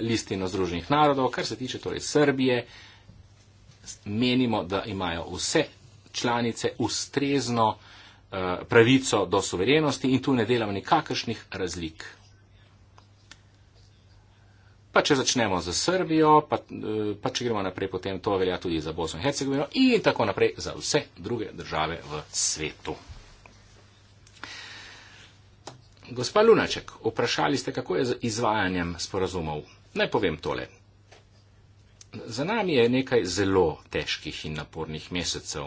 listino Združenih narodov, kar se tiče torej Srbije. Eh, menimo, da imajo vse članice ustrezno uh, pravico do suverenosti in tu ne delamo nikakršnih razlik. Pa če začnemo za Srbijo, pa, uh, pa če gremo naprej, potem to velja tudi za Bosno in Hercegovino in tako naprej za vse druge države v svetu. Gospa Lunaček, vprašali ste, kako je z izvajanjem sporazumov. Naj povem tole. Za nami je nekaj zelo težkih in napornih mesecev.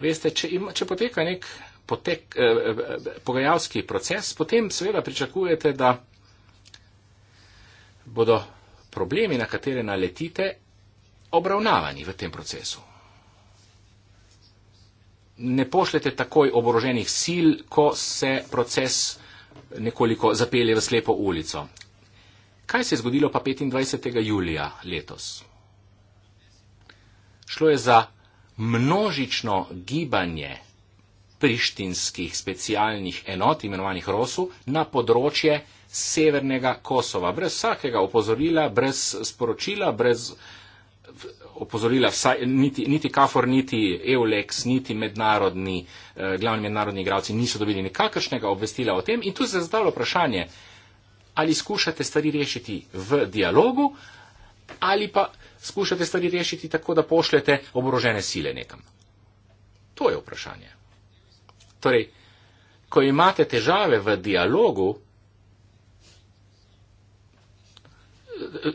Veste, če, ima, če poteka nek potek, eh, eh, pogajalski proces, potem seveda pričakujete, da bodo problemi, na katere naletite, obravnavani v tem procesu. Ne pošljete takoj oboroženih sil, ko se proces nekoliko zapelje v slepo ulico. Kaj se je zgodilo pa 25. julija letos? Šlo je za množično gibanje prištinskih specialnih enot, imenovanih Rosu, na področje severnega Kosova. Brez vsakega opozorila, brez sporočila, brez opozorila, vsaj, niti, niti Kafor, niti Eulex, niti mednarodni, eh, glavni mednarodni igralci niso dobili nikakršnega obvestila o tem. In tu se je zdalo vprašanje, ali skušate stvari rešiti v dialogu, ali pa skušate stvari rešiti tako, da pošljete oborožene sile nekam. To je vprašanje. Torej, ko imate težave v dialogu,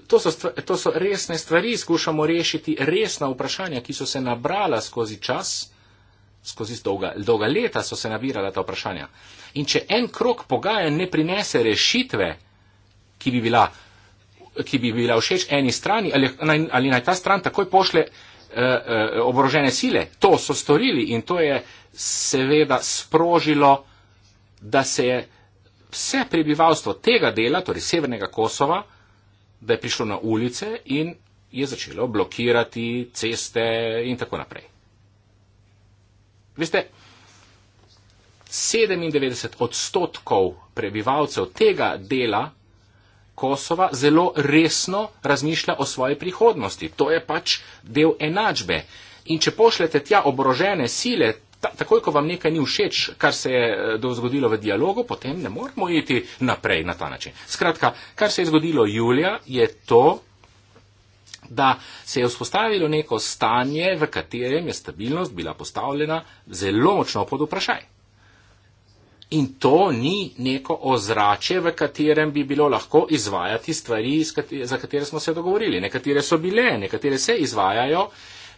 to so, stvari, to so resne stvari, skušamo rešiti resna vprašanja, ki so se nabrala skozi čas, skozi dolga, dolga leta so se nabirala ta vprašanja. In če en krok pogajanj ne prinese rešitve, ki bi bila, ki bi bila všeč eni strani, ali, ali naj ta stran takoj pošle eh, eh, oborožene sile. To so storili in to je seveda sprožilo, da se je vse prebivalstvo tega dela, torej severnega Kosova, da je prišlo na ulice in je začelo blokirati ceste in tako naprej. Veste, 97 odstotkov prebivalcev tega dela Kosova zelo resno razmišlja o svoji prihodnosti. To je pač del enačbe. In če pošljete tja oborožene sile, ta, takoj, ko vam nekaj ni všeč, kar se je eh, dozgodilo v dialogu, potem ne moramo iti naprej na ta način. Skratka, kar se je zgodilo julija, je to, da se je vzpostavilo neko stanje, v katerem je stabilnost bila postavljena zelo močno pod vprašaj. In to ni neko ozračje, v katerem bi bilo lahko izvajati stvari, za katere smo se dogovorili. Nekatere so bile, nekatere se izvajajo.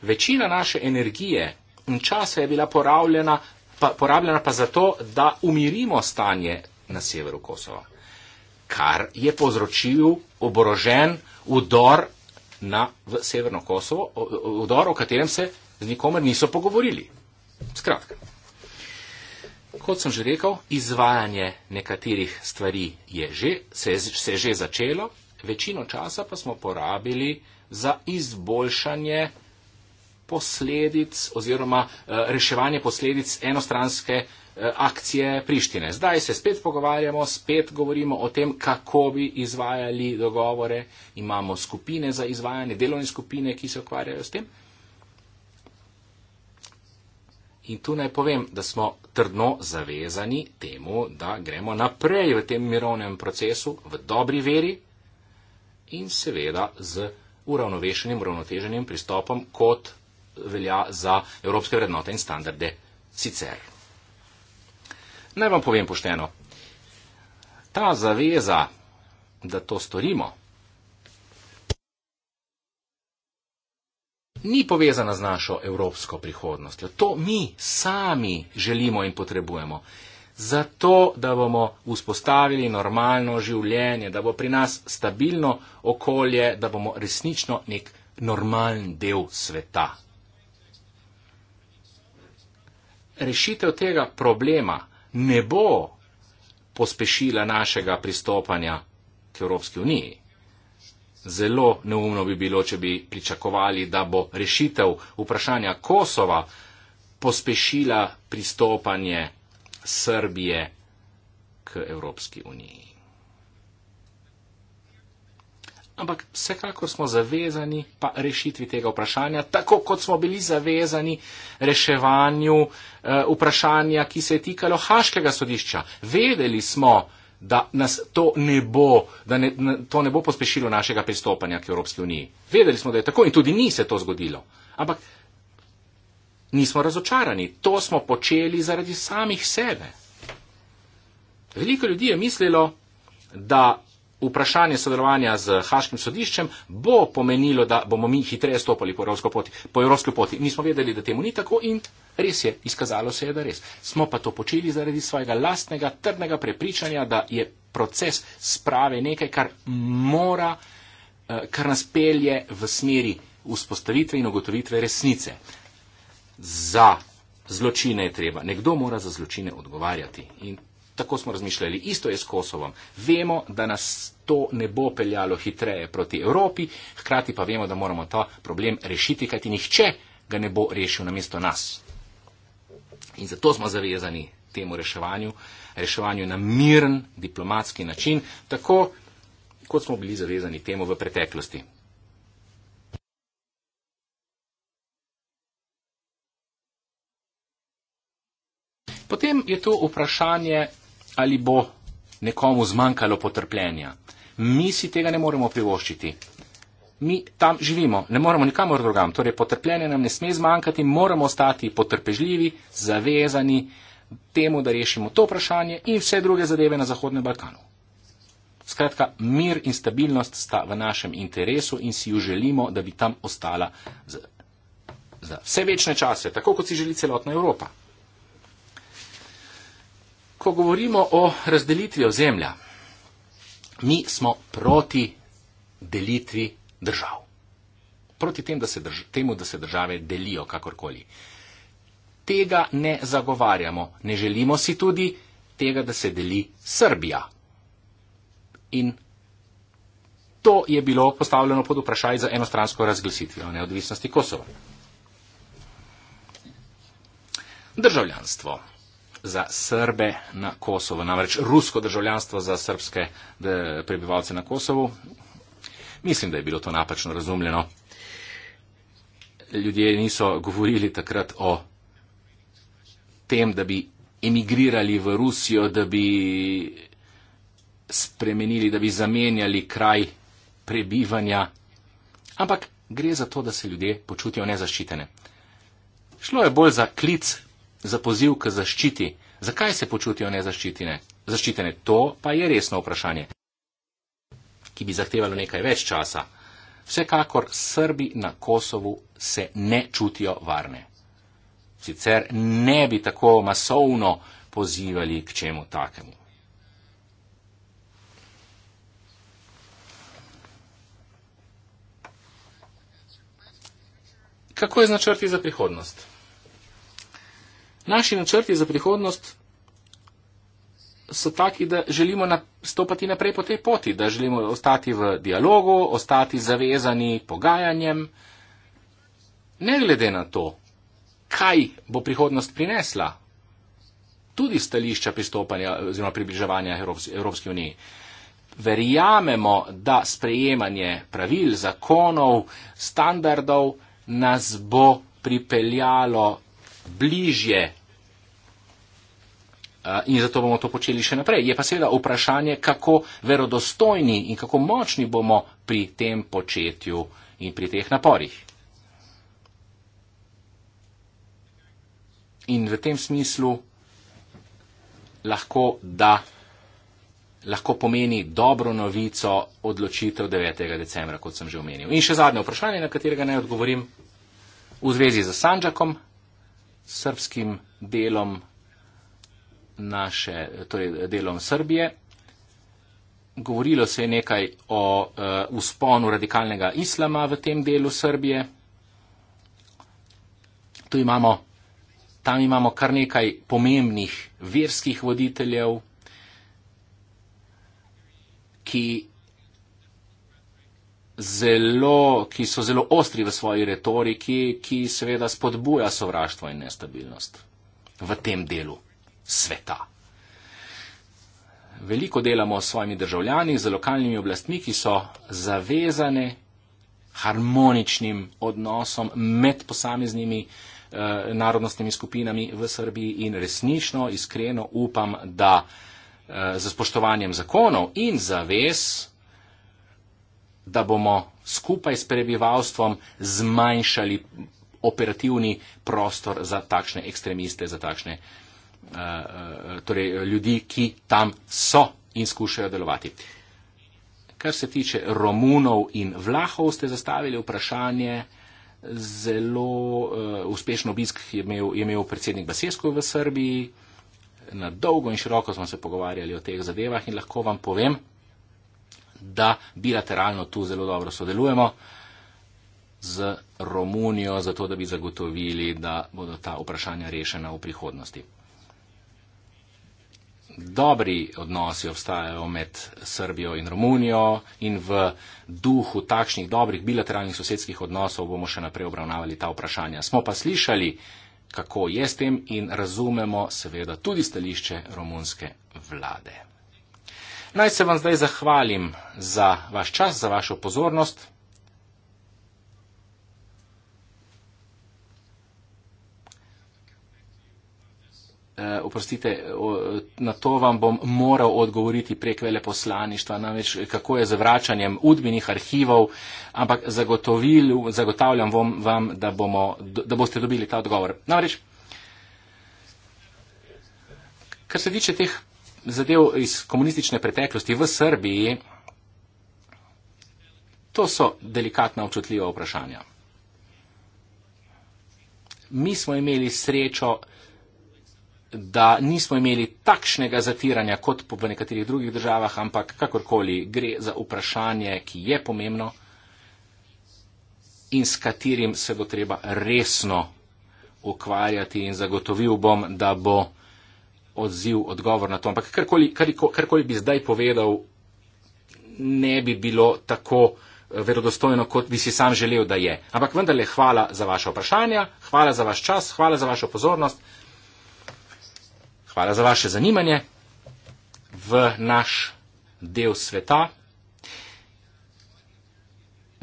Večina naše energije in časa je bila porabljena pa, porabljena pa zato, da umirimo stanje na severu Kosova, kar je povzročil oborožen udor na severno Kosovo, udor, o katerem se z nikomer niso pogovorili. Skratka kot sem že rekel, izvajanje nekaterih stvari je že, se, je, se je že začelo, večino časa pa smo porabili za izboljšanje posledic oziroma uh, reševanje posledic enostranske uh, akcije Prištine. Zdaj se spet pogovarjamo, spet govorimo o tem, kako bi izvajali dogovore. Imamo skupine za izvajanje, delovne skupine, ki se ukvarjajo s tem. Uh, In tu naj povem, da smo trdno zavezani temu, da gremo naprej v tem mirovnem procesu v dobri veri in seveda z uravnovešenim, uravnoteženim pristopom, kot velja za evropske vrednote in standarde sicer. Naj vam povem pošteno, ta zaveza, da to storimo, ni povezana z našo evropsko prihodnostjo. To mi sami želimo in potrebujemo. Zato, da bomo vzpostavili normalno življenje, da bo pri nas stabilno okolje, da bomo resnično nek normalen del sveta. Rešitev tega problema ne bo pospešila našega pristopanja k Evropski uniji. Zelo neumno bi bilo, če bi pričakovali, da bo rešitev vprašanja Kosova pospešila pristopanje Srbije k Evropski uniji. Ampak vsekakor smo zavezani pa rešitvi tega vprašanja, tako kot smo bili zavezani reševanju eh, vprašanja, ki se je tikalo Haškega sodišča. Vedeli smo, da nas to ne bo, da ne, to ne bo pospešilo našega pristopanja k Evropski uniji. Vedeli smo, da je tako in tudi ni se to zgodilo. Ampak nismo razočarani, to smo počeli zaradi samih sebe. Veliko ljudi je mislilo, da vprašanje sodelovanja z Haškim sodiščem bo pomenilo, da bomo mi hitreje stopili po evropski poti. Po evropski poti. Nismo vedeli, da temu ni tako in res je, izkazalo se je, da res. Smo pa to počeli zaradi svojega lastnega trdnega prepričanja, da je proces sprave nekaj, kar mora, eh, kar nas pelje v smeri vzpostavitve in ugotovitve resnice. Za zločine je treba. Nekdo mora za zločine odgovarjati. In Tako smo razmišljali. Isto je s Kosovom. Vemo, da nas to ne bo peljalo hitreje proti Evropi, hkrati pa vemo, da moramo ta problem rešiti, kajti nihče ga ne bo rešil namesto nas. In zato smo zavezani temu reševanju, reševanju na miren diplomatski način, tako kot smo bili zavezani temu v preteklosti. Potem je to vprašanje ali bo nekomu zmanjkalo potrpljenja. Mi si tega ne moremo privoščiti. Mi tam živimo, ne moremo nikamor drugam. Torej, potrpljenje nam ne sme zmanjkati, moramo ostati potrpežljivi, zavezani temu, da rešimo to vprašanje in vse druge zadeve na Zahodnem Balkanu. Skratka, mir in stabilnost sta v našem interesu in si ju želimo, da bi tam ostala za, za vse večne čase, tako kot si želi celotna Evropa. Ko govorimo o razdelitvi ozemlja, mi smo proti delitvi držav. Proti tem, da drž temu, da se države delijo kakorkoli. Tega ne zagovarjamo. Ne želimo si tudi tega, da se deli Srbija. In to je bilo postavljeno pod vprašaj za enostransko razglasitvijo neodvisnosti Kosova. Državljanstvo za Srbe na Kosovo. Namreč rusko državljanstvo za srbske prebivalce na Kosovo. Mislim, da je bilo to napačno razumljeno. Ljudje niso govorili takrat o tem, da bi emigrirali v Rusijo, da bi spremenili, da bi zamenjali kraj prebivanja, ampak gre za to, da se ljudje počutijo nezaščitene. Šlo je bolj za klic za poziv k zaščiti. Zakaj se počutijo nezaščitene? Zaščitene to pa je resno vprašanje, ki bi zahtevalo nekaj več časa. Vsekakor Srbi na Kosovu se ne čutijo varne. Sicer ne bi tako masovno pozivali k čemu takemu. Kako je z načrti za prihodnost? Naši načrti za prihodnost so taki, da želimo stopati naprej po tej poti, da želimo ostati v dialogu, ostati zavezani pogajanjem, ne glede na to, kaj bo prihodnost prinesla, tudi stališča pristopanja oziroma približevanja Evropski uniji. Verjamemo, da sprejemanje pravil, zakonov, standardov nas bo pripeljalo bližje. In zato bomo to počeli še naprej. Je pa seveda vprašanje, kako verodostojni in kako močni bomo pri tem početju in pri teh naporih. In v tem smislu lahko, da, lahko pomeni dobro novico odločitev 9. decembra, kot sem že omenil. In še zadnje vprašanje, na katerega naj odgovorim v zvezi z Sanžakom, srpskim delom naše, torej delom Srbije. Govorilo se je nekaj o uh, usponu radikalnega islama v tem delu Srbije. Tu imamo, tam imamo kar nekaj pomembnih verskih voditeljev, ki zelo, ki so zelo ostri v svoji retoriki, ki seveda spodbuja sovraštvo in nestabilnost v tem delu sveta. Veliko delamo s svojimi državljani, z lokalnimi oblastmi, ki so zavezane harmoničnim odnosom med posameznimi eh, narodnostnimi skupinami v Srbiji in resnično, iskreno upam, da eh, z spoštovanjem zakonov in zavez da bomo skupaj s prebivalstvom zmanjšali operativni prostor za takšne ekstremiste, za takšne uh, uh, torej ljudi, ki tam so in skušajo delovati. Kar se tiče Romunov in Vlahov, ste zastavili vprašanje. Zelo uh, uspešen obisk je imel, je imel predsednik Basesko v Srbiji. Na dolgo in široko smo se pogovarjali o teh zadevah in lahko vam povem, da bilateralno tu zelo dobro sodelujemo z Romunijo, zato da bi zagotovili, da bodo ta vprašanja rešena v prihodnosti. Dobri odnosi obstajajo med Srbijo in Romunijo in v duhu takšnih dobrih bilateralnih sosedskih odnosov bomo še naprej obravnavali ta vprašanja. Smo pa slišali, kako je s tem in razumemo seveda tudi stališče romunske vlade. Naj se vam zdaj zahvalim za vaš čas, za vašo pozornost. E, oprostite, na to vam bom moral odgovoriti prek veleposlaništva, namreč kako je z vračanjem udbinih arhivov, ampak zagotavljam vam, vam da, bomo, da boste dobili ta odgovor. Namreč, kar se tiče teh zadev iz komunistične preteklosti v Srbiji, to so delikatna občutljiva vprašanja. Mi smo imeli srečo, da nismo imeli takšnega zatiranja kot v nekaterih drugih državah, ampak kakorkoli gre za vprašanje, ki je pomembno in s katerim se bo treba resno ukvarjati in zagotovil bom, da bo odziv, odgovor na to. Ampak karkoli, karko, karkoli bi zdaj povedal, ne bi bilo tako eh, verodostojno, kot bi si sam želel, da je. Ampak vendarle, hvala za vaše vprašanja, hvala za vaš čas, hvala za vašo pozornost, hvala za vaše zanimanje v naš del sveta.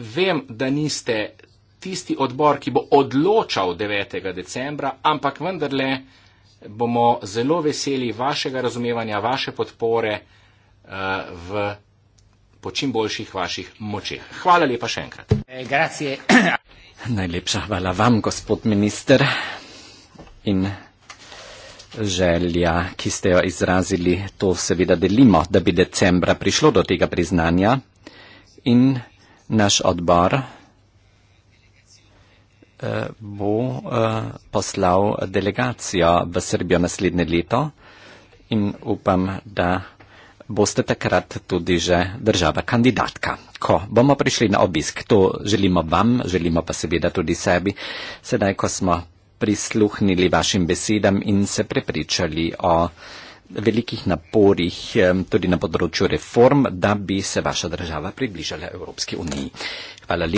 Vem, da niste tisti odbor, ki bo odločal 9. decembra, ampak vendarle, bomo zelo veseli vašega razumevanja, vaše podpore uh, v po čim boljših vaših močeh. Hvala lepa še enkrat. E, Najlepša hvala vam, gospod minister, in želja, ki ste jo izrazili, to seveda delimo, da bi decembra prišlo do tega priznanja in naš odbor bo eh, poslal delegacijo v Srbijo naslednje leto in upam, da boste takrat tudi že država kandidatka. Ko bomo prišli na obisk, to želimo vam, želimo pa seveda tudi sebi. Sedaj, ko smo prisluhnili vašim besedam in se prepričali o velikih naporih eh, tudi na področju reform, da bi se vaša država približala Evropski uniji. Hvala lepa.